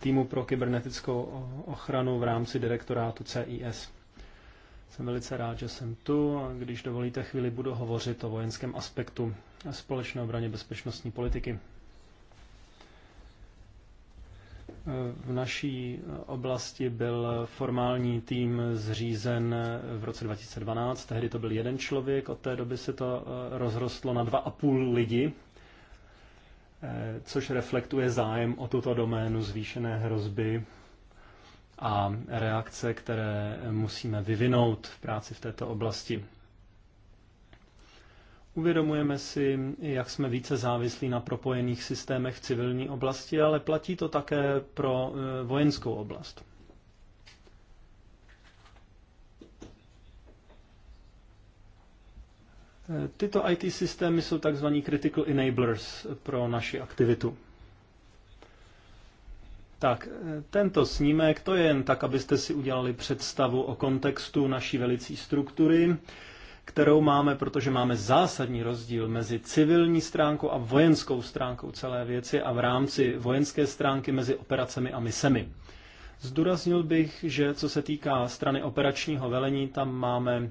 Speaker 4: týmu pro kybernetickou ochranu v rámci direktorátu CIS. Jsem velice rád, že jsem tu a když dovolíte chvíli, budu hovořit o vojenském aspektu společné obraně bezpečnostní politiky. V naší oblasti byl formální tým zřízen v roce 2012, tehdy to byl jeden člověk, od té doby se to eh, rozrostlo na dva a půl lidi, eh, což reflektuje zájem o tuto doménu zvýšené hrozby a reakce, které musíme vyvinout v práci v této oblasti. Uvědomujeme si, jak jsme více závislí na propojených systémech v civilní oblasti, ale platí to také pro eh, vojenskou oblast. Eh, tyto IT systémy jsou tzv. critical enablers pro naši aktivitu. Tak, eh, tento snímek to je jen tak, abyste si udělali představu o kontextu naší velicí struktury kterou máme, protože máme zásadní rozdíl mezi civilní stránkou a vojenskou stránkou celé věci a v rámci vojenské stránky mezi operacemi a misemi. Zdůraznil bych, že co se týká strany operačního velení, tam máme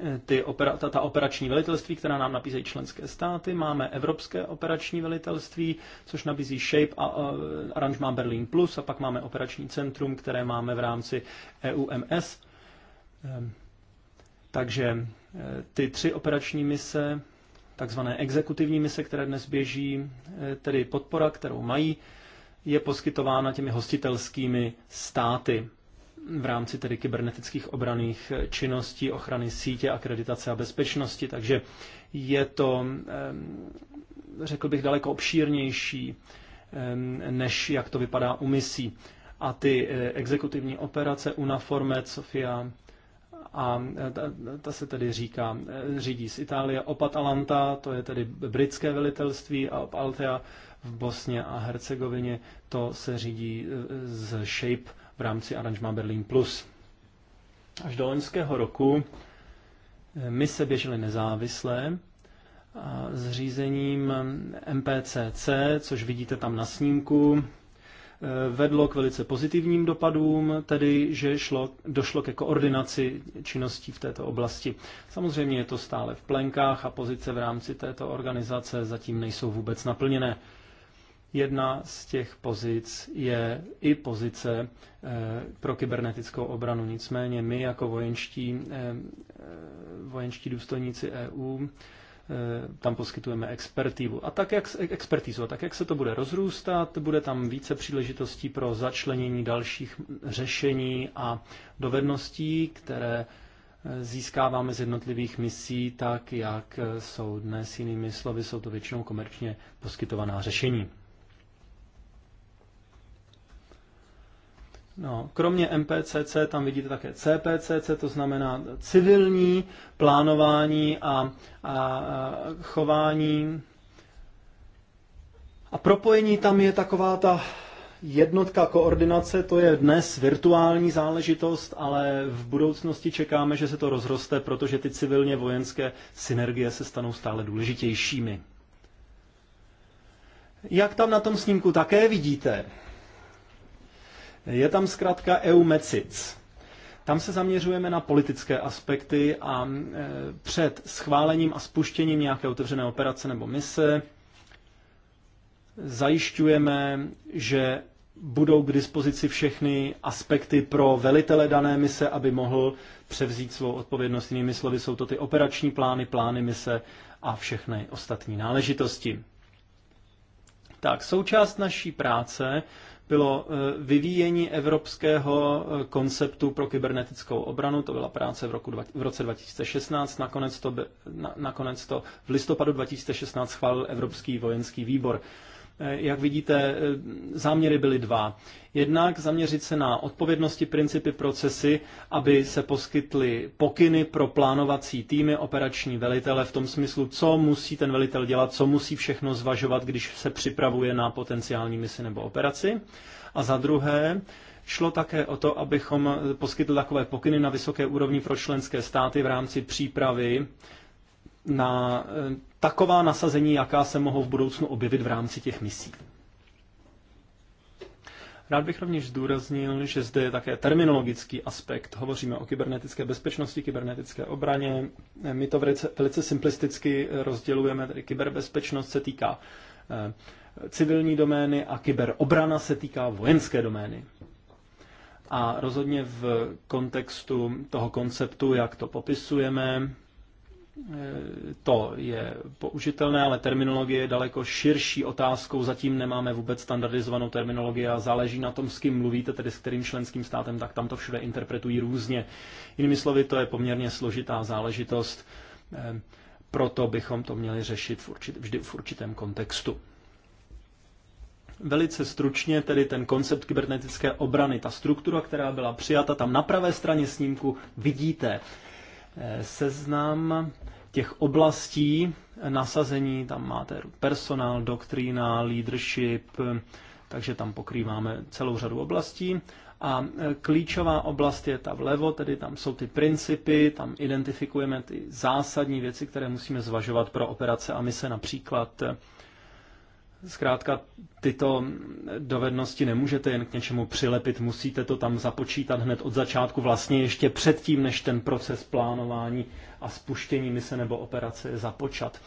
Speaker 4: eh, ty opera, ta, ta operační velitelství, která nám nabízejí členské státy, máme evropské operační velitelství, což nabízí SHAPE a, uh, aranžmá Berlin Plus a pak máme operační centrum, které máme v rámci EUMS. Ehm, takže eh, ty tři operační mise, takzvané exekutivní mise, které dnes běží, eh, tedy podpora, kterou mají, je poskytována těmi hostitelskými státy v rámci tedy kybernetických obraných eh, činností, ochrany sítě, akreditace a bezpečnosti. Takže je to, řekl bych, daleko obšírnější, než jak to vypadá u misí. A ty exekutivní operace UNAFOR, Med, Sofia, a e, ta, ta se tedy říká, e, řídí z Itálie Opat Alanta, to je tedy britské velitelství a Op Altea v Bosně a Hercegovině, to se řídí e, z Shape v rámci aranžma Berlin Plus. Až do loňského roku my se běžely nezávisle s řízením MPCC, což vidíte tam na snímku, Eh, vedlo k velice pozitivním dopadům, tedy že šlo, došlo ke koordinaci činností v této oblasti. Samozřejmě je to stále v plenkách a pozice v rámci této organizace zatím nejsou vůbec naplněné. Jedna z těch pozic je i pozice eh, pro kybernetickou obranu. Nicméně my jako vojenští, eh, vojenští důstojníci EU Eh, tam poskytujeme expertivu. A tak, jak, expertizu. A tak, jak se to bude rozrůstat, bude tam více příležitostí pro začlenění dalších řešení a dovedností, které eh, získáváme z jednotlivých misí, tak jak jsou dnes jinými slovy, jsou to většinou komerčně poskytovaná řešení. No, kromě MPCC tam vidíte také CPCC, to znamená civilní plánování a, a, a chování. A propojení tam je taková ta jednotka koordinace, to je dnes virtuální záležitost, ale v budoucnosti čekáme, že se to rozroste, protože ty civilně vojenské synergie se stanou stále důležitějšími. Jak tam na tom snímku také vidíte, je tam zkrátka e Mecic. Tam se zaměřujeme na politické aspekty a e, před schválením a spuštěním nějaké otevřené operace nebo mise zajišťujeme, že budou k dispozici všechny aspekty pro velitele dané mise, aby mohl převzít svou odpovědnost. Jinými slovy jsou to ty operační plány, plány mise a všechny ostatní náležitosti. Tak, součást naší práce bylo eh, vyvíjení evropského eh, konceptu pro kybernetickou obranu. To byla práce v, roku, v roce 2016. Nakonec to, na, nakonec to v listopadu 2016 schválil Evropský vojenský výbor. Eh, jak vidíte, eh, záměry byly dva. Jednak zaměřit se na odpovědnosti, principy, procesy, aby se poskytly pokyny pro plánovací týmy, operační velitele v tom smyslu, co musí ten velitel dělat, co musí všechno zvažovat, když se připravuje na potenciální misi nebo operaci. A za druhé, Šlo také o to, abychom poskytli takové pokyny na vysoké úrovni pro členské státy v rámci přípravy na eh, taková nasazení, jaká se mohou v budoucnu objevit v rámci těch misí. Rád bych rovněž zdůraznil, že zde je také terminologický aspekt. Hovoříme o kybernetické bezpečnosti, kybernetické obraně. Eh, my to velice, velice simplisticky rozdělujeme, tedy kyberbezpečnost se týká eh, civilní domény a kyberobrana se týká vojenské domény. A rozhodně v kontextu toho konceptu, jak to popisujeme, Eh, to je použitelné, ale terminologie je daleko širší otázkou. Zatím nemáme vůbec standardizovanou terminologii a záleží na tom, s kým mluvíte, tedy s kterým členským státem, tak tam to všude interpretují různě. Jinými slovy, to je poměrně složitá záležitost, eh, proto bychom to měli řešit v určit, vždy v určitém kontextu. Velice stručně tedy ten koncept kybernetické obrany, ta struktura, která byla přijata, tam na pravé straně snímku vidíte seznam těch oblastí nasazení, tam máte personál, doktrína, leadership, takže tam pokrýváme celou řadu oblastí. A e, klíčová oblast je ta vlevo, tedy tam jsou ty principy, tam identifikujeme ty zásadní věci, které musíme zvažovat pro operace a mise, například Zkrátka tyto dovednosti nemůžete jen k něčemu přilepit, musíte to tam započítat hned od začátku, vlastně ještě předtím, než ten proces plánování a spuštění mise nebo operace je započat.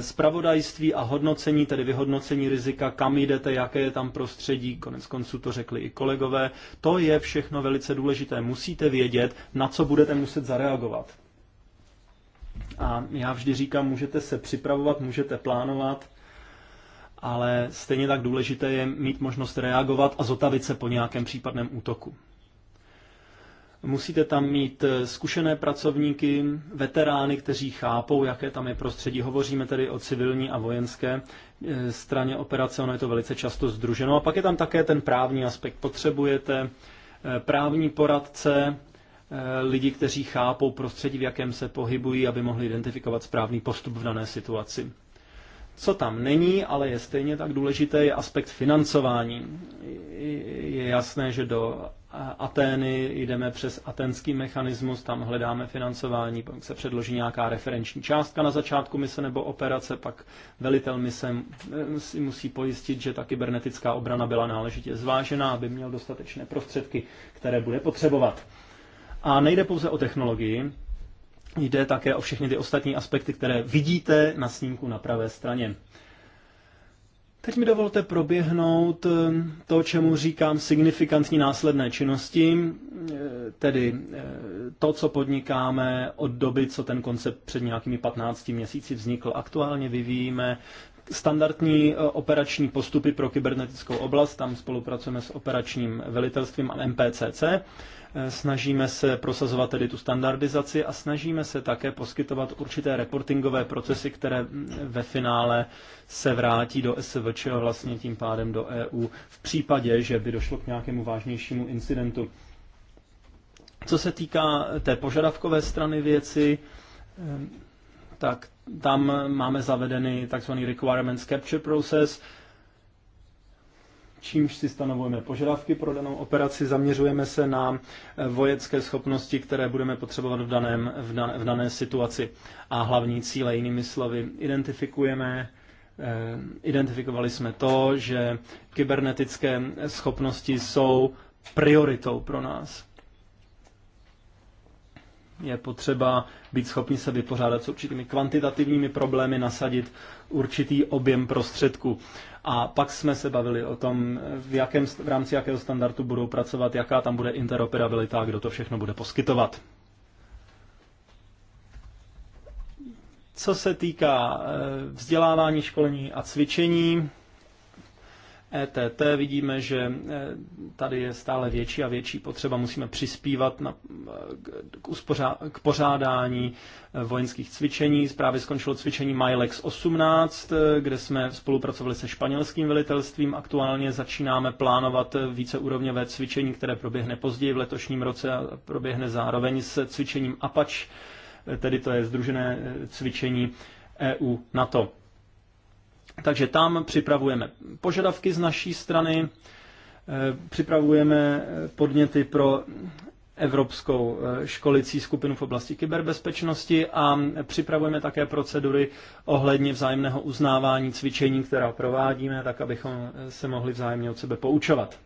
Speaker 4: Spravodajství eh, a hodnocení, tedy vyhodnocení rizika, kam jdete, jaké je tam prostředí, konec konců to řekli i kolegové, to je všechno velice důležité. Musíte vědět, na co budete muset zareagovat. A já vždy říkám, můžete se připravovat, můžete plánovat, ale stejně tak důležité je mít možnost reagovat a zotavit se po nějakém případném útoku. Musíte tam mít eh, zkušené pracovníky, veterány, kteří chápou, jaké tam je prostředí. Hovoříme tedy o civilní a vojenské eh, straně operace, ono je to velice často združeno. A pak je tam také ten právní aspekt. Potřebujete eh, právní poradce, lidi, kteří chápou prostředí, v jakém se pohybují, aby mohli identifikovat správný postup v dané situaci. Co tam není, ale je stejně tak důležité, je aspekt financování. Je jasné, že do Atény jdeme přes atenský mechanismus, tam hledáme financování, pak se předloží nějaká referenční částka na začátku mise nebo operace, pak velitel mise si musí pojistit, že ta kybernetická obrana byla náležitě zvážená, aby měl dostatečné prostředky, které bude potřebovat. A nejde pouze o technologii, jde také o všechny ty ostatní aspekty, které vidíte na snímku na pravé straně. Teď mi dovolte proběhnout eh, to, čemu říkám signifikantní následné činnosti, eh, tedy eh, to, co podnikáme od doby, co ten koncept před nějakými 15 měsíci vznikl. Aktuálně vyvíjíme standardní operační postupy pro kybernetickou oblast, tam spolupracujeme s operačním velitelstvím a MPCC Eh, snažíme se prosazovat tedy tu standardizaci a snažíme se také poskytovat určité reportingové procesy, které mm, ve finále se vrátí do SVČ a vlastně tím pádem do EU v případě, že by došlo k nějakému vážnějšímu incidentu. Co se týká eh, té požadavkové strany věci, eh, tak tam máme zavedený tzv. requirements capture process, čímž si stanovujeme požadavky pro danou operaci, zaměřujeme se na eh, vojenské schopnosti, které budeme potřebovat v, daném, v, dan, v dané situaci a hlavní cíle, jinými slovy, identifikujeme eh, identifikovali jsme to, že kybernetické schopnosti jsou prioritou pro nás je potřeba být schopni se vypořádat s určitými kvantitativními problémy, nasadit určitý objem prostředků. A pak jsme se bavili o tom, v, jakém, v rámci jakého standardu budou pracovat, jaká tam bude interoperabilita, kdo to všechno bude poskytovat. Co se týká eh, vzdělávání, školení a cvičení, ETT vidíme, že e, tady je stále větší a větší potřeba. Musíme přispívat na, e, k, uspořá, k pořádání e, vojenských cvičení. Zprávě skončilo cvičení Milex 18, kde jsme spolupracovali se španělským velitelstvím. Aktuálně začínáme plánovat víceúrovňové cvičení, které proběhne později v letošním roce a proběhne zároveň s cvičením Apache, tedy to je združené cvičení EU NATO. Takže tam připravujeme požadavky z naší strany, eh, připravujeme podněty pro evropskou eh, školicí skupinu v oblasti kyberbezpečnosti a připravujeme také procedury ohledně vzájemného uznávání cvičení, která provádíme, tak abychom eh, se mohli vzájemně od sebe poučovat.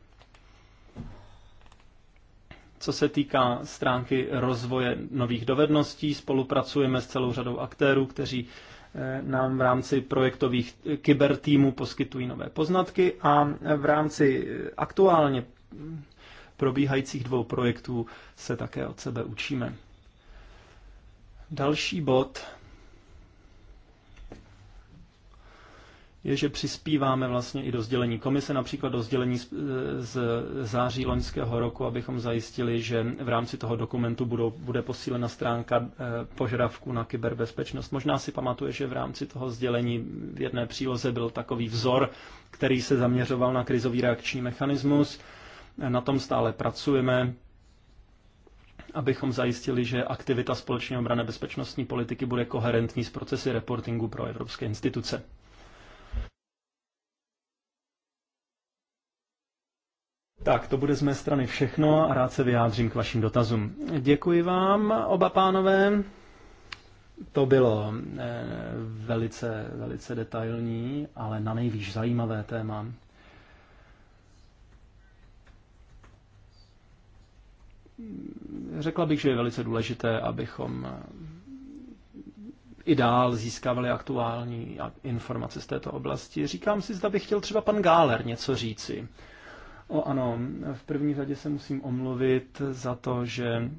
Speaker 4: Co se týká stránky rozvoje nových dovedností, spolupracujeme s celou řadou aktérů, kteří Eh, nám v rámci projektových kybertýmů poskytují nové poznatky a v rámci eh, aktuálně probíhajících dvou projektů se také od sebe učíme. Další bod je, že přispíváme vlastně i do sdělení komise, například do sdělení z, z září loňského roku, abychom zajistili, že v rámci toho dokumentu budou, bude posílena stránka e, eh, požadavků na kyberbezpečnost. Možná si pamatuje, že v rámci toho sdělení v jedné příloze byl takový vzor, který se zaměřoval na krizový reakční mechanismus. Na tom stále pracujeme abychom zajistili, že aktivita společné obrany bezpečnostní politiky bude koherentní s procesy reportingu pro evropské instituce. Tak, to bude z mé strany všechno a rád se vyjádřím k vašim dotazům. Děkuji vám, oba pánové. To bylo eh, velice, velice detailní, ale na nejvíc zajímavé téma. Řekla bych, že je velice důležité, abychom eh, i dál získávali aktuální informace z této oblasti. Říkám si, zda bych chtěl třeba pan Gáler něco říci. O ano, v první řadě se musím omluvit za to, že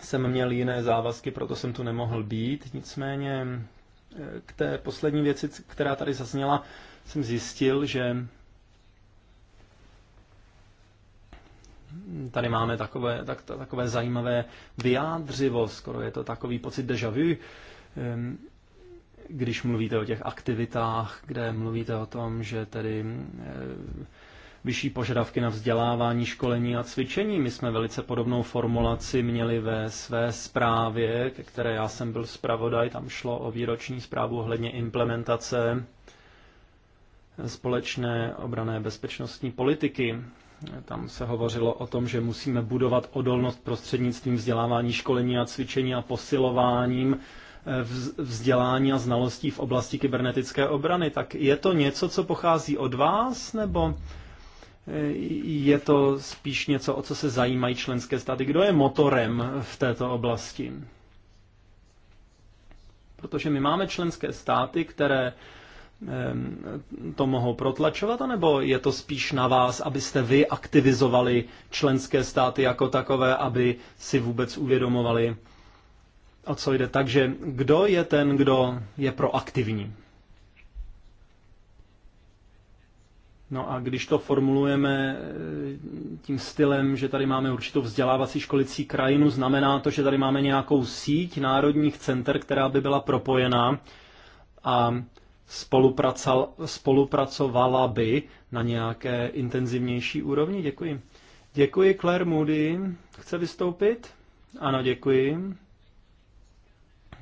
Speaker 4: jsem měl jiné závazky, proto jsem tu nemohl být. Nicméně eh, k té poslední věci, která tady zazněla, jsem zjistil, že tady máme takové, tak, takové zajímavé vyjádřivo, skoro je to takový pocit deja vu, ehm, když mluvíte o těch aktivitách, kde mluvíte o tom, že tedy eh, vyšší požadavky na vzdělávání, školení a cvičení. My jsme velice podobnou formulaci měli ve své zprávě, ke které já jsem byl zpravodaj. Tam šlo o výroční zprávu ohledně implementace společné obrané bezpečnostní politiky. Tam se hovořilo o tom, že musíme budovat odolnost prostřednictvím vzdělávání, školení a cvičení a posilováním eh, vzdělání a znalostí v oblasti kybernetické obrany. Tak je to něco, co pochází od vás, nebo je to spíš něco, o co se zajímají členské státy. Kdo je motorem v této oblasti? Protože my máme členské státy, které to mohou protlačovat, anebo je to spíš na vás, abyste vy aktivizovali členské státy jako takové, aby si vůbec uvědomovali, o co jde. Takže kdo je ten, kdo je proaktivní? No a když to formulujeme eh, tím stylem, že tady máme určitou vzdělávací školicí krajinu, znamená to, že tady máme nějakou síť národních center, která by byla propojená a spolupracovala by na nějaké intenzivnější úrovni. Děkuji. Děkuji, Claire Moody. Chce vystoupit? Ano, děkuji.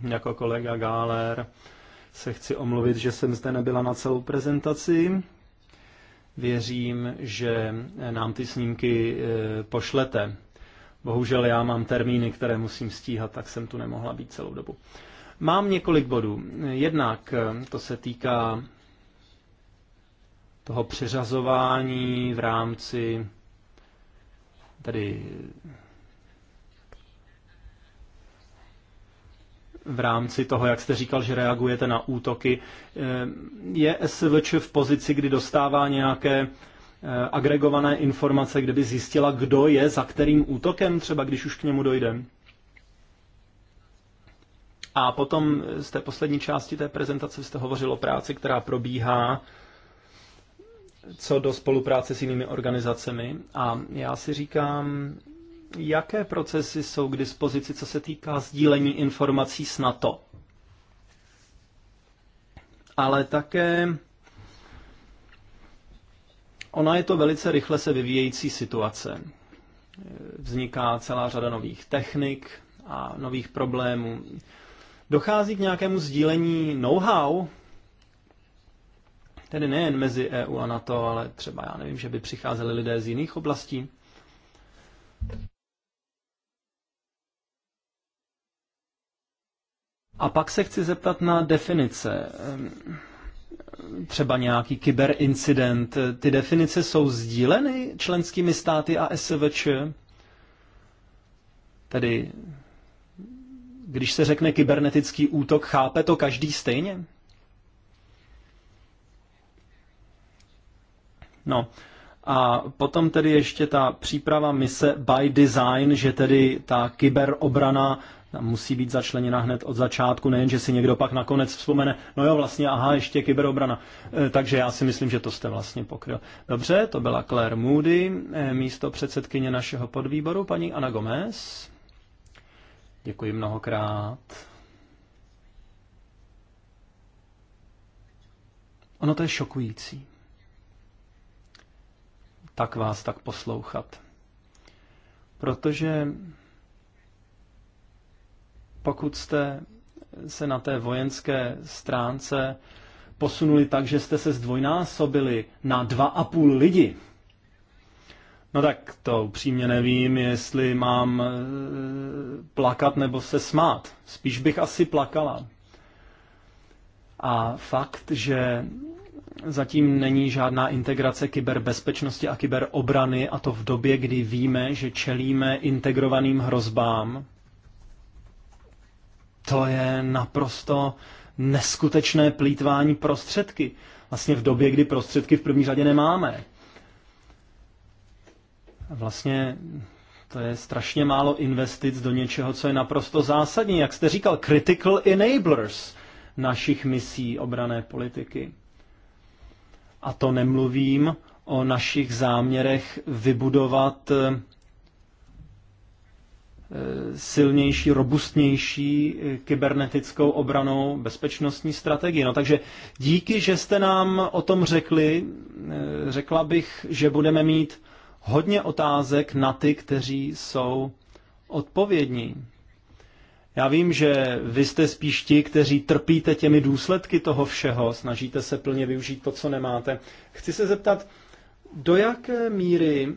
Speaker 4: Jako kolega Gáler se chci omluvit, že jsem zde nebyla na celou prezentaci Věřím, že nám ty snímky e, pošlete. Bohužel já mám termíny, které musím stíhat, tak jsem tu nemohla být celou dobu. Mám několik bodů. Jednak e, to se týká toho přeřazování v rámci tedy v rámci toho, jak jste říkal, že reagujete na útoky. Eh, je SVČ v pozici, kdy dostává nějaké eh, agregované informace, kde by zjistila, kdo je za kterým útokem, třeba když už k němu dojde? A potom z té poslední části té prezentace jste hovořil o práci, která probíhá co do spolupráce s jinými organizacemi. A já si říkám, jaké procesy jsou k dispozici, co se týká sdílení informací s NATO. Ale také ona je to velice rychle se vyvíjející situace. Vzniká celá řada nových technik a nových problémů. Dochází k nějakému sdílení know-how, tedy nejen mezi EU a NATO, ale třeba já nevím, že by přicházeli lidé z jiných oblastí. A pak se chci zeptat na definice. Ehm, třeba nějaký kyberincident. Ty definice jsou sdíleny členskými státy a SVČ? Tedy, když se řekne kybernetický útok, chápe to každý stejně? No, a potom tedy ještě ta příprava mise by design, že tedy ta kyberobrana musí být začleněna hned od začátku, nejen, že si někdo pak nakonec vzpomene, no jo, vlastně, aha, ještě kyberobrana. E, takže já si myslím, že to jste vlastně pokryl. Dobře, to byla Claire Moody, e, místo předsedkyně našeho podvýboru, paní Ana Gomez. Děkuji mnohokrát. Ono to je šokující. Tak vás tak poslouchat. Protože pokud jste se na té vojenské stránce posunuli tak, že jste se zdvojnásobili na dva a půl lidi, No tak to upřímně nevím, jestli mám e, plakat nebo se smát. Spíš bych asi plakala. A fakt, že zatím není žádná integrace kyberbezpečnosti a kyberobrany, a to v době, kdy víme, že čelíme integrovaným hrozbám, to je naprosto neskutečné plítvání prostředky. Vlastně v době, kdy prostředky v první řadě nemáme. Vlastně to je strašně málo investic do něčeho, co je naprosto zásadní. Jak jste říkal, critical enablers našich misí obrané politiky. A to nemluvím o našich záměrech vybudovat eh, silnější, robustnější eh, kybernetickou obranou bezpečnostní strategii. No takže díky, že jste nám o tom řekli, eh, řekla bych, že budeme mít hodně otázek na ty, kteří jsou odpovědní. Já vím, že vy jste spíš ti, kteří trpíte těmi důsledky toho všeho, snažíte se plně využít to, co nemáte. Chci se zeptat, do jaké míry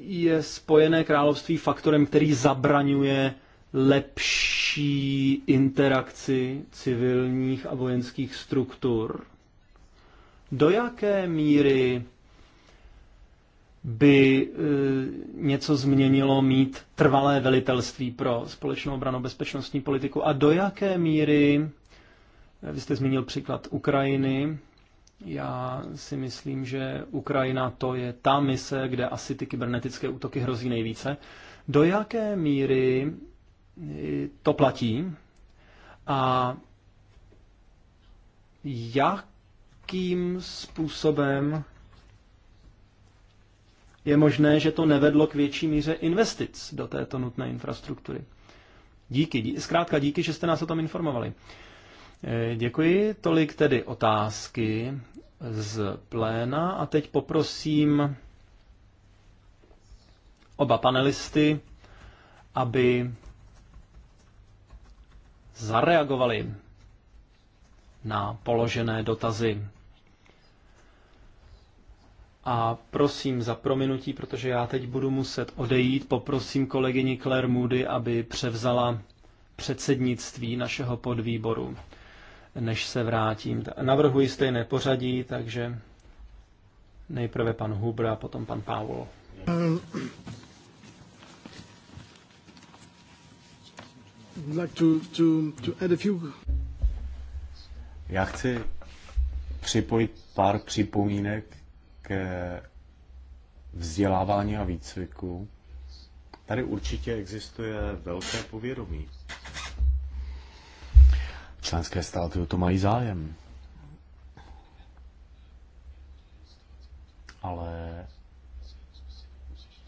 Speaker 4: je Spojené království faktorem, který zabraňuje lepší interakci civilních a vojenských struktur. Do jaké míry by e, něco změnilo mít trvalé velitelství pro společnou obranou bezpečnostní politiku a do jaké míry, e, vy jste zmínil příklad Ukrajiny, já si myslím, že Ukrajina to je ta mise, kde asi ty kybernetické útoky hrozí nejvíce. Do jaké míry eh, to platí a jakým způsobem je možné, že to nevedlo k větší míře investic do této nutné infrastruktury. Díky, zkrátka díky, že jste nás o tom informovali. Eh, děkuji. Tolik tedy otázky z pléna a teď poprosím oba panelisty, aby zareagovali na položené dotazy. A prosím za prominutí, protože já teď budu muset odejít, poprosím kolegyni Claire Moody, aby převzala předsednictví našeho podvýboru než se vrátím. Navrhuji stejné pořadí, takže nejprve pan Huber a potom pan Paul.
Speaker 1: Já chci připojit pár připomínek ke vzdělávání a výcviku. Tady určitě existuje velké povědomí členské státy o to mají zájem. Ale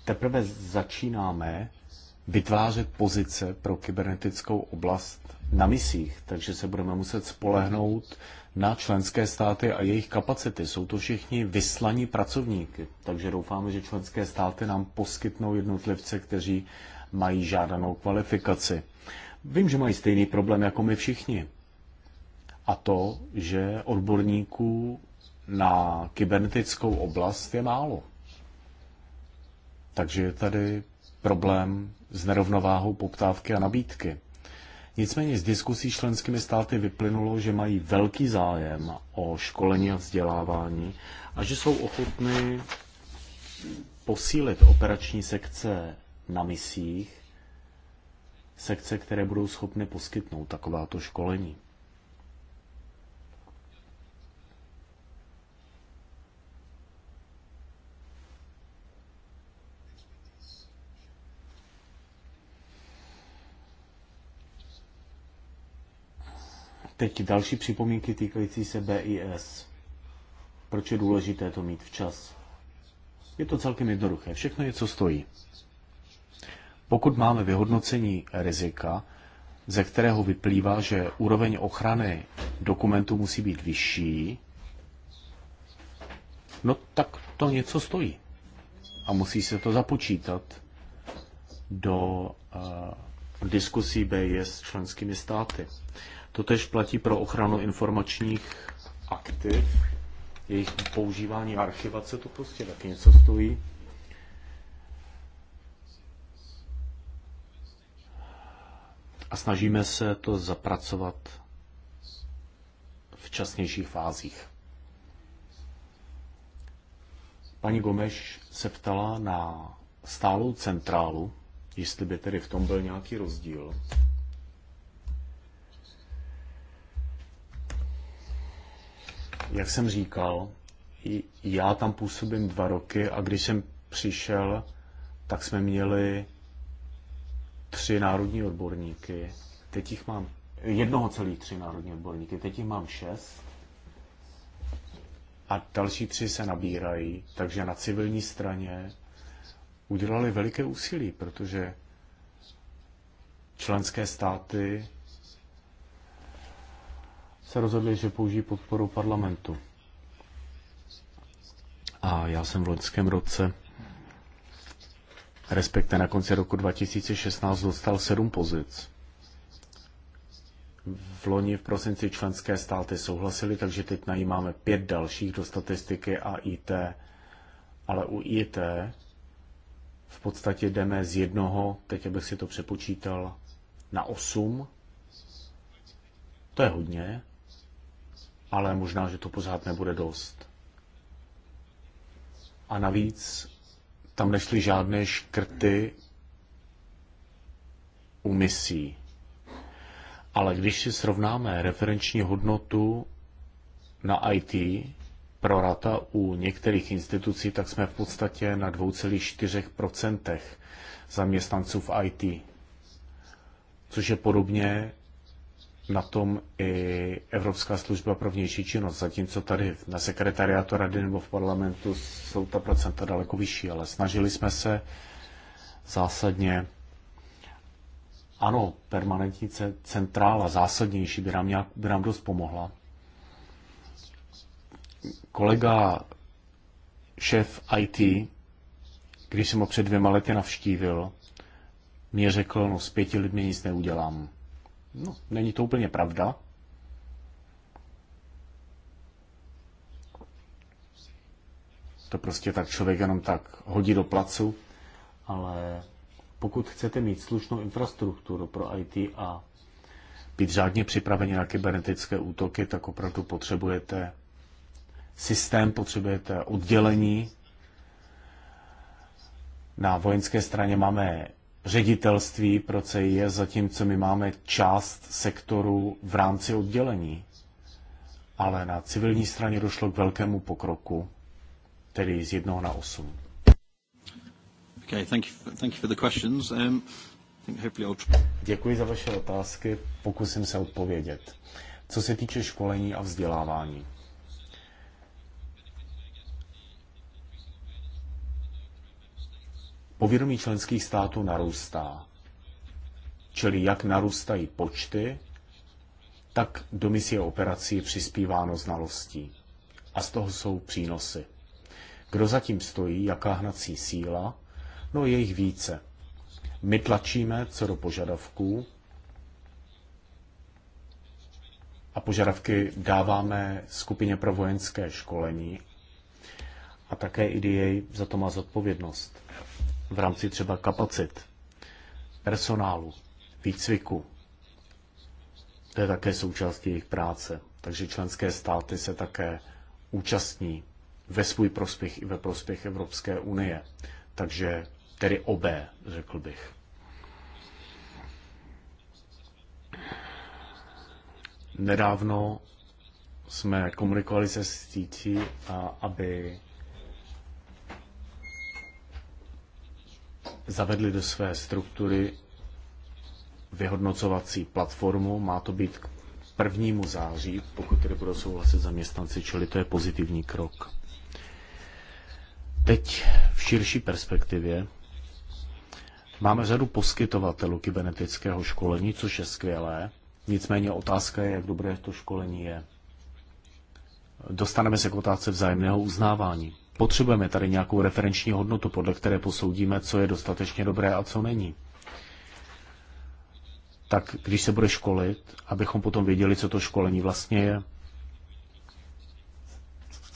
Speaker 1: teprve začínáme vytvářet pozice pro kybernetickou oblast na misích, takže se budeme muset spolehnout na členské státy a jejich kapacity. Jsou to všichni vyslaní pracovníky, takže doufáme, že členské státy nám poskytnou jednotlivce, kteří mají žádanou kvalifikaci. Vím, že mají stejný problém jako my všichni a to, že odborníků na kybernetickou oblast je málo. Takže je tady problém s nerovnováhou poptávky a nabídky. Nicméně z diskusí členskými státy vyplynulo, že mají velký zájem o školení a vzdělávání a že jsou ochotny posílit operační sekce na misích, sekce, které budou schopny poskytnout takováto školení. Teď další připomínky týkající se BIS. Proč je důležité to mít včas? Je to celkem jednoduché. Všechno je, co stojí. Pokud máme vyhodnocení rizika, ze kterého vyplývá, že úroveň ochrany dokumentu musí být vyšší, no tak to něco stojí. A musí se to započítat do uh, diskusí BIS s členskými státy. Totež platí pro ochranu informačních aktiv, jejich používání archivace, to prostě taky něco stojí. A snažíme se to zapracovat v časnějších fázích. Paní Gomeš se ptala na stálou centrálu, jestli by tedy v tom byl nějaký rozdíl. Jak jsem říkal, já tam působím dva roky a když jsem přišel, tak jsme měli tři národní odborníky. Teď jich mám jednoho celých tři národní odborníky, teď jich mám šest a další tři se nabírají, takže na civilní straně udělali veliké úsilí, protože členské státy se rozhodli, že použijí podporu parlamentu. A já jsem v loňském roce, respektive na konci roku 2016, dostal sedm pozic. V loni v prosinci členské státy souhlasili, takže teď najímáme pět dalších do statistiky a IT. Ale u IT v podstatě jdeme z jednoho, teď abych si to přepočítal, na osm. To je hodně ale možná, že to pořád nebude dost. A navíc tam nešly žádné škrty u misí. Ale když si srovnáme referenční hodnotu na IT pro rata u některých institucí, tak jsme v podstatě na 2,4% zaměstnanců v IT, což je podobně na tom i Evropská služba pro vnější činnost, zatímco tady na sekretariátu rady nebo v parlamentu jsou ta procenta daleko vyšší, ale snažili jsme se zásadně ano, permanentní centrála, zásadnější, by nám, nějak, by nám dost pomohla. Kolega šéf IT, když jsem ho před dvěma lety navštívil, mě řekl, no s pěti lidmi nic neudělám. No, není to úplně pravda. To prostě tak člověk jenom tak hodí do placu, ale pokud chcete mít slušnou infrastrukturu pro IT a být řádně připraveni na kybernetické útoky, tak opravdu potřebujete systém, potřebujete oddělení. Na vojenské straně máme ředitelství pro CIS, e, zatímco my máme část sektoru v rámci oddělení. Ale na civilní straně došlo k velkému pokroku, tedy z jednoho na osm.
Speaker 2: Okay, thank you, thank you for the questions. Um,
Speaker 1: Děkuji za vaše otázky, pokusím se odpovědět. Co se týče školení a vzdělávání. povědomí členských států narůstá. Čili jak narůstají počty, tak do misie operací je přispíváno znalostí. A z toho jsou přínosy. Kdo zatím stojí, jaká hnací síla? No je jich více. My tlačíme co do požadavků a požadavky dáváme skupině pro vojenské školení a také IDA za to má zodpovědnost v rámci třeba kapacit, personálu, výcviku. To je také součástí jejich práce. Takže členské státy se také účastní ve svůj prospěch i ve prospěch Evropské unie. Takže tedy obé, řekl bych. Nedávno jsme komunikovali se a aby zavedli do své struktury vyhodnocovací platformu. Má to být k prvnímu září, pokud tedy budou souhlasit zaměstnanci, čili to je pozitivní krok. Teď v širší perspektivě máme řadu poskytovatelů kybernetického školení, což je skvělé. Nicméně otázka je, jak dobré to školení je. Dostaneme se k otázce vzájemného uznávání. Potřebujeme tady nějakou referenční hodnotu, podle které posoudíme, co je dostatečně dobré a co není. Tak když se bude školit, abychom potom věděli, co to školení vlastně je.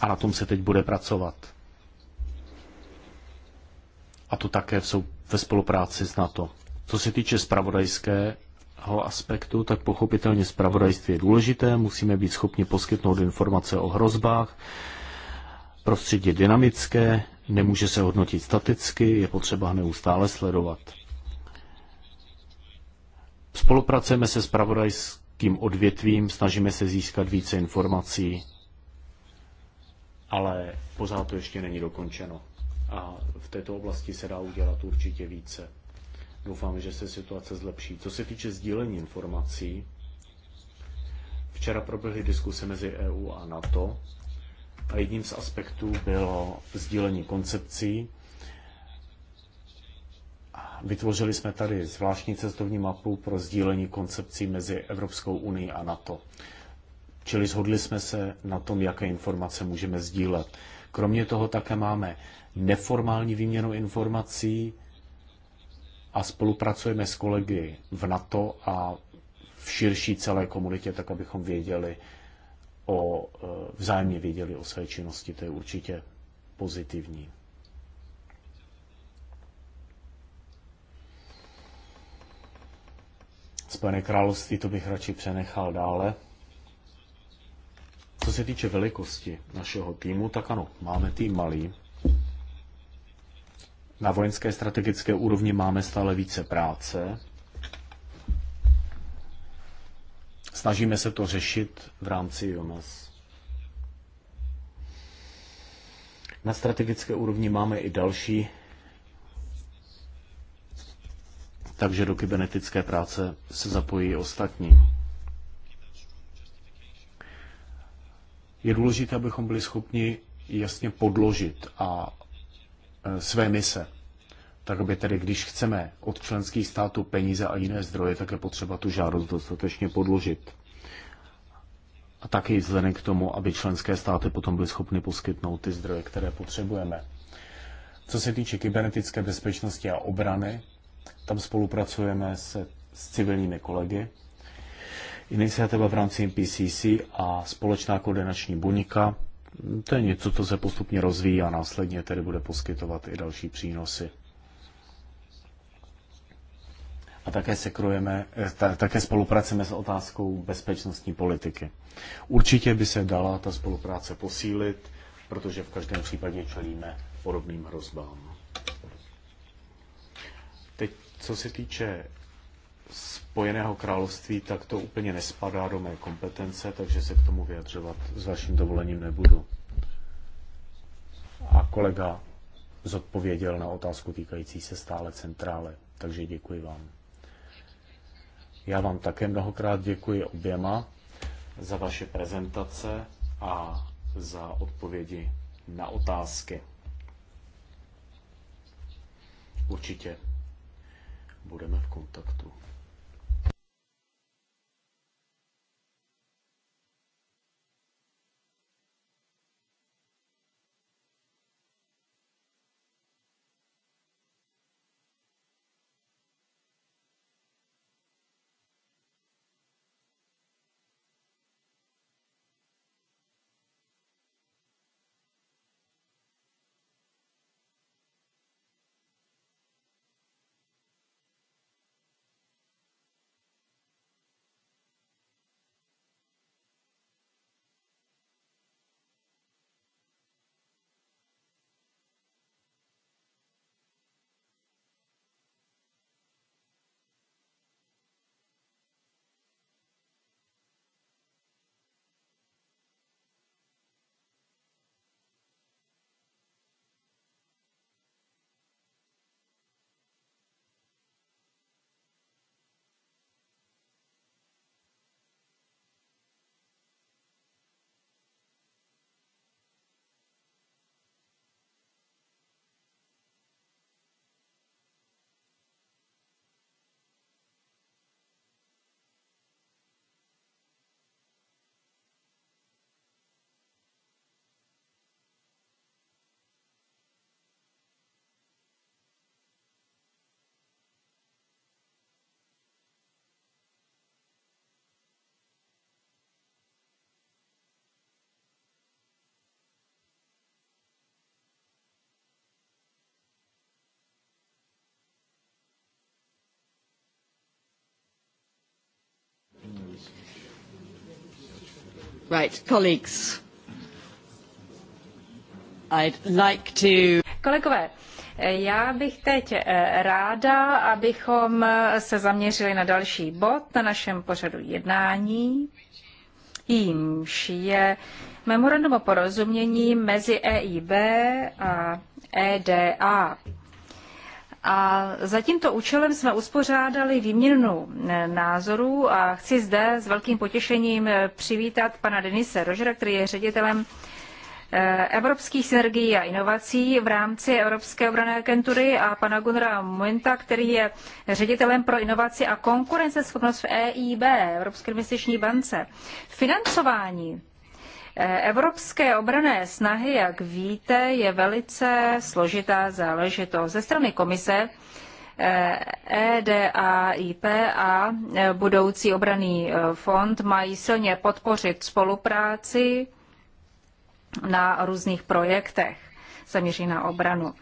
Speaker 1: A na tom se teď bude pracovat. A to také v, ve spolupráci s NATO. Co se týče spravodajského aspektu, tak pochopitelně spravodajství je důležité, musíme být schopni poskytnout informace o hrozbách, Prostředí je dynamické, nemůže se hodnotit staticky, je potřeba neustále sledovat. Spolupracujeme se s pravodajským odvětvím, snažíme se získat více informací, ale pořád to ještě není dokončeno. A v této oblasti se dá udělat určitě více. Doufám, že se situace zlepší. Co se týče sdílení informací, včera proběhly diskuse mezi EU a NATO a jedním z aspektů bylo sdílení koncepcí. Vytvořili jsme tady zvláštní cestovní mapu pro sdílení koncepcí mezi Evropskou unii a NATO. Čili shodli jsme se na tom, jaké informace můžeme sdílet. Kromě toho také máme neformální výměnu informací a spolupracujeme s kolegy v NATO a v širší celé komunitě, tak abychom věděli, o, e, vzájemně věděli o své činnosti. To je určitě pozitivní. Spojené království to bych radši přenechal dále. Co se týče velikosti našeho týmu, tak ano, máme tým malý. Na vojenské strategické úrovni máme stále více práce, Snažíme se to řešit v rámci IOMAS. Na strategické úrovni máme i další, takže do kybernetické práce se zapojí ostatní. Je důležité, abychom byli schopni jasně podložit a e, své mise tak aby tedy, když chceme od členských států peníze a jiné zdroje, tak je potřeba tu žádost dostatečně podložit. A taky vzhledem k tomu, aby členské státy potom byly schopny poskytnout ty zdroje, které potřebujeme. Co se týče kybernetické bezpečnosti a obrany, tam spolupracujeme se, s civilními kolegy. Iniciativa v rámci MPCC a společná koordinační buňka, to je něco, co se postupně rozvíjí a následně tedy bude poskytovat i další přínosy. a také, sekrujeme, eh, také spolupracujeme s otázkou bezpečnostní politiky. Určitě by se dala ta spolupráce posílit, protože v každém případě čelíme podobným hrozbám. Teď, co se týče Spojeného království, tak to úplně nespadá do mé kompetence, takže se k tomu vyjadřovat s vaším dovolením nebudu. A kolega zodpověděl na otázku týkající se stále centrále, takže děkuji vám. Já vám také mnohokrát děkuji oběma za vaše prezentace a za odpovědi na otázky. Určitě budeme v kontaktu.
Speaker 2: Right, colleagues. I'd like to...
Speaker 3: Kolegové, já bych teď eh, ráda, abychom eh, se zaměřili na další bod na našem pořadu jednání, jímž je memorandum o porozumění mezi EIB a EDA. A za tímto účelem jsme uspořádali výměnu eh, názorů a chci zde s velkým potěšením eh, přivítat pana Denise Rožera, který je ředitelem eh, evropských synergií a inovací v rámci Evropské obrané agentury a pana Gunra Muenta, který je ředitelem pro inovaci a konkurenceschopnost v EIB, Evropské investiční bance. Financování Eh, evropské obrané snahy, jak víte, je velice složitá záležitost. Ze strany komise EDAIP eh, e a eh, budoucí obraný fond mají silně podpořit spolupráci na různých projektech zaměřených na obranu.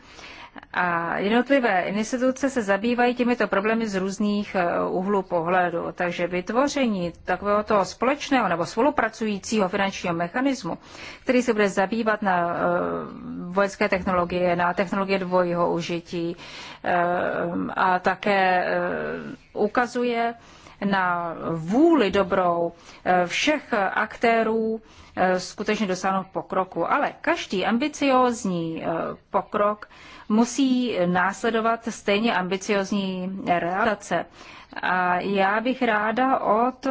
Speaker 3: A jednotlivé instituce se zabývají těmito problémy z různých eh, úhlů pohledu. Takže vytvoření takového toho společného nebo spolupracujícího finančního mechanismu, který se bude zabývat na eh, vojenské technologie, na technologie dvojího užití eh, a také ukazuje, na vůli dobrou eh, všech aktérů eh, skutečně dosáhnout pokroku. Ale každý ambiciózní eh, pokrok musí následovat stejně ambiciózní realizace. A já bych ráda od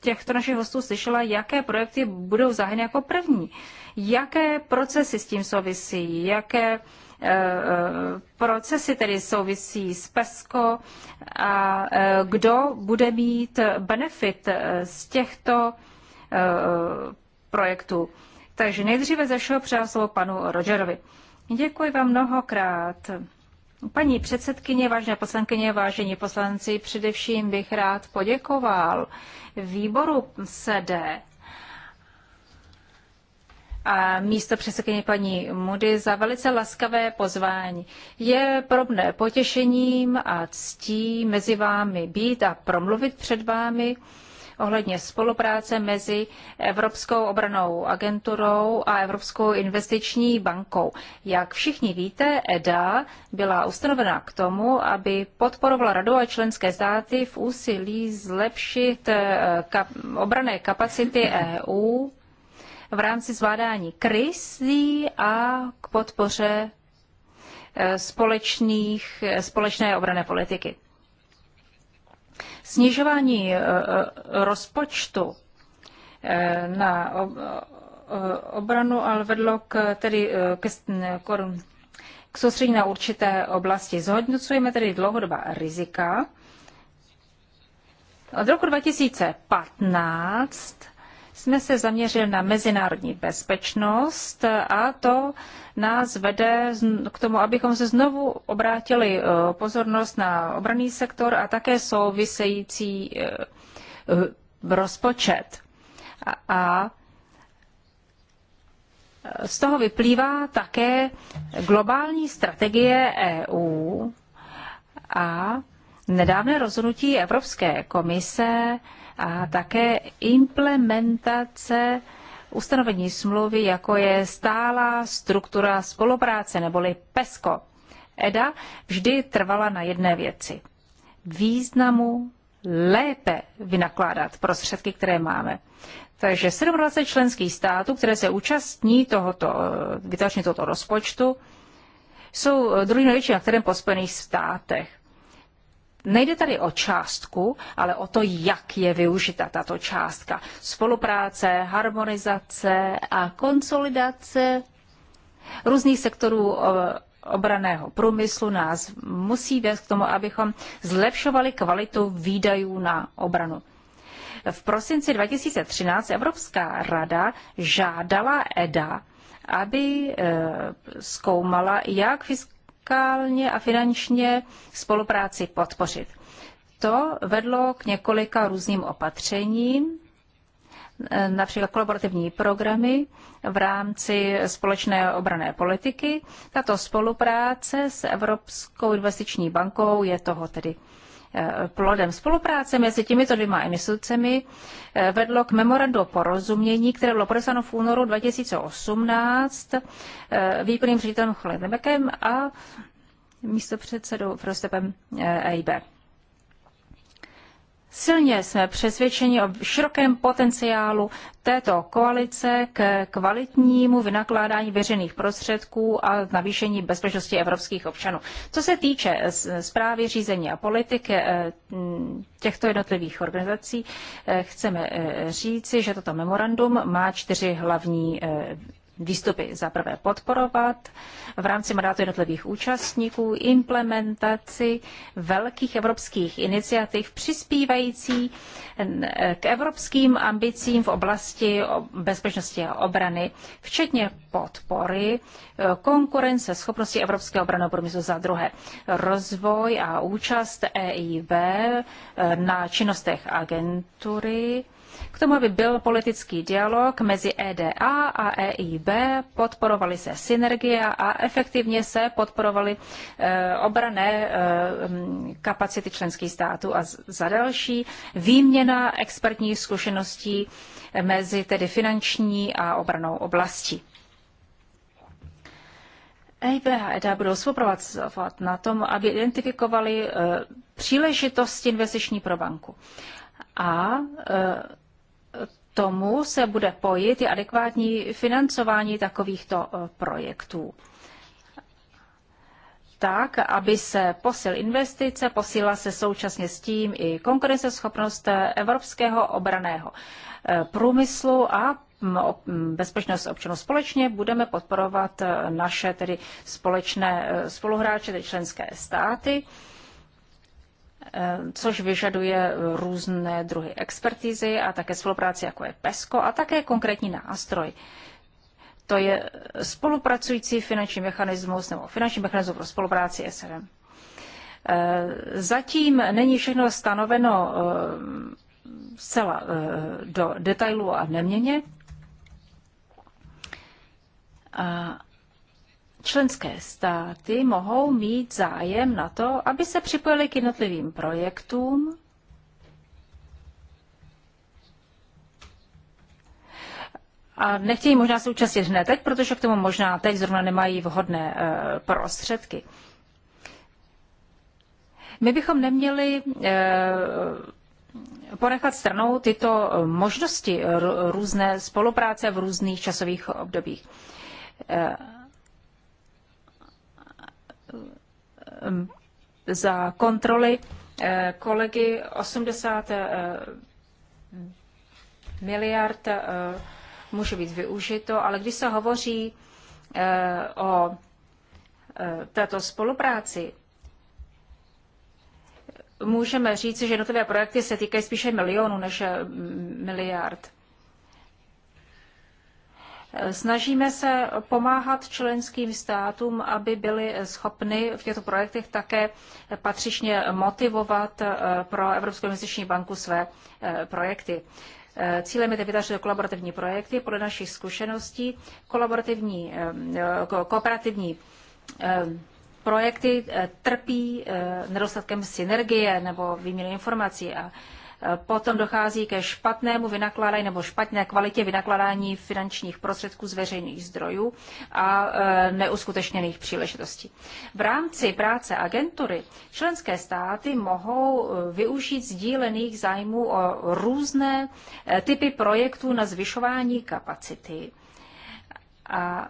Speaker 3: těchto našich hostů slyšela, jaké projekty budou zahájeny jako první, jaké procesy s tím souvisí, jaké Eh, eh, procesy, tedy souvisí s PESCO a eh, kdo bude mít benefit z těchto projektů. Takže nejdříve ze všeho slovo panu Rogerovi. Děkuji vám mnohokrát. Paní předsedkyně, vážené poslankyně, vážení poslanci, především bych rád poděkoval výboru SEDE a místo předsedkyně paní Mudy za velice laskavé pozvání. Je pro mne potěšením a ctí mezi vámi být a promluvit před vámi ohledně spolupráce mezi Evropskou obranou agenturou a Evropskou investiční bankou. Jak všichni víte, EDA byla ustanovena k tomu, aby podporovala radu a členské státy v úsilí zlepšit eh, kap- obrané kapacity EU v rámci zvládání krizí a k podpoře eh, společných, eh, společné obrané politiky. Snižování eh, rozpočtu na obranu ale vedlo k, tedy, k, k, k soustředění na určité oblasti. Zhodnocujeme tedy dlouhodobá rizika. Od roku 2015 jsme se zaměřili na mezinárodní bezpečnost a to nás vede k tomu, abychom se znovu obrátili eh, pozornost na obraný sektor a také související eh, rozpočet. A z toho vyplývá také globální strategie EU a nedávné rozhodnutí Evropské komise a také implementace ustanovení smlouvy, jako je stálá struktura spolupráce neboli PESCO. EDA vždy trvala na jedné věci. Významu lépe vynakládat prostředky, které máme. Takže 27 členských států, které se účastní tohoto, vytvoření tohoto rozpočtu, jsou druhým největším aktérem po Spojených státech. Nejde tady o částku, ale o to, jak je využita tato částka. Spolupráce, harmonizace a konsolidace různých sektorů eh, obraného průmyslu nás musí vést k tomu, abychom zlepšovali kvalitu výdajů na obranu. V prosinci 2013 Evropská rada žádala EDA, aby eh, zkoumala, jak fisk fiskálně a finančně spolupráci podpořit. To vedlo k několika různým opatřením, eh, například kolaborativní programy v rámci společné obrané politiky. Tato spolupráce s Evropskou investiční bankou je toho tedy Eh, plodem spolupráce mezi těmito dvěma institucemi eh, vedlo k memorandu o porozumění, které bylo podepsáno v únoru 2018 eh, výkonným ředitelem Choledemekem a místopředsedou Frostepem EIB. Silně jsme přesvědčeni o širokém potenciálu této koalice k kvalitnímu vynakládání veřejných prostředků a navýšení bezpečnosti evropských občanů. Co se týče zprávy řízení a politik eh, těchto jednotlivých organizací, eh, chceme eh, říci, že toto memorandum má čtyři hlavní výstupy za prvé podporovat v rámci mandátu jednotlivých účastníků implementaci velkých evropských iniciativ přispívající k evropským ambicím v oblasti bezpečnosti a obrany, včetně podpory eh, konkurence schopnosti evropského obranného průmyslu za druhé rozvoj a účast EIB eh, na činnostech agentury k tomu, aby byl politický dialog mezi EDA a EIB, podporovaly se synergie a efektivně se podporovaly eh, obrané eh, kapacity členských států a za další výměna expertních zkušeností mezi tedy finanční a obranou oblastí. EIB a EDA budou spolupracovat na tom, aby identifikovali eh, příležitosti investiční pro banku. A tomu se bude pojit i adekvátní financování takovýchto eh, projektů. Tak, aby se posil investice, posílila se současně s tím i konkurenceschopnost eh, evropského obraného eh, průmyslu a mm, mm, bezpečnost občanů společně budeme podporovat naše tedy společné spoluhráče, tedy členské státy. Eh, což vyžaduje různé druhy expertízy a také spolupráci, jako je PESCO, a také konkrétní nástroj. To je spolupracující finanční mechanismus nebo finanční mechanismus pro spolupráci SRM. Eh, zatím není všechno stanoveno eh, zcela do detailu a neměně členské státy mohou mít zájem na to, aby se připojili k jednotlivým projektům, a nechtějí možná se účastnit hned teď, protože k tomu možná teď zrovna nemají vhodné e, prostředky. My bychom neměli e, ponechat stranou tyto možnosti eh, různé spolupráce v různých časových obdobích. E, za kontroly eh, kolegy 80 eh, miliard eh, může být využito, ale když se hovoří o této spolupráci, můžeme říci, že jednotlivé projekty se týkají spíše milionů než miliard. Snažíme se pomáhat členským státům, aby byly schopny v těchto projektech také patřičně motivovat eh, pro Evropskou investiční banku své eh, projekty. Eh, cílem je vytvářet kolaborativní projekty. Podle našich zkušeností kolaborativní, kooperativní projekty trpí nedostatkem synergie nebo výměny informací a Potom dochází ke špatnému vynakládání nebo špatné kvalitě vynakládání finančních prostředků z veřejných zdrojů a e, neuskutečněných příležitostí. V rámci práce agentury členské státy mohou e, využít sdílených zájmů o různé e, typy projektů na zvyšování kapacity. A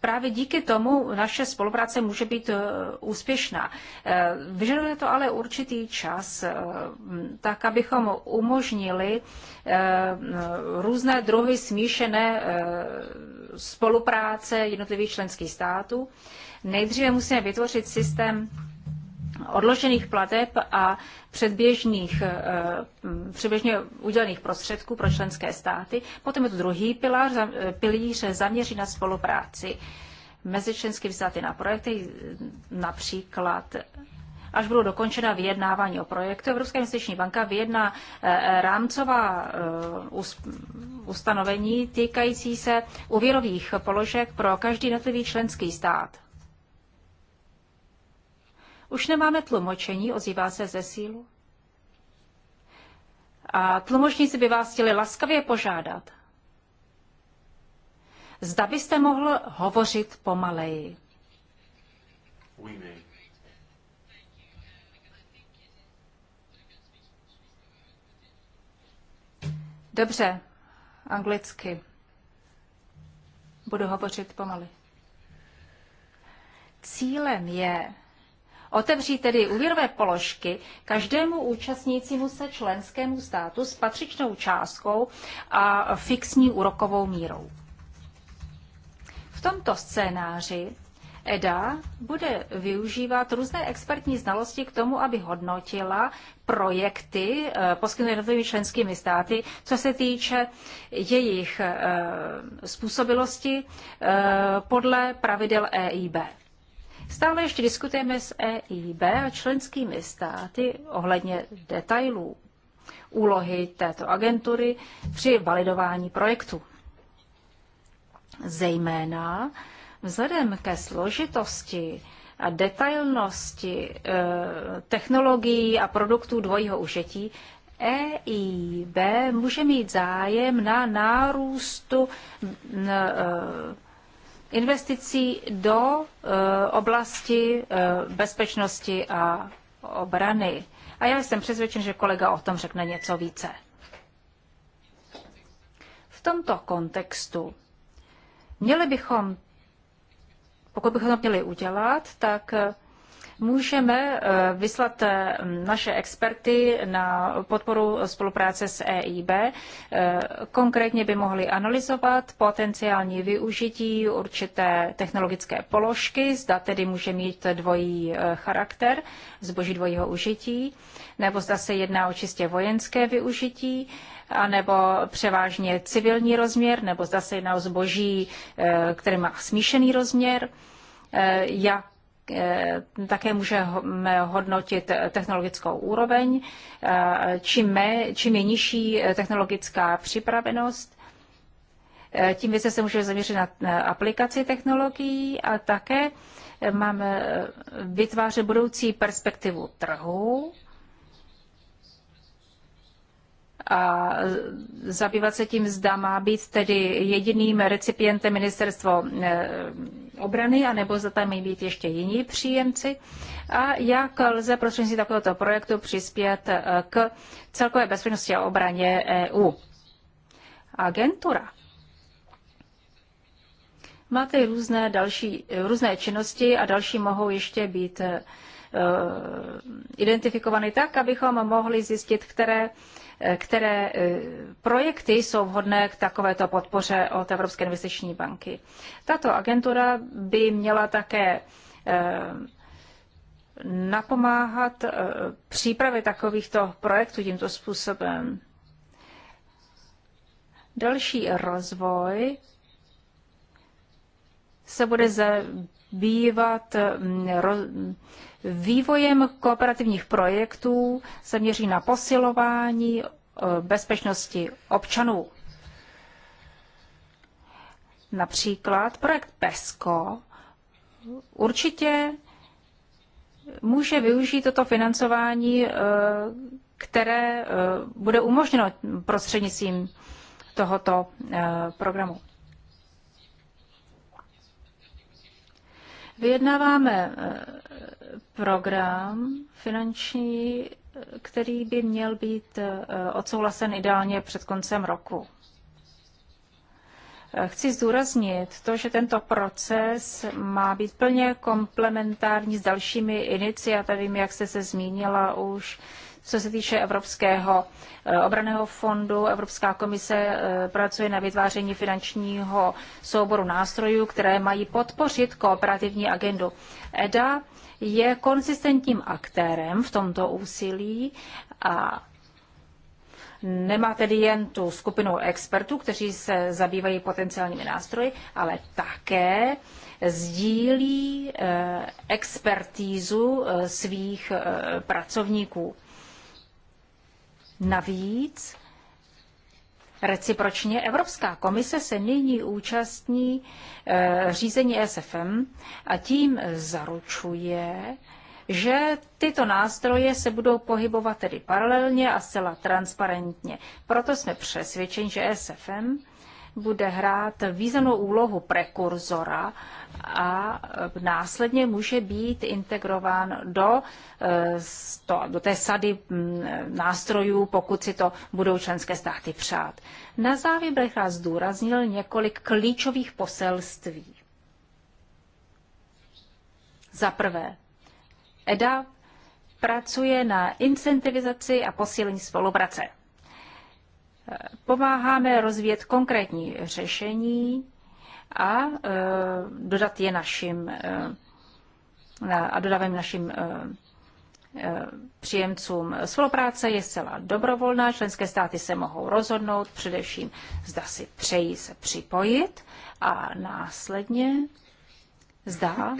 Speaker 3: Právě díky tomu naše spolupráce může být e, úspěšná. E, vyžaduje to ale určitý čas, e, tak abychom umožnili různé druhy smíšené spolupráce jednotlivých členských států. Nejdříve musíme vytvořit systém odložených plateb a předběžných, eh, předběžně udělených prostředků pro členské státy. Potom je tu druhý pilář, eh, pilíř zaměří na spolupráci mezi členskými státy na projekty, například až budou dokončena vyjednávání o projektu. Evropská investiční banka vyjedná eh, rámcová ustanovení týkající se úvěrových položek pro každý jednotlivý členský stát. Už nemáme tlumočení, ozývá se ze sílu. A tlumočníci by vás chtěli laskavě požádat. Zda byste mohl hovořit pomaleji. Dobře, anglicky. Budu hovořit pomaly. Cílem je otevřít tedy úvěrové položky každému účastnícímu se členskému státu s patřičnou částkou a fixní úrokovou mírou. V tomto scénáři EDA bude využívat různé expertní znalosti k tomu, aby hodnotila projekty eh, poskytnuté jednotlivými členskými státy, co se týče jejich eh, způsobilosti eh, podle pravidel EIB. Stále ještě diskutujeme s EIB a členskými státy ohledně detailů úlohy této agentury při validování projektu. Zejména vzhledem ke složitosti a detailnosti e, technologií a produktů dvojího užití, EIB může mít zájem na nárůstu e, investicí do eh, oblasti eh, bezpečnosti a obrany. A já jsem přesvědčen, že kolega o tom řekne něco více. V tomto kontextu měli bychom, pokud bychom to měli udělat, tak eh, Můžeme eh, vyslat eh, naše experty na podporu spolupráce s EIB. Eh, konkrétně by mohli analyzovat potenciální využití určité technologické položky, zda tedy může mít dvojí charakter, zboží dvojího užití, nebo zda se jedná o čistě vojenské využití, anebo převážně civilní rozměr, nebo zda se jedná o zboží, které má smíšený rozměr, jak Eh, také můžeme hodnotit technologickou úroveň. Eh, čím, mé, čím je nižší technologická připravenost, eh, tím více se můžeme zaměřit na aplikaci technologií a také máme vytvářet budoucí perspektivu trhu a zabývat se tím, zda má být tedy jediným recipientem ministerstvo e, obrany, anebo zda tam mají být ještě jiní příjemci a jak lze prostřednictvím takovéhoto projektu přispět e, k celkové bezpečnosti a obraně EU. Agentura Máte různé další, různé činnosti a další mohou ještě být uh, e, identifikovány tak, abychom mohli zjistit, které které eh, projekty jsou vhodné k takovéto podpoře od Evropské investiční banky. Tato agentura by měla také eh, napomáhat eh, přípravě takovýchto projektů tímto způsobem. Další rozvoj se bude bývat mm, vývojem kooperativních projektů, se měří na posilování e, bezpečnosti občanů. Například projekt PESCO určitě může využít toto financování, e, které e, bude umožněno prostřednictvím tohoto programu. Vyjednáváme eh, program finanční, který by měl být eh, odsouhlasen ideálně před koncem roku. Eh, chci zdůraznit to, že tento proces má být plně komplementární s dalšími iniciativami, jak jste se zmínila už, co se týče Evropského eh, obraného fondu, Evropská komise eh, pracuje na vytváření finančního souboru nástrojů, které mají podpořit kooperativní agendu. EDA je konzistentním aktérem v tomto úsilí a nemá tedy jen tu skupinu expertů, kteří se zabývají potenciálními nástroji, ale také sdílí eh, expertízu svých pracovníků. Navíc Recipročně Evropská komise se nyní účastní eh, řízení SFM a tím zaručuje, že tyto nástroje se budou pohybovat tedy paralelně a zcela transparentně. Proto jsme přesvědčeni, že SFM bude hrát významnou úlohu prekurzora a následně může být integrován do, eh, do té sady mm, nástrojů, pokud si to budou členské státy přát. Na závěr bych rád zdůraznil několik klíčových poselství. Za prvé, EDA pracuje na incentivizaci a posílení spolupráce. Pomáháme rozvíjet konkrétní řešení a e, dodat je našim e, a dodávám našim e, příjemcům. Spolupráce je zcela dobrovolná, členské státy se mohou rozhodnout, především zda si přejí se připojit a následně zda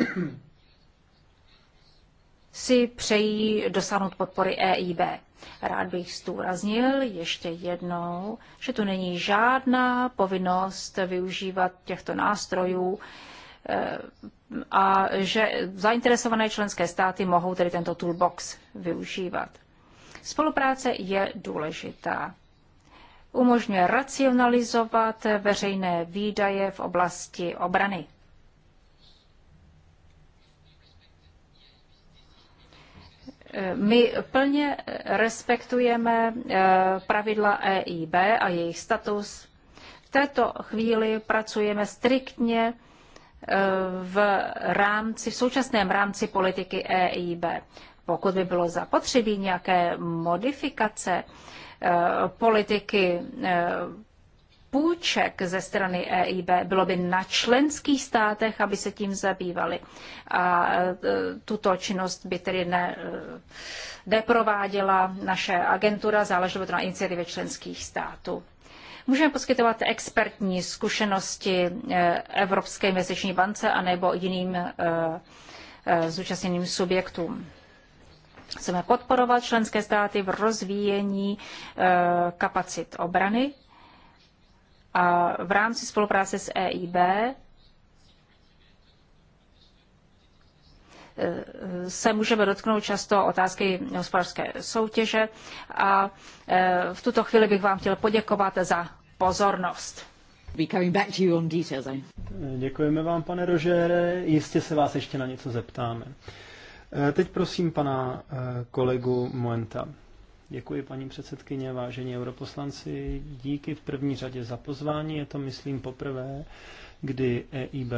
Speaker 3: si přejí dosáhnout podpory EIB. Rád bych zdůraznil ještě jednou, že tu není žádná povinnost využívat těchto nástrojů eh, a že zainteresované členské státy mohou tedy tento toolbox využívat. Spolupráce je důležitá. Umožňuje racionalizovat veřejné výdaje v oblasti obrany. My plně respektujeme eh, pravidla EIB a jejich status. V této chvíli pracujeme striktně eh, v rámci, v současném rámci politiky EIB. Pokud by bylo zapotřebí nějaké modifikace eh, politiky půjček ze strany EIB. Bylo by na členských státech, aby se tím zabývali. A e, tuto činnost by tedy ne, e, neprováděla naše agentura, záleželo by to na iniciativě členských států. Můžeme poskytovat expertní zkušenosti e, Evropské investiční bance anebo jiným zúčastněným subjektům. Chceme podporovat členské státy v rozvíjení kapacit obrany a v rámci spolupráce s EIB eh, se můžeme dotknout často otázky hospodářské soutěže a eh, v tuto chvíli bych vám chtěl poděkovat za pozornost. Eh?
Speaker 4: Děkujeme vám, pane Rožére, jistě se vás ještě na něco zeptáme. Teď prosím pana kolegu Moenta. Děkuji, paní předsedkyně, vážení europoslanci. Díky v první řadě za pozvání. Je to, myslím, poprvé, kdy EIB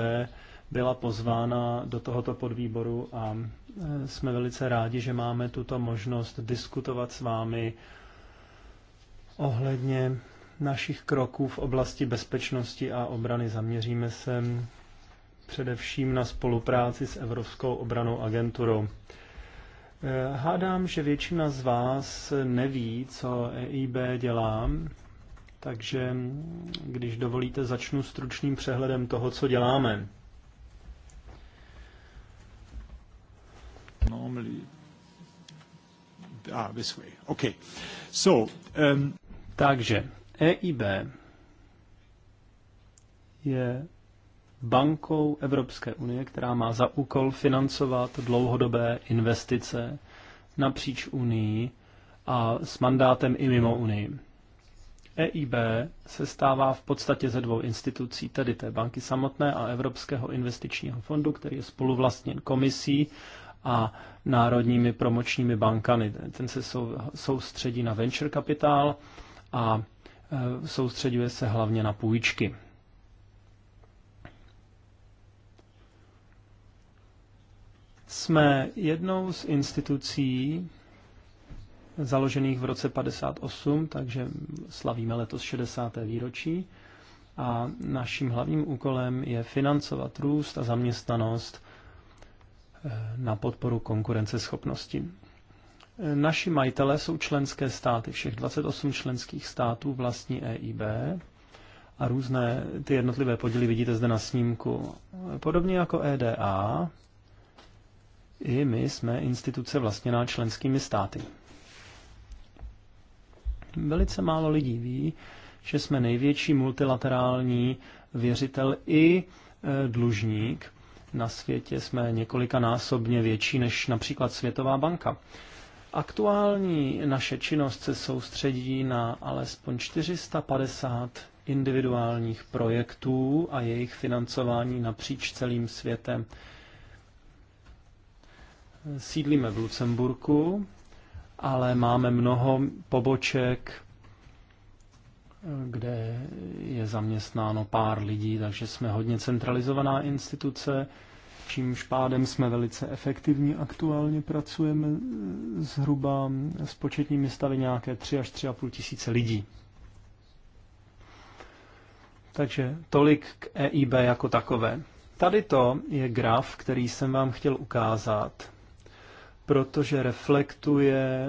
Speaker 4: byla pozvána do tohoto podvýboru a e, jsme velice rádi, že máme tuto možnost diskutovat s vámi ohledně našich kroků v oblasti bezpečnosti a obrany. Zaměříme se především na spolupráci s Evropskou obranou agenturou. Eh, hádám, že většina z vás neví, co EIB dělá, takže když dovolíte, začnu stručným přehledem toho, co děláme. Normally. Ah, this way. Okay. So, um... Takže EIB je bankou Evropské unie, která má za úkol financovat dlouhodobé investice napříč Unii a s mandátem i mimo Unii. EIB se stává v podstatě ze dvou institucí, tedy té banky samotné a Evropského investičního fondu, který je spoluvlastněn komisí a národními promočními bankami. Ten se soustředí na venture kapitál a e, soustředuje se hlavně na půjčky. Jsme jednou z institucí založených v roce 58, takže slavíme letos 60. výročí a naším hlavním úkolem je financovat růst a zaměstnanost eh, na podporu konkurenceschopnosti. Eh, naši majitele jsou členské státy. Všech 28 členských států vlastní EIB a různé ty jednotlivé podíly vidíte zde na snímku. Podobně jako EDA, i my jsme instituce vlastněná členskými státy. Velice málo lidí ví, že jsme největší multilaterální věřitel i e, dlužník. Na světě jsme několikanásobně větší než například Světová banka. Aktuální naše činnost se soustředí na alespoň 450 individuálních projektů a jejich financování napříč celým světem sídlíme v Lucemburku, ale máme mnoho poboček, kde je zaměstnáno pár lidí, takže jsme hodně centralizovaná instituce, čímž pádem jsme velice efektivní. Aktuálně pracujeme zhruba s početními stavy nějaké 3 až 3,5 tisíce lidí. Takže tolik k EIB jako takové. Tady to je graf, který jsem vám chtěl ukázat protože reflektuje,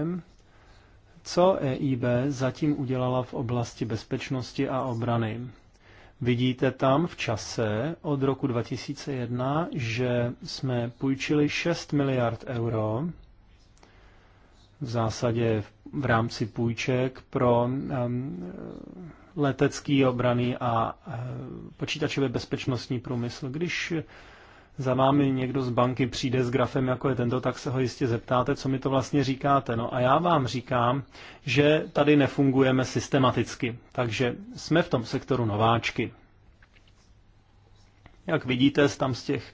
Speaker 4: co EIB zatím udělala v oblasti bezpečnosti a obrany. Vidíte tam v čase od roku 2001, že jsme půjčili 6 miliard euro v zásadě v rámci půjček pro letecký obrany a eh, počítačově bezpečnostní průmysl. Když za vámi někdo z banky přijde s grafem, jako je tento, tak se ho jistě zeptáte, co mi to vlastně říkáte. No a já vám říkám, že tady nefungujeme systematicky, takže jsme v tom sektoru nováčky. Jak vidíte tam z těch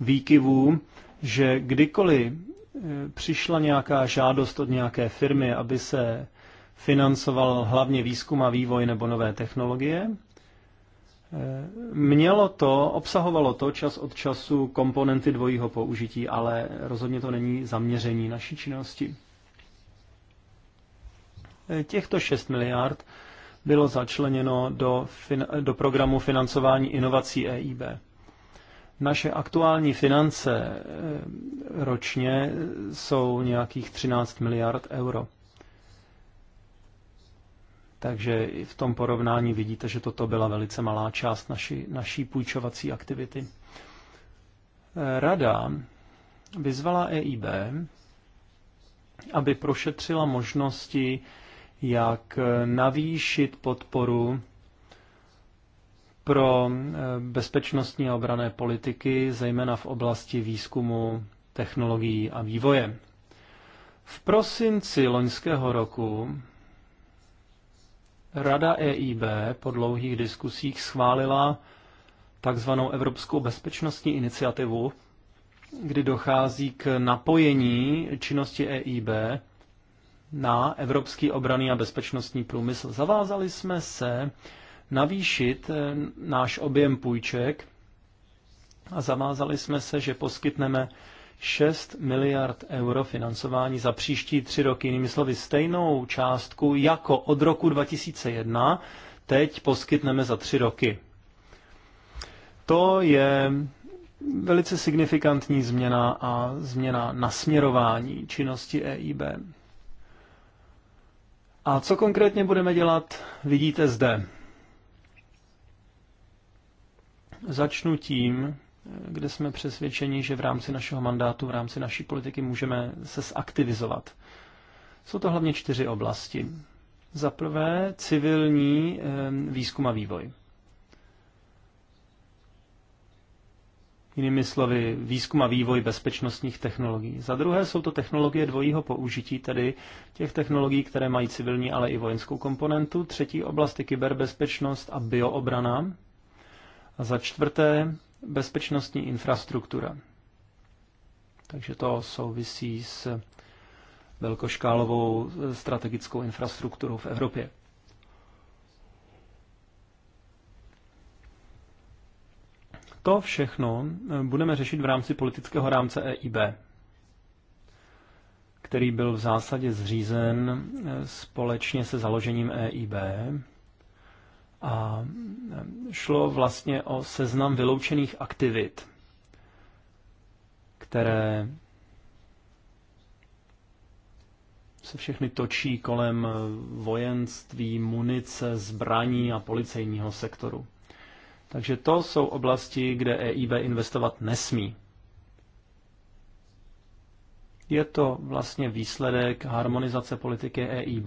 Speaker 4: výkivů, že kdykoliv eh, přišla nějaká žádost od nějaké firmy, aby se financoval hlavně výzkum a vývoj nebo nové technologie, Mělo to, obsahovalo to čas od času komponenty dvojího použití, ale rozhodně to není zaměření naší činnosti. Těchto 6 miliard bylo začleněno do, do programu financování inovací EIB. Naše aktuální finance eh, ročně jsou nějakých 13 miliard euro. Takže i v tom porovnání vidíte, že toto byla velice malá část naší, naší půjčovací aktivity. Eh, Rada vyzvala EIB, aby prošetřila možnosti, jak eh, navýšit podporu pro eh, bezpečnostní a obrané politiky, zejména v oblasti výzkumu, technologií a vývoje. V prosinci loňského roku Rada EIB po dlouhých diskusích schválila takzvanou Evropskou bezpečnostní iniciativu, kdy dochází k napojení činnosti EIB na evropský obraný a bezpečnostní průmysl. Zavázali jsme se navýšit eh, náš objem půjček a zavázali jsme se, že poskytneme 6 miliard euro financování za příští tři roky, jinými slovy stejnou částku jako od roku 2001, teď poskytneme za tři roky. To je velice signifikantní změna a změna nasměrování činnosti EIB. A co konkrétně budeme dělat, vidíte zde. Začnu tím, kde jsme přesvědčeni, že v rámci našeho mandátu, v rámci naší politiky můžeme se zaktivizovat. Jsou to hlavně čtyři oblasti. Za prvé civilní eh, výzkum a vývoj. Jinými slovy, výzkum a vývoj bezpečnostních technologií. Za druhé jsou to technologie dvojího použití, tedy těch technologií, které mají civilní, ale i vojenskou komponentu. Třetí oblast je kyberbezpečnost a bioobrana. A za čtvrté bezpečnostní infrastruktura. Takže to souvisí s velkoškálovou strategickou infrastrukturou v Evropě. To všechno budeme řešit v rámci politického rámce EIB, který byl v zásadě zřízen společně se založením EIB a eh, šlo vlastně o seznam vyloučených aktivit, které se všechny točí kolem eh, vojenství, munice, zbraní a policejního sektoru. Takže to jsou oblasti, kde EIB investovat nesmí. Je to vlastně výsledek harmonizace politiky EIB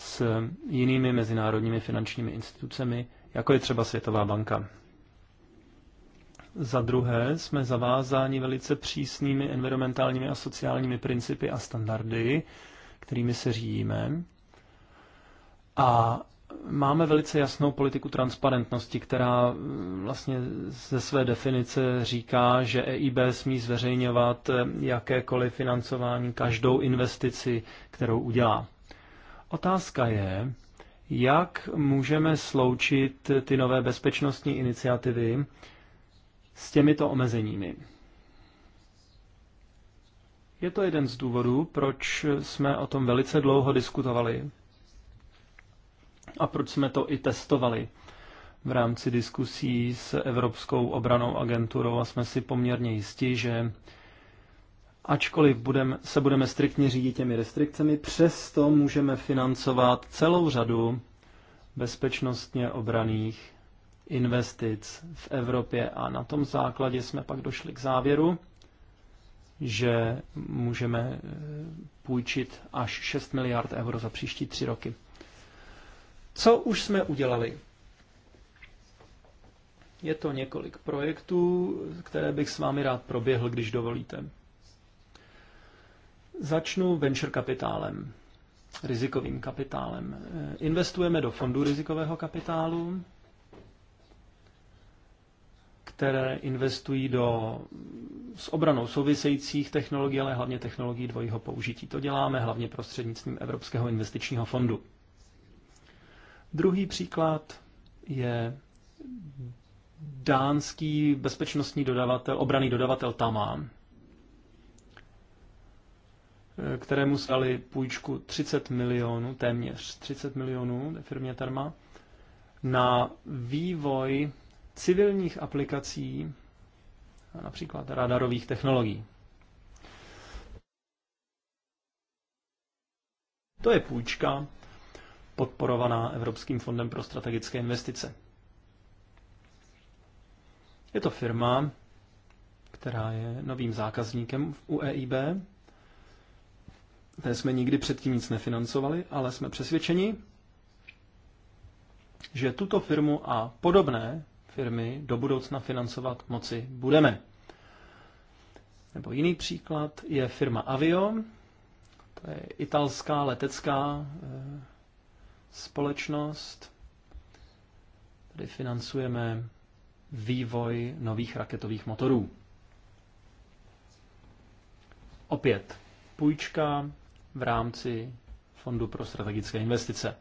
Speaker 4: s jinými mezinárodními finančními institucemi, jako je třeba Světová banka. Za druhé jsme zavázáni velice přísnými environmentálními a sociálními principy a standardy, kterými se řídíme. A máme velice jasnou politiku transparentnosti, která mm, vlastně ze své definice říká, že EIB smí zveřejňovat eh, jakékoliv financování, každou investici, kterou udělá. Otázka je, jak můžeme sloučit ty nové bezpečnostní iniciativy s těmito omezeními. Je to jeden z důvodů, proč jsme o tom velice dlouho diskutovali a proč jsme to i testovali v rámci diskusí s Evropskou obranou agenturou a jsme si poměrně jistí, že Ačkoliv budem, se budeme striktně řídit těmi restrikcemi, přesto můžeme financovat celou řadu bezpečnostně obraných investic v Evropě a na tom základě jsme pak došli k závěru, že můžeme eh, půjčit až 6 miliard euro za příští tři roky. Co už jsme udělali? Je to několik projektů, které bych s vámi rád proběhl, když dovolíte. Začnu venture kapitálem, rizikovým kapitálem. Eh, investujeme do fondů rizikového kapitálu, které investují do s obranou souvisejících technologií, ale hlavně technologií dvojího použití. To děláme hlavně prostřednictvím Evropského investičního fondu. Druhý příklad je dánský bezpečnostní dodavatel, obraný dodavatel Tama, Eh, kterému stali půjčku 30 milionů, téměř 30 milionů firmě Terma, na vývoj civilních aplikací, například radarových technologií. To je půjčka podporovaná Evropským fondem pro strategické investice. Je to firma, která je novým zákazníkem u EIB, jsme nikdy předtím nic nefinancovali, ale jsme přesvědčeni, že tuto firmu a podobné firmy do budoucna financovat moci budeme. Nebo jiný příklad je firma Avio, to je italská letecká eh, společnost. Tady financujeme vývoj nových raketových motorů. Opět půjčka v rámci Fondu pro strategické investice.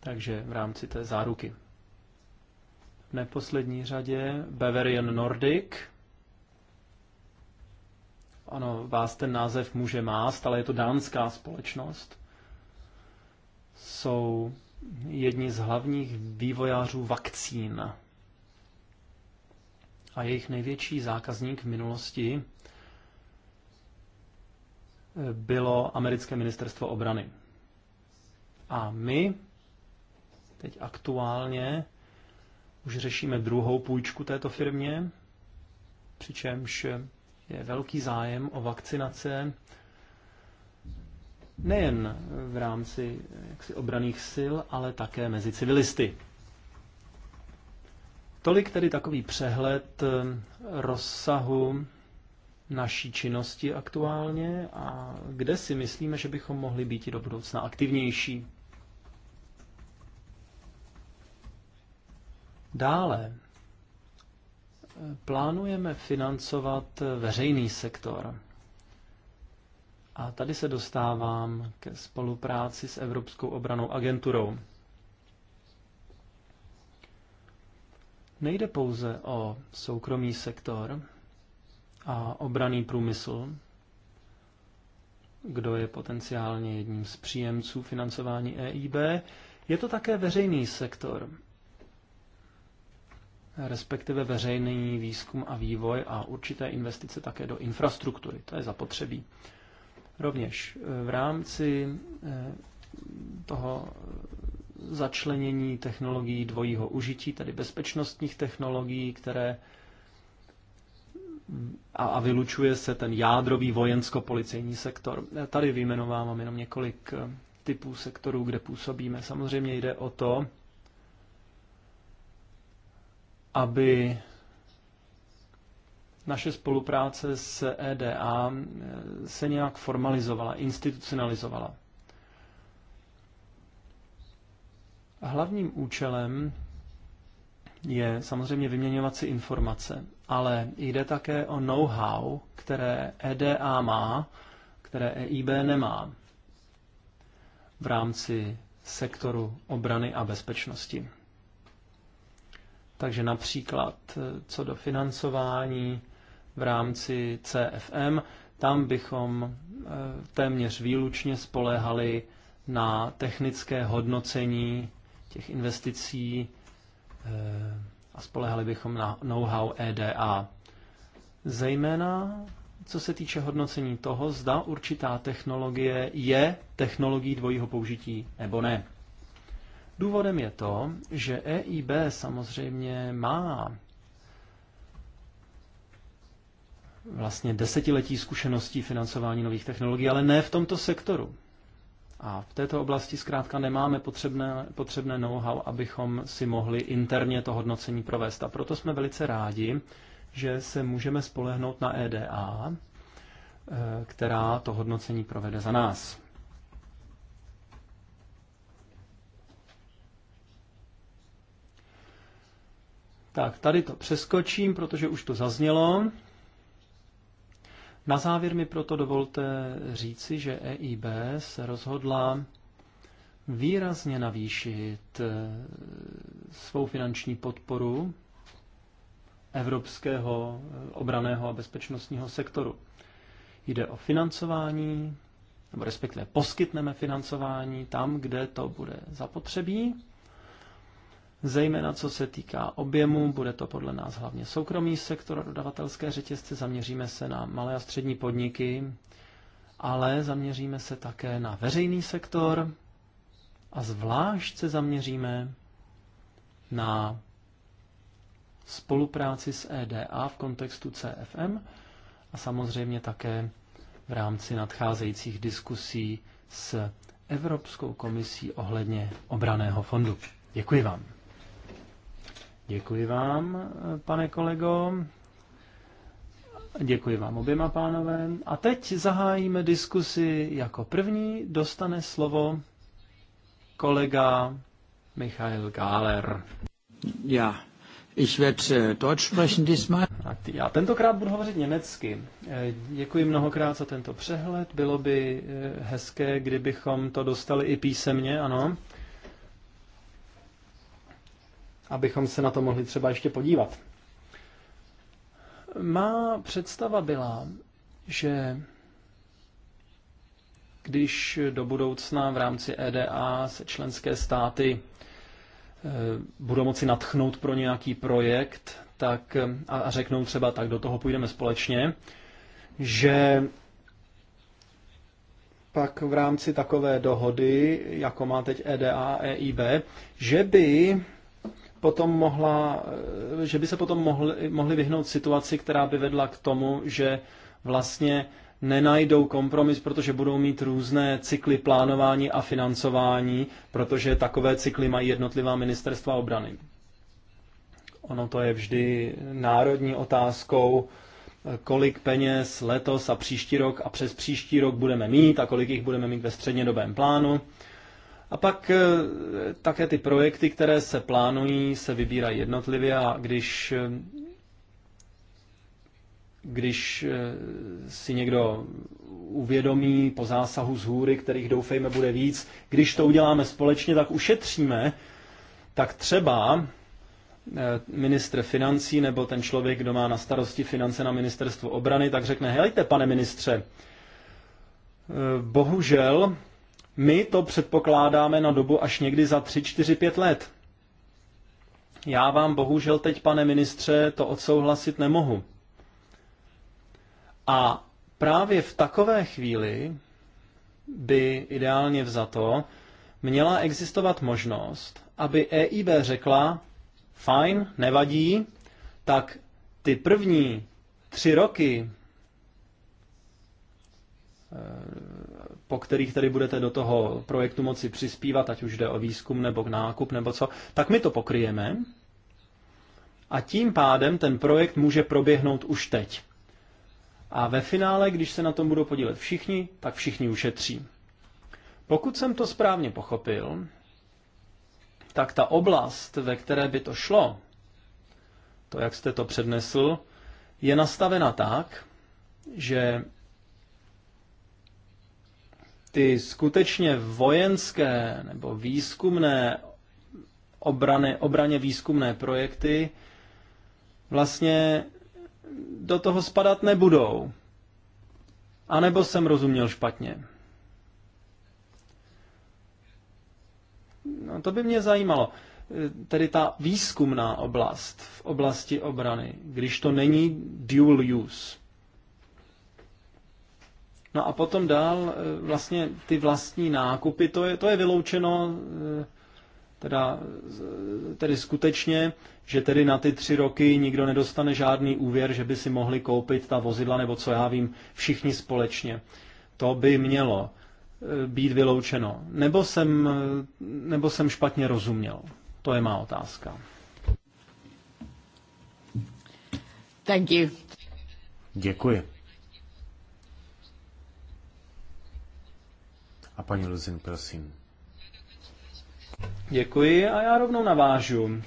Speaker 4: Takže v rámci té záruky. V neposlední řadě Bavarian Nordic. Ano, vás ten název může mást, ale je to dánská společnost. Jsou jedni z hlavních vývojářů vakcín. A jejich největší zákazník v minulosti bylo americké ministerstvo obrany. A my teď aktuálně už řešíme druhou půjčku této firmě, přičemž je velký zájem o vakcinace nejen v rámci jaksi obraných sil, ale také mezi civilisty. Tolik tedy takový přehled rozsahu naší činnosti aktuálně a kde si myslíme, že bychom mohli být i do budoucna aktivnější. Dále plánujeme financovat veřejný sektor. A tady se dostávám ke spolupráci s Evropskou obranou agenturou. Nejde pouze o soukromý sektor, a obraný průmysl, kdo je potenciálně jedním z příjemců financování EIB. Je to také veřejný sektor, respektive veřejný výzkum a vývoj a určité investice také do infrastruktury. To je zapotřebí. Rovněž e, v rámci e, toho začlenění technologií dvojího užití, tedy bezpečnostních technologií, které a, a vylučuje se ten jádrový vojensko-policejní sektor. Tady vyjmenovávám jenom několik eh, typů sektorů, kde působíme. Samozřejmě jde o to, aby naše spolupráce s EDA eh, se nějak formalizovala, institucionalizovala. Hlavním účelem je samozřejmě vyměňovat si informace, ale jde také o know-how, které EDA má, které EIB nemá v rámci sektoru obrany a bezpečnosti. Takže například co do financování v rámci CFM, tam bychom e, téměř výlučně spolehali na technické hodnocení těch investicí Eh, a spolehali bychom na know-how EDA. Zejména co se týče hodnocení toho, zda určitá technologie je technologií dvojího použití nebo ne. Důvodem je to, že EIB samozřejmě má vlastně desetiletí zkušeností financování nových technologií, ale ne v tomto sektoru. A v této oblasti zkrátka nemáme potřebné, potřebné know-how, abychom si mohli interně to hodnocení provést. A proto jsme velice rádi, že se můžeme spolehnout na EDA, eh, která to hodnocení provede za nás. Tak, tady to přeskočím, protože už to zaznělo. Na závěr mi proto dovolte říci, že EIB se rozhodla výrazně navýšit eh, svou finanční podporu evropského eh, obraného a bezpečnostního sektoru. Jde o financování, nebo respektive poskytneme financování tam, kde to bude zapotřebí zejména co se týká objemu, bude to podle nás hlavně soukromý sektor dodavatelské řetězce, zaměříme se na malé a střední podniky, ale zaměříme se také na veřejný sektor a zvlášť se zaměříme na spolupráci s EDA v kontextu CFM a samozřejmě také v rámci nadcházejících diskusí s Evropskou komisí ohledně obraného fondu. Děkuji vám. Děkuji vám, pane kolego. Děkuji vám oběma pánové. A teď zahájíme diskusi. Jako první dostane slovo kolega Michael Gáler. Já. Ich werde äh, Deutsch sprechen diesmal. Já tentokrát budu hovořit německy. Eh, děkuji mnohokrát za tento přehled. Bylo by eh, hezké, kdybychom to dostali i písemně, ano abychom se na to mohli třeba ještě podívat. Má představa byla, že když do budoucna v rámci EDA se členské státy eh, budou moci natchnout pro nějaký projekt tak, a řeknou třeba, tak do toho půjdeme společně, že pak v rámci takové dohody, jako má teď EDA a EIB, že by potom mohla, že by se potom mohli, mohli vyhnout situaci, která by vedla k tomu, že vlastně nenajdou kompromis, protože budou mít různé cykly plánování a financování, protože takové cykly mají jednotlivá ministerstva obrany. Ono to je vždy národní otázkou, kolik peněz letos a příští rok a přes příští rok budeme mít a kolik jich budeme mít ve střednědobém plánu. A pak eh, také ty projekty, které se plánují, se vybírají jednotlivě a když eh, když eh, si někdo uvědomí po zásahu z hůry, kterých doufejme bude víc, když to uděláme společně, tak ušetříme, tak třeba ministr financí nebo ten člověk, kdo má na starosti finance na ministerstvu obrany, tak řekne, helejte, pane ministře, bohužel my to předpokládáme na dobu až někdy za 3, 4, 5 let. Já vám bohužel teď, pane ministře, to odsouhlasit nemohu. A právě v takové chvíli by ideálně vzato měla existovat možnost, aby EIB řekla, fajn, nevadí, tak ty první tři roky po kterých tedy budete do toho projektu moci přispívat, ať už jde o výzkum nebo nákup nebo co, tak my to pokryjeme a tím pádem ten projekt může proběhnout už teď. A ve finále, když se na tom budou podílet všichni, tak všichni ušetří. Pokud jsem to správně pochopil, tak ta oblast, ve které by to šlo, to, jak jste to přednesl, je nastavena tak, že ty skutečně vojenské nebo výzkumné obrany, obraně výzkumné projekty vlastně do toho spadat nebudou. A nebo jsem rozuměl špatně. No to by mě zajímalo. Tedy ta výzkumná oblast v oblasti obrany, když to není dual use. No a potom dál eh, vlastně ty vlastní nákupy, to je, to je vyloučeno eh, teda, tedy skutečně, že tedy na ty tři roky nikdo nedostane žádný úvěr, že by si mohli koupit ta vozidla nebo co já vím, všichni společně. To by mělo eh, být vyloučeno. Nebo jsem, nebo jsem špatně rozuměl? To je má otázka.
Speaker 2: Thank you.
Speaker 1: Děkuji. A paní Luzin, prosím.
Speaker 4: Děkuji a já rovnou navážu.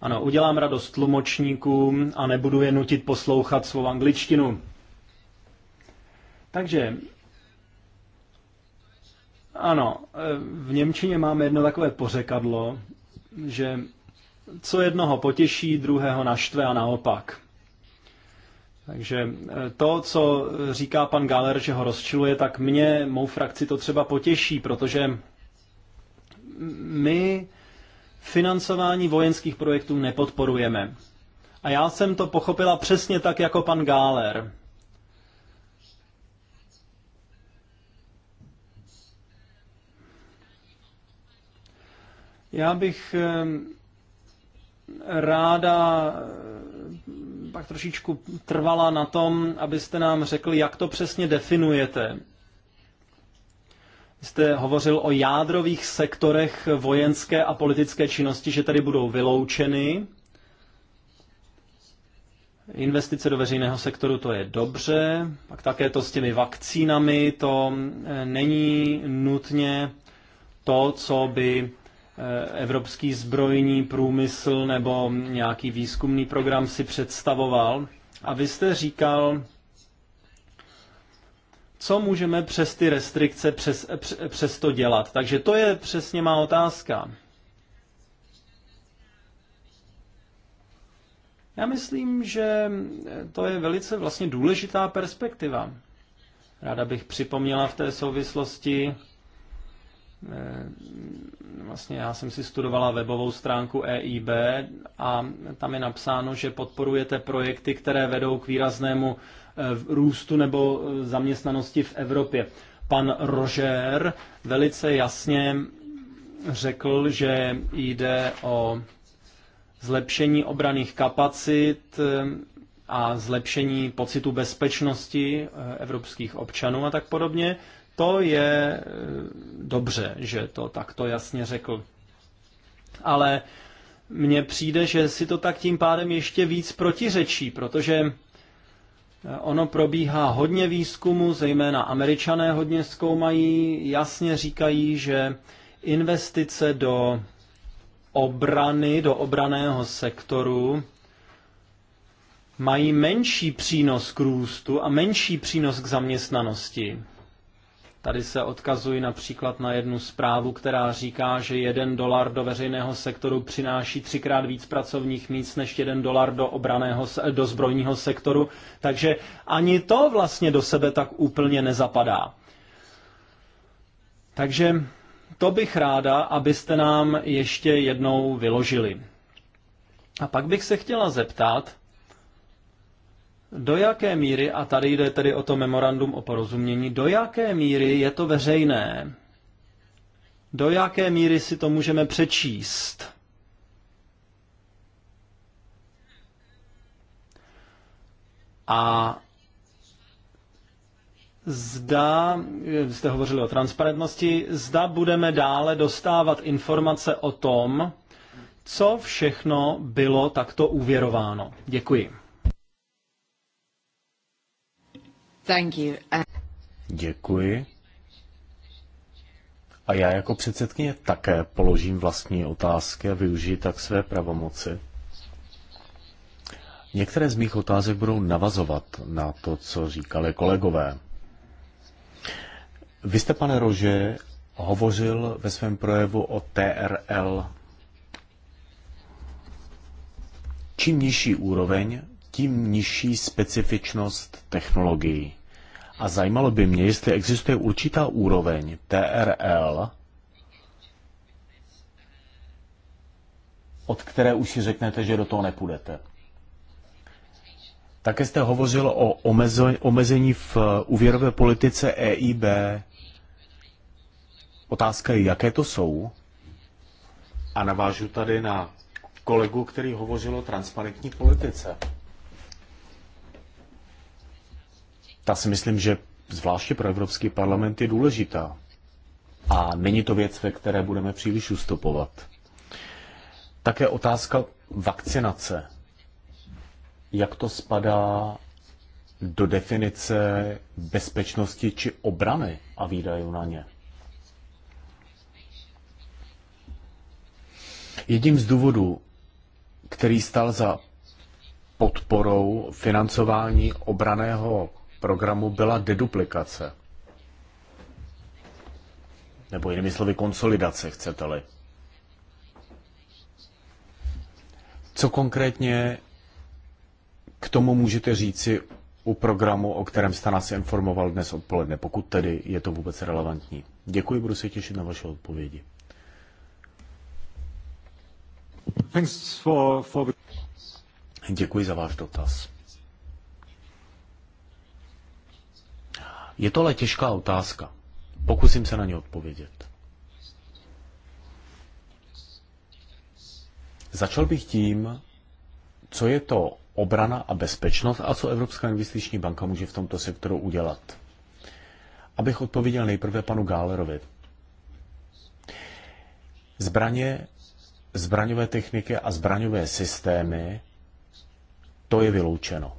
Speaker 4: Ano, udělám radost tlumočníkům a nebudu je nutit poslouchat svou angličtinu. Takže, ano, v Němčině máme jedno takové pořekadlo, že co jednoho potěší, druhého naštve a naopak. Takže eh, to, co říká pan Galer, že ho rozčiluje, tak mě, mou frakci to třeba potěší, protože my financování vojenských projektů nepodporujeme. A já jsem to pochopila přesně tak, jako pan Gáler. Já bych eh, ráda pak trošičku trvala na tom, abyste nám řekli, jak to přesně definujete. Jste hovořil o jádrových sektorech vojenské a politické činnosti, že tady budou vyloučeny. Investice do veřejného sektoru to je dobře, pak také to s těmi vakcínami, to eh, není nutně to, co by Eh, evropský zbrojní průmysl nebo nějaký výzkumný program si představoval. A vy jste říkal, co můžeme přes ty restrikce přes, přes to dělat. Takže to je přesně má otázka. Já myslím, že to je velice vlastně důležitá perspektiva. Ráda bych připomněla v té souvislosti Eh, vlastně já jsem si studovala webovou stránku EIB a tam je napsáno, že podporujete projekty, které vedou k výraznému eh, růstu nebo eh, zaměstnanosti v Evropě. Pan Roger velice jasně řekl, že jde o zlepšení obraných kapacit a zlepšení pocitu bezpečnosti evropských občanů a tak podobně. To je eh, dobře, že to takto jasně řekl. Ale mně přijde, že si to tak tím pádem ještě víc protiřečí, protože eh, ono probíhá hodně výzkumu, zejména američané hodně zkoumají, jasně říkají, že investice do obrany, do obraného sektoru mají menší přínos k růstu a menší přínos k zaměstnanosti Tady se odkazuji například na jednu zprávu, která říká, že jeden dolar do veřejného sektoru přináší třikrát víc pracovních míst než jeden dolar do obraného, do zbrojního sektoru, takže ani to vlastně do sebe tak úplně nezapadá. Takže to bych ráda, abyste nám ještě jednou vyložili. A pak bych se chtěla zeptat, do jaké míry, a tady jde tedy o to memorandum o porozumění, do jaké míry je to veřejné? Do jaké míry si to můžeme přečíst? A zda, jste hovořili o transparentnosti, zda budeme dále dostávat informace o tom, co všechno bylo takto uvěrováno. Děkuji.
Speaker 3: Uh,
Speaker 1: Děkuji. A já jako předsedkyně také položím vlastní otázky a využiji tak své pravomoci. Některé z mých otázek budou navazovat na to, co říkali kolegové. Vy jste, pane Rože, hovořil ve svém projevu o TRL. Čím nižší úroveň, tím nižší specifičnost technologií. A zajímalo by mě, jestli existuje určitá úroveň TRL, od které už si řeknete, že do toho nepůjdete. Také jste hovořil o omezení v eh, úvěrové politice EIB. Otázka je, jaké to jsou? A navážu tady na kolegu, který hovořil o transparentní politice. ta si myslím, že zvláště pro Evropský parlament je důležitá. A není to věc, ve které budeme příliš ustupovat. Také otázka vakcinace. Jak to spadá do definice bezpečnosti či obrany a výdajů na ně? Jedním z důvodů, který stal za podporou financování obraného programu byla deduplikace. Nebo jinými slovy konsolidace, chcete-li. Co konkrétně k tomu můžete říci u programu, o kterém jste nás informoval dnes odpoledne, pokud tedy je to vůbec relevantní? Děkuji, budu se těšit na vaše odpovědi. Děkuji za váš dotaz. Je to ale těžká otázka. Pokusím se na ně odpovědět. Začal bych tím, co je to obrana a bezpečnost a co Evropská investiční banka může v tomto sektoru udělat. Abych odpověděl nejprve panu Gálerovi. Zbraně, zbraňové techniky a zbraňové systémy, to je vyloučeno.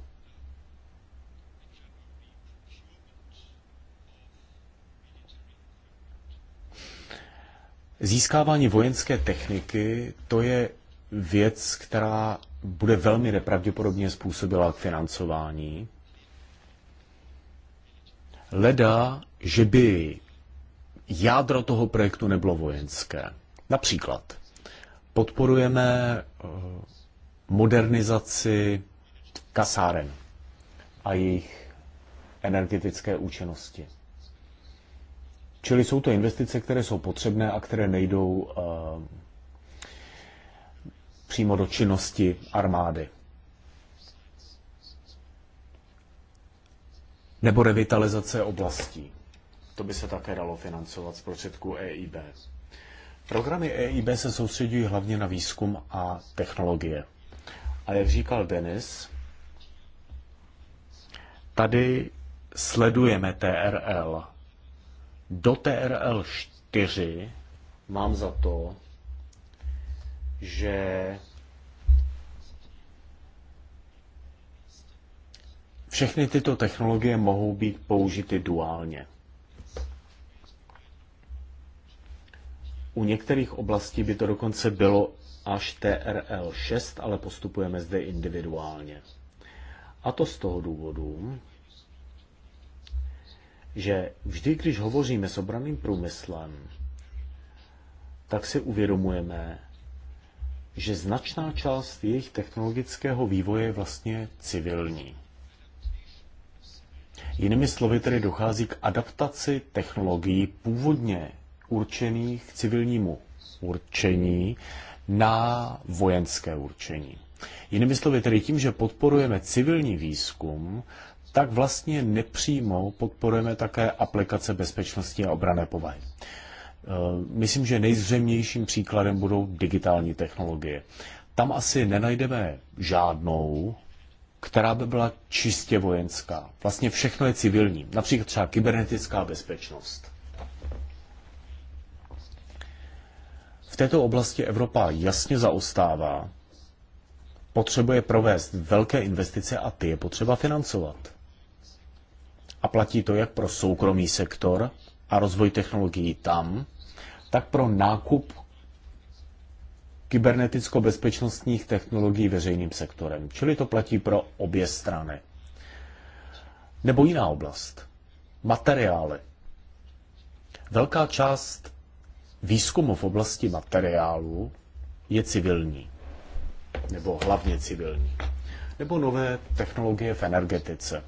Speaker 1: Získávání vojenské techniky, to je věc, která bude velmi nepravděpodobně způsobila financování. Leda, že by jádro toho projektu nebylo vojenské. Například podporujeme eh, modernizaci kasáren a jejich energetické účinnosti. Čili jsou to investice, které jsou potřebné a které nejdou eh, přímo do činnosti armády. Nebo revitalizace oblastí. To by se také dalo financovat z prostředků EIB. Programy EIB se soustředují hlavně na výzkum a technologie. A jak říkal Denis, tady sledujeme TRL, do TRL 4 mám za to, že všechny tyto technologie mohou být použity duálně. U některých oblastí by to dokonce bylo až TRL 6, ale postupujeme zde individuálně. A to z toho důvodu, že vždy, když hovoříme s obraným průmyslem, tak si uvědomujeme, že značná část jejich technologického vývoje je vlastně civilní. Jinými slovy tedy dochází k adaptaci technologií původně určených k civilnímu určení na vojenské určení. Jinými slovy tedy tím, že podporujeme civilní výzkum, tak vlastně nepřímo podporujeme také aplikace bezpečnosti a obrané povahy. Eh, myslím, že nejzřejmějším příkladem budou digitální technologie. Tam asi nenajdeme žádnou, která by byla čistě vojenská. Vlastně všechno je civilní, například třeba kybernetická bezpečnost. V této oblasti Evropa jasně zaostává, potřebuje provést velké investice a ty je potřeba financovat. A platí to jak pro soukromý sektor a rozvoj technologií tam, tak pro nákup kyberneticko-bezpečnostních technologií veřejným sektorem. Čili to platí pro obě strany. Nebo jiná oblast. Materiály. Velká část výzkumu v oblasti materiálu je civilní. Nebo hlavně civilní. Nebo nové technologie v energetice.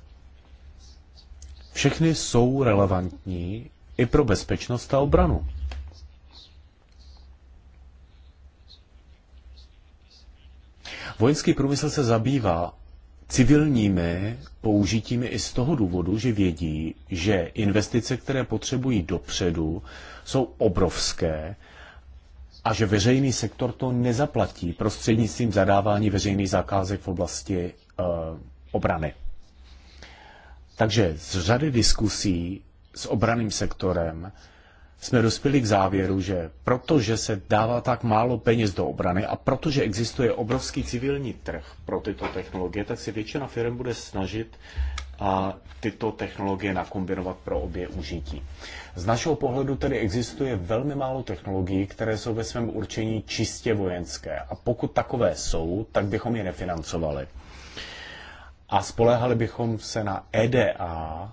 Speaker 1: Všechny jsou relevantní i pro bezpečnost a obranu. Vojenský průmysl se zabývá civilními použitími i z toho důvodu, že vědí, že investice, které potřebují dopředu, jsou obrovské a že veřejný sektor to nezaplatí prostřednictvím zadávání veřejných zakázek v oblasti uh, obrany. Takže z řady diskusí s obraným sektorem jsme dospěli k závěru, že protože se dává tak málo peněz do obrany a protože existuje obrovský civilní trh pro tyto technologie, tak si většina firm bude snažit a tyto technologie nakombinovat pro obě užití. Z našeho pohledu tedy existuje velmi málo technologií, které jsou ve svém určení čistě vojenské. A pokud takové jsou, tak bychom je nefinancovali a spolehali bychom se na EDA,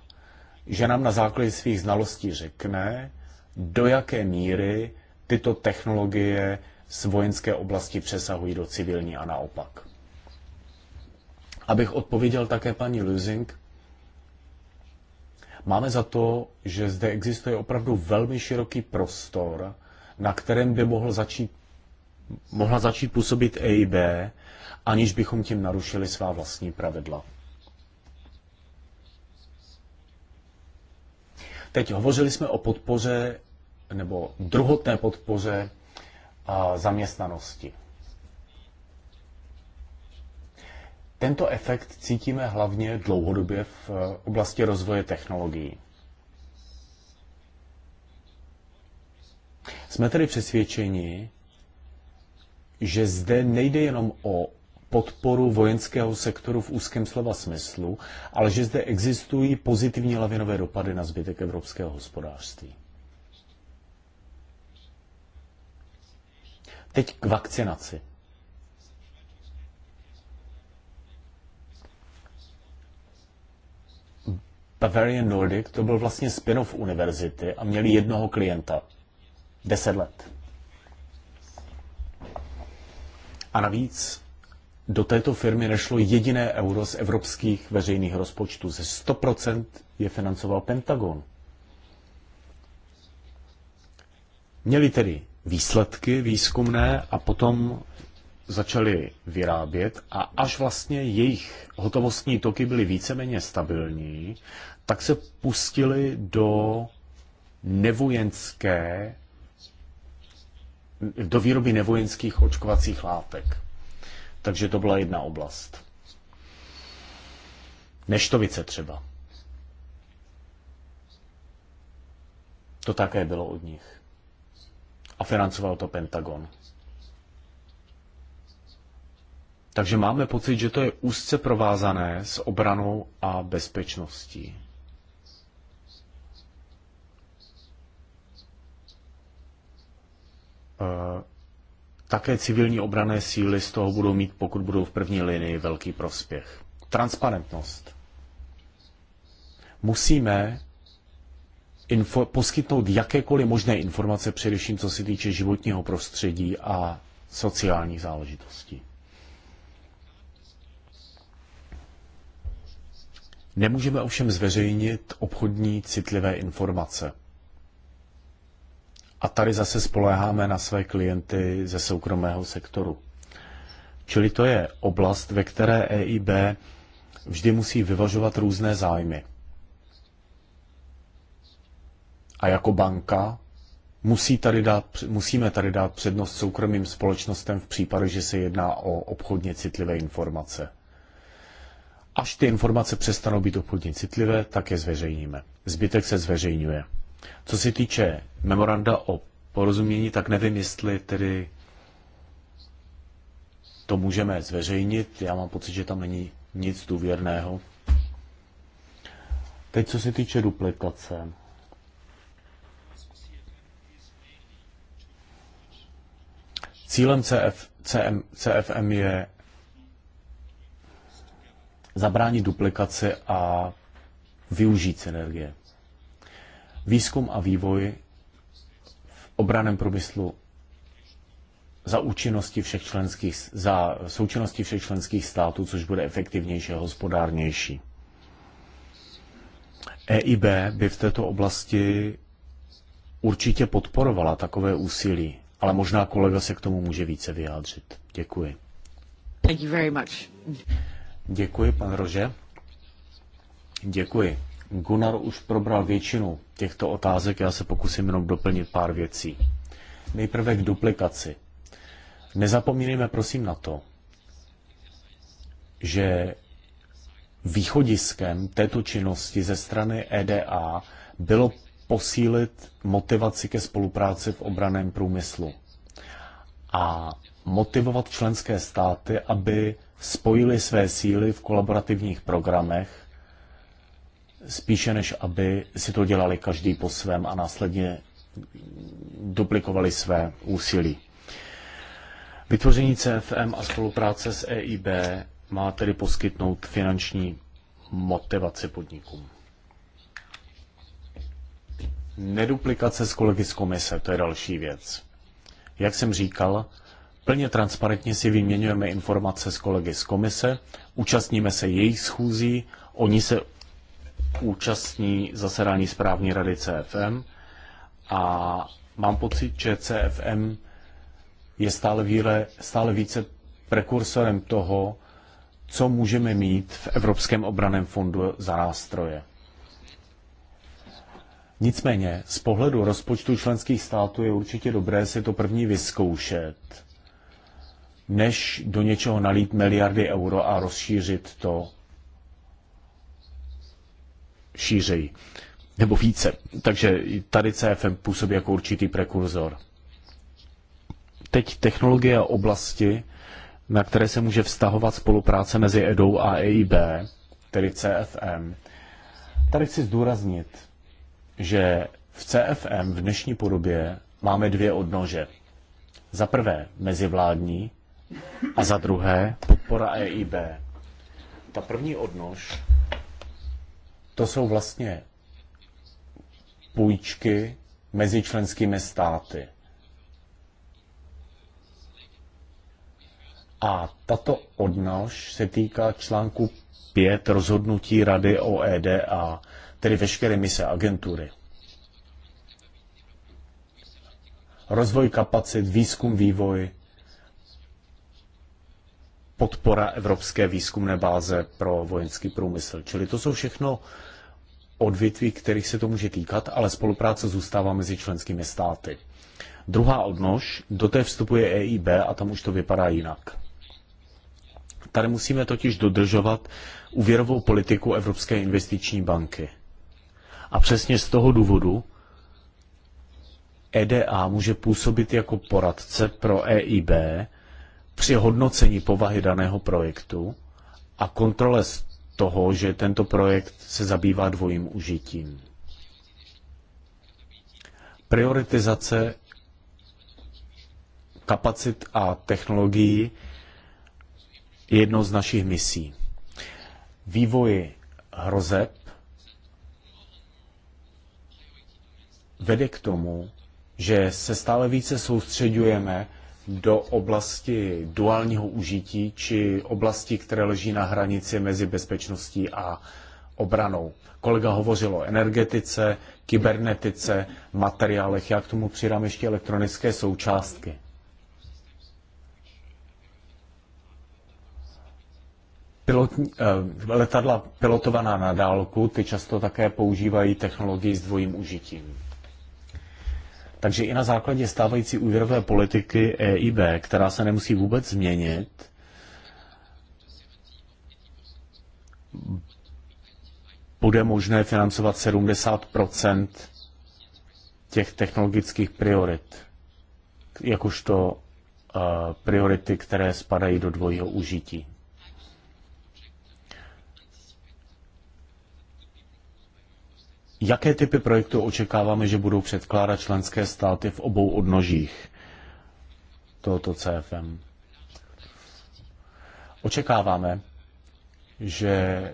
Speaker 1: že nám na základě svých znalostí řekne, do jaké míry tyto technologie z vojenské oblasti přesahují do civilní a naopak. Abych odpověděl také paní Lusing, máme za to, že zde existuje opravdu velmi široký prostor, na kterém by mohl začít, mohla začít působit EIB aniž bychom tím narušili svá vlastní pravidla. Teď hovořili jsme o podpoře nebo druhotné podpoře a zaměstnanosti. Tento efekt cítíme hlavně dlouhodobě v e, oblasti rozvoje technologií. Jsme tedy přesvědčeni, že zde nejde jenom o podporu vojenského sektoru v úzkém slova smyslu, ale že zde existují pozitivní lavinové dopady na zbytek evropského hospodářství. Teď k vakcinaci. Bavarian Nordic, to byl vlastně spin-off univerzity a měli jednoho klienta. Deset let. A navíc do této firmy nešlo jediné euro z evropských veřejných rozpočtů. Ze 100% je financoval Pentagon. Měli tedy výsledky výzkumné a potom začali vyrábět a až vlastně jejich hotovostní toky byly víceméně stabilní, tak se pustili do nevojenské do výroby nevojenských očkovacích látek. Takže to byla jedna oblast. Neštovice třeba. To také bylo od nich. A financoval to Pentagon. Takže máme pocit, že to je úzce provázané s obranou a bezpečností. Uh, také civilní obrané síly z toho budou mít, pokud budou v první linii, velký prospěch. Transparentnost. Musíme info- poskytnout jakékoliv možné informace, především co se týče životního prostředí a sociální záležitosti. Nemůžeme ovšem zveřejnit obchodní citlivé informace. A tady zase spoleháme na své klienty ze soukromého sektoru. Čili to je oblast, ve které EIB vždy musí vyvažovat různé zájmy. A jako banka musí tady dát, musíme tady dát přednost soukromým společnostem v případě, že se jedná o obchodně citlivé informace. Až ty informace přestanou být obchodně citlivé, tak je zveřejníme. Zbytek se zveřejňuje. Co se týče memoranda o porozumění, tak nevím, jestli tedy to můžeme zveřejnit. Já mám pocit, že tam není nic důvěrného. Teď, co se týče duplikace. Cílem CF, CM, CFM je zabránit duplikaci a využít synergie výzkum a vývoj v obraném průmyslu za účinnosti všech členských, za součinnosti všech členských států, což bude efektivnější a hospodárnější. EIB by v této oblasti určitě podporovala takové úsilí, ale možná kolega se k tomu může více vyjádřit. Děkuji.
Speaker 2: Thank you very much.
Speaker 1: Děkuji, pan Rože. Děkuji. Gunnar už probral většinu těchto otázek, já se pokusím jenom doplnit pár věcí. Nejprve k duplikaci. Nezapomínejme prosím na to, že východiskem této činnosti ze strany EDA bylo posílit motivaci ke spolupráci v obraném průmyslu a motivovat členské státy, aby spojili své síly v kolaborativních programech spíše než aby si to dělali každý po svém a následně duplikovali své úsilí. Vytvoření CFM a spolupráce s EIB má tedy poskytnout finanční motivaci podnikům. Neduplikace s kolegy z komise, to je další věc. Jak jsem říkal, plně transparentně si vyměňujeme informace s kolegy z komise, účastníme se jejich schůzí, oni se účastní zasedání správní rady CFM a mám pocit, že CFM je stále, víle, stále více prekursorem toho, co můžeme mít v Evropském obraném fondu za nástroje. Nicméně, z pohledu rozpočtu členských států je určitě dobré si to první vyzkoušet, než do něčeho nalít miliardy euro a rozšířit to šířejí nebo více. Takže tady CFM působí jako určitý prekurzor. Teď technologie a oblasti, na které se může vztahovat spolupráce mezi EDO a EIB, tedy CFM. Tady chci zdůraznit, že v CFM v dnešní podobě máme dvě odnože. Za prvé mezivládní a za druhé podpora EIB. Ta první odnož to jsou vlastně půjčky mezi členskými státy. A tato odnož se týká článku 5 rozhodnutí Rady o EDA, tedy veškeré mise agentury. Rozvoj kapacit, výzkum, vývoj, podpora Evropské výzkumné báze pro vojenský průmysl. Čili to jsou všechno odvětví, kterých se to může týkat, ale spolupráce zůstává mezi členskými státy. Druhá odnož, do té vstupuje EIB a tam už to vypadá jinak. Tady musíme totiž dodržovat úvěrovou politiku Evropské investiční banky. A přesně z toho důvodu EDA může působit jako poradce pro EIB při hodnocení povahy daného projektu a kontrole toho, že tento projekt se zabývá dvojím užitím. Prioritizace kapacit a technologií je jednou z našich misí. Vývoji hrozeb vede k tomu, že se stále více soustředujeme do oblasti duálního užití či oblasti, které leží na hranici mezi bezpečností a obranou. Kolega hovořil o energetice, kybernetice, materiálech. Já k tomu přidám ještě elektronické součástky. Pilotní, eh, letadla pilotovaná na dálku, ty často také používají technologii s dvojím užitím. Takže i na základě stávající úvěrové politiky EIB, která se nemusí vůbec změnit, bude možné financovat 70 těch technologických priorit, jakožto eh, priority, které spadají do dvojího užití. jaké typy projektů očekáváme, že budou předkládat členské státy v obou odnožích tohoto CFM. Očekáváme, že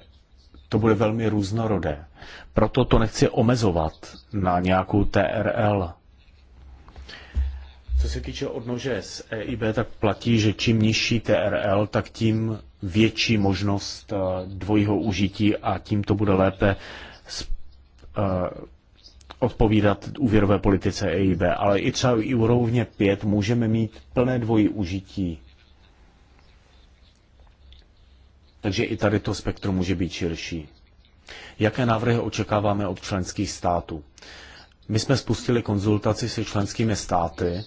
Speaker 1: to bude velmi různorodé. Proto to nechci omezovat na nějakou TRL. Co se týče odnože z EIB, tak platí, že čím nižší TRL, tak tím větší možnost eh, dvojího užití a tím to bude lépe Eh, odpovídat úvěrové politice EIB, ale i třeba i úrovně 5 můžeme mít plné dvojí užití. Takže i tady to spektrum může být širší. Jaké návrhy očekáváme od členských států? My jsme spustili konzultaci se členskými státy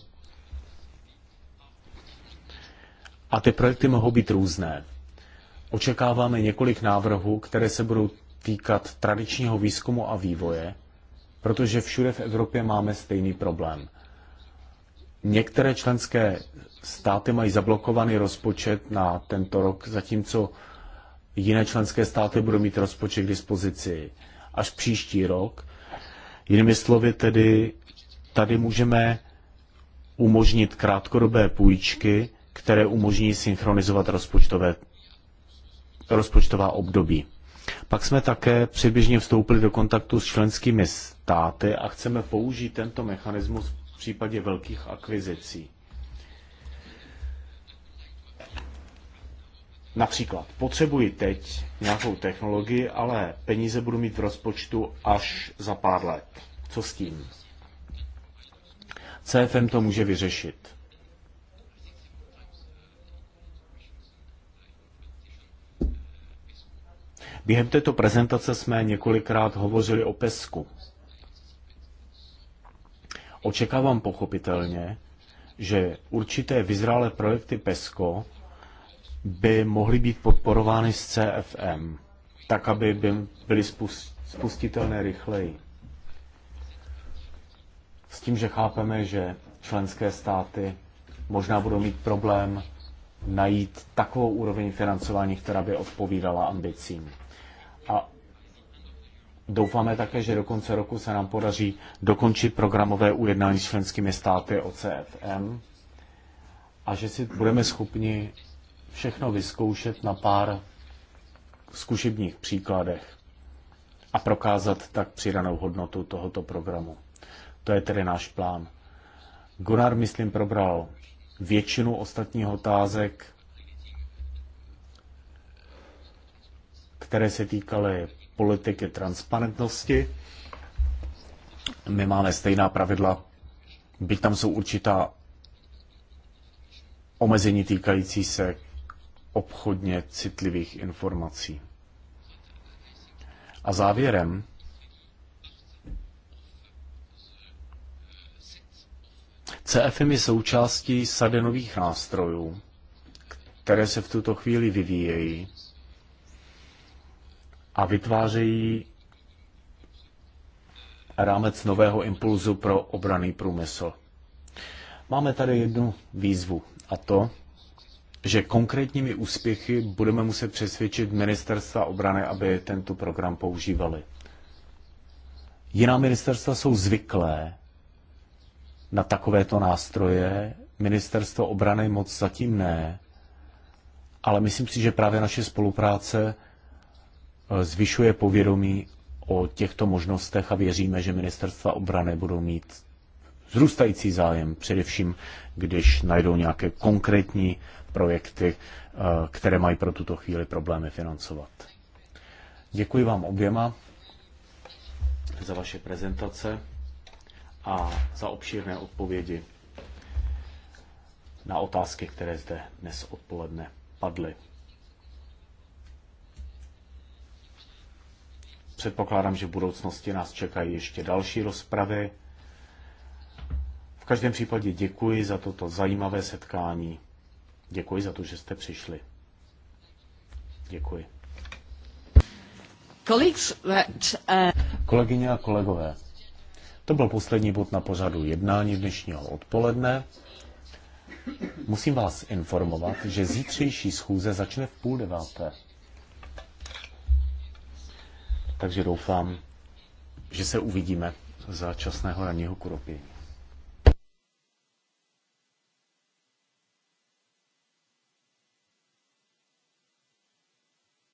Speaker 1: a ty projekty mohou být různé. Očekáváme několik návrhů, které se budou týkat tradičního výzkumu a vývoje, protože všude v Evropě máme stejný problém. Některé členské státy mají zablokovaný rozpočet na tento rok, zatímco jiné členské státy budou mít rozpočet k dispozici až příští rok. Jinými slovy tedy, tady můžeme umožnit krátkodobé půjčky, které umožní synchronizovat rozpočtové, rozpočtová období. Pak jsme také přibližně vstoupili do kontaktu s členskými státy a chceme použít tento mechanismus v případě velkých akvizicí. Například potřebuji teď nějakou technologii, ale peníze budu mít v rozpočtu až za pár let. Co s tím? CFM to může vyřešit. Během této prezentace jsme několikrát hovořili o pesku. Očekávám pochopitelně, že určité vyzrálé projekty PESCO by mohly být podporovány z CFM, tak aby by byly spustitelné rychleji. S tím, že chápeme, že členské státy možná budou mít problém najít takovou úroveň financování, která by odpovídala ambicím. A doufáme také, že do konce roku se nám podaří dokončit programové ujednání s členskými státy o CFM a že si budeme schopni všechno vyzkoušet na pár zkušebních příkladech a prokázat tak přidanou hodnotu tohoto programu. To je tedy náš plán. Gunnar, myslím, probral většinu ostatních otázek. které se týkaly politiky transparentnosti. My máme stejná pravidla, byť tam jsou určitá omezení týkající se obchodně citlivých informací. A závěrem CFM je součástí sady nových nástrojů, které se v tuto chvíli vyvíjejí a vytvářejí rámec nového impulzu pro obraný průmysl. Máme tady jednu výzvu a to, že konkrétními úspěchy budeme muset přesvědčit ministerstva obrany, aby tento program používali. Jiná ministerstva jsou zvyklé na takovéto nástroje, ministerstvo obrany moc zatím ne, ale myslím si, že právě naše spolupráce Eh, zvyšuje povědomí o těchto možnostech a věříme, že ministerstva obrany budou mít zrůstající zájem, především když najdou nějaké konkrétní projekty, eh, které mají pro tuto chvíli problémy financovat. Děkuji vám oběma za vaše prezentace a za obšírné odpovědi na otázky, které zde dnes odpoledne padly. Předpokládám, že v budoucnosti nás čekají ještě další rozpravy. V každém případě děkuji za toto zajímavé setkání. Děkuji za to, že jste přišli. Děkuji.
Speaker 2: Uh,
Speaker 1: Kolegyně a kolegové, to byl poslední bod na pořadu jednání dnešního odpoledne. Musím vás informovat, že zítřejší schůze začne v půl deváté. Takže doufám, že se uvidíme za časného ranního kuropění.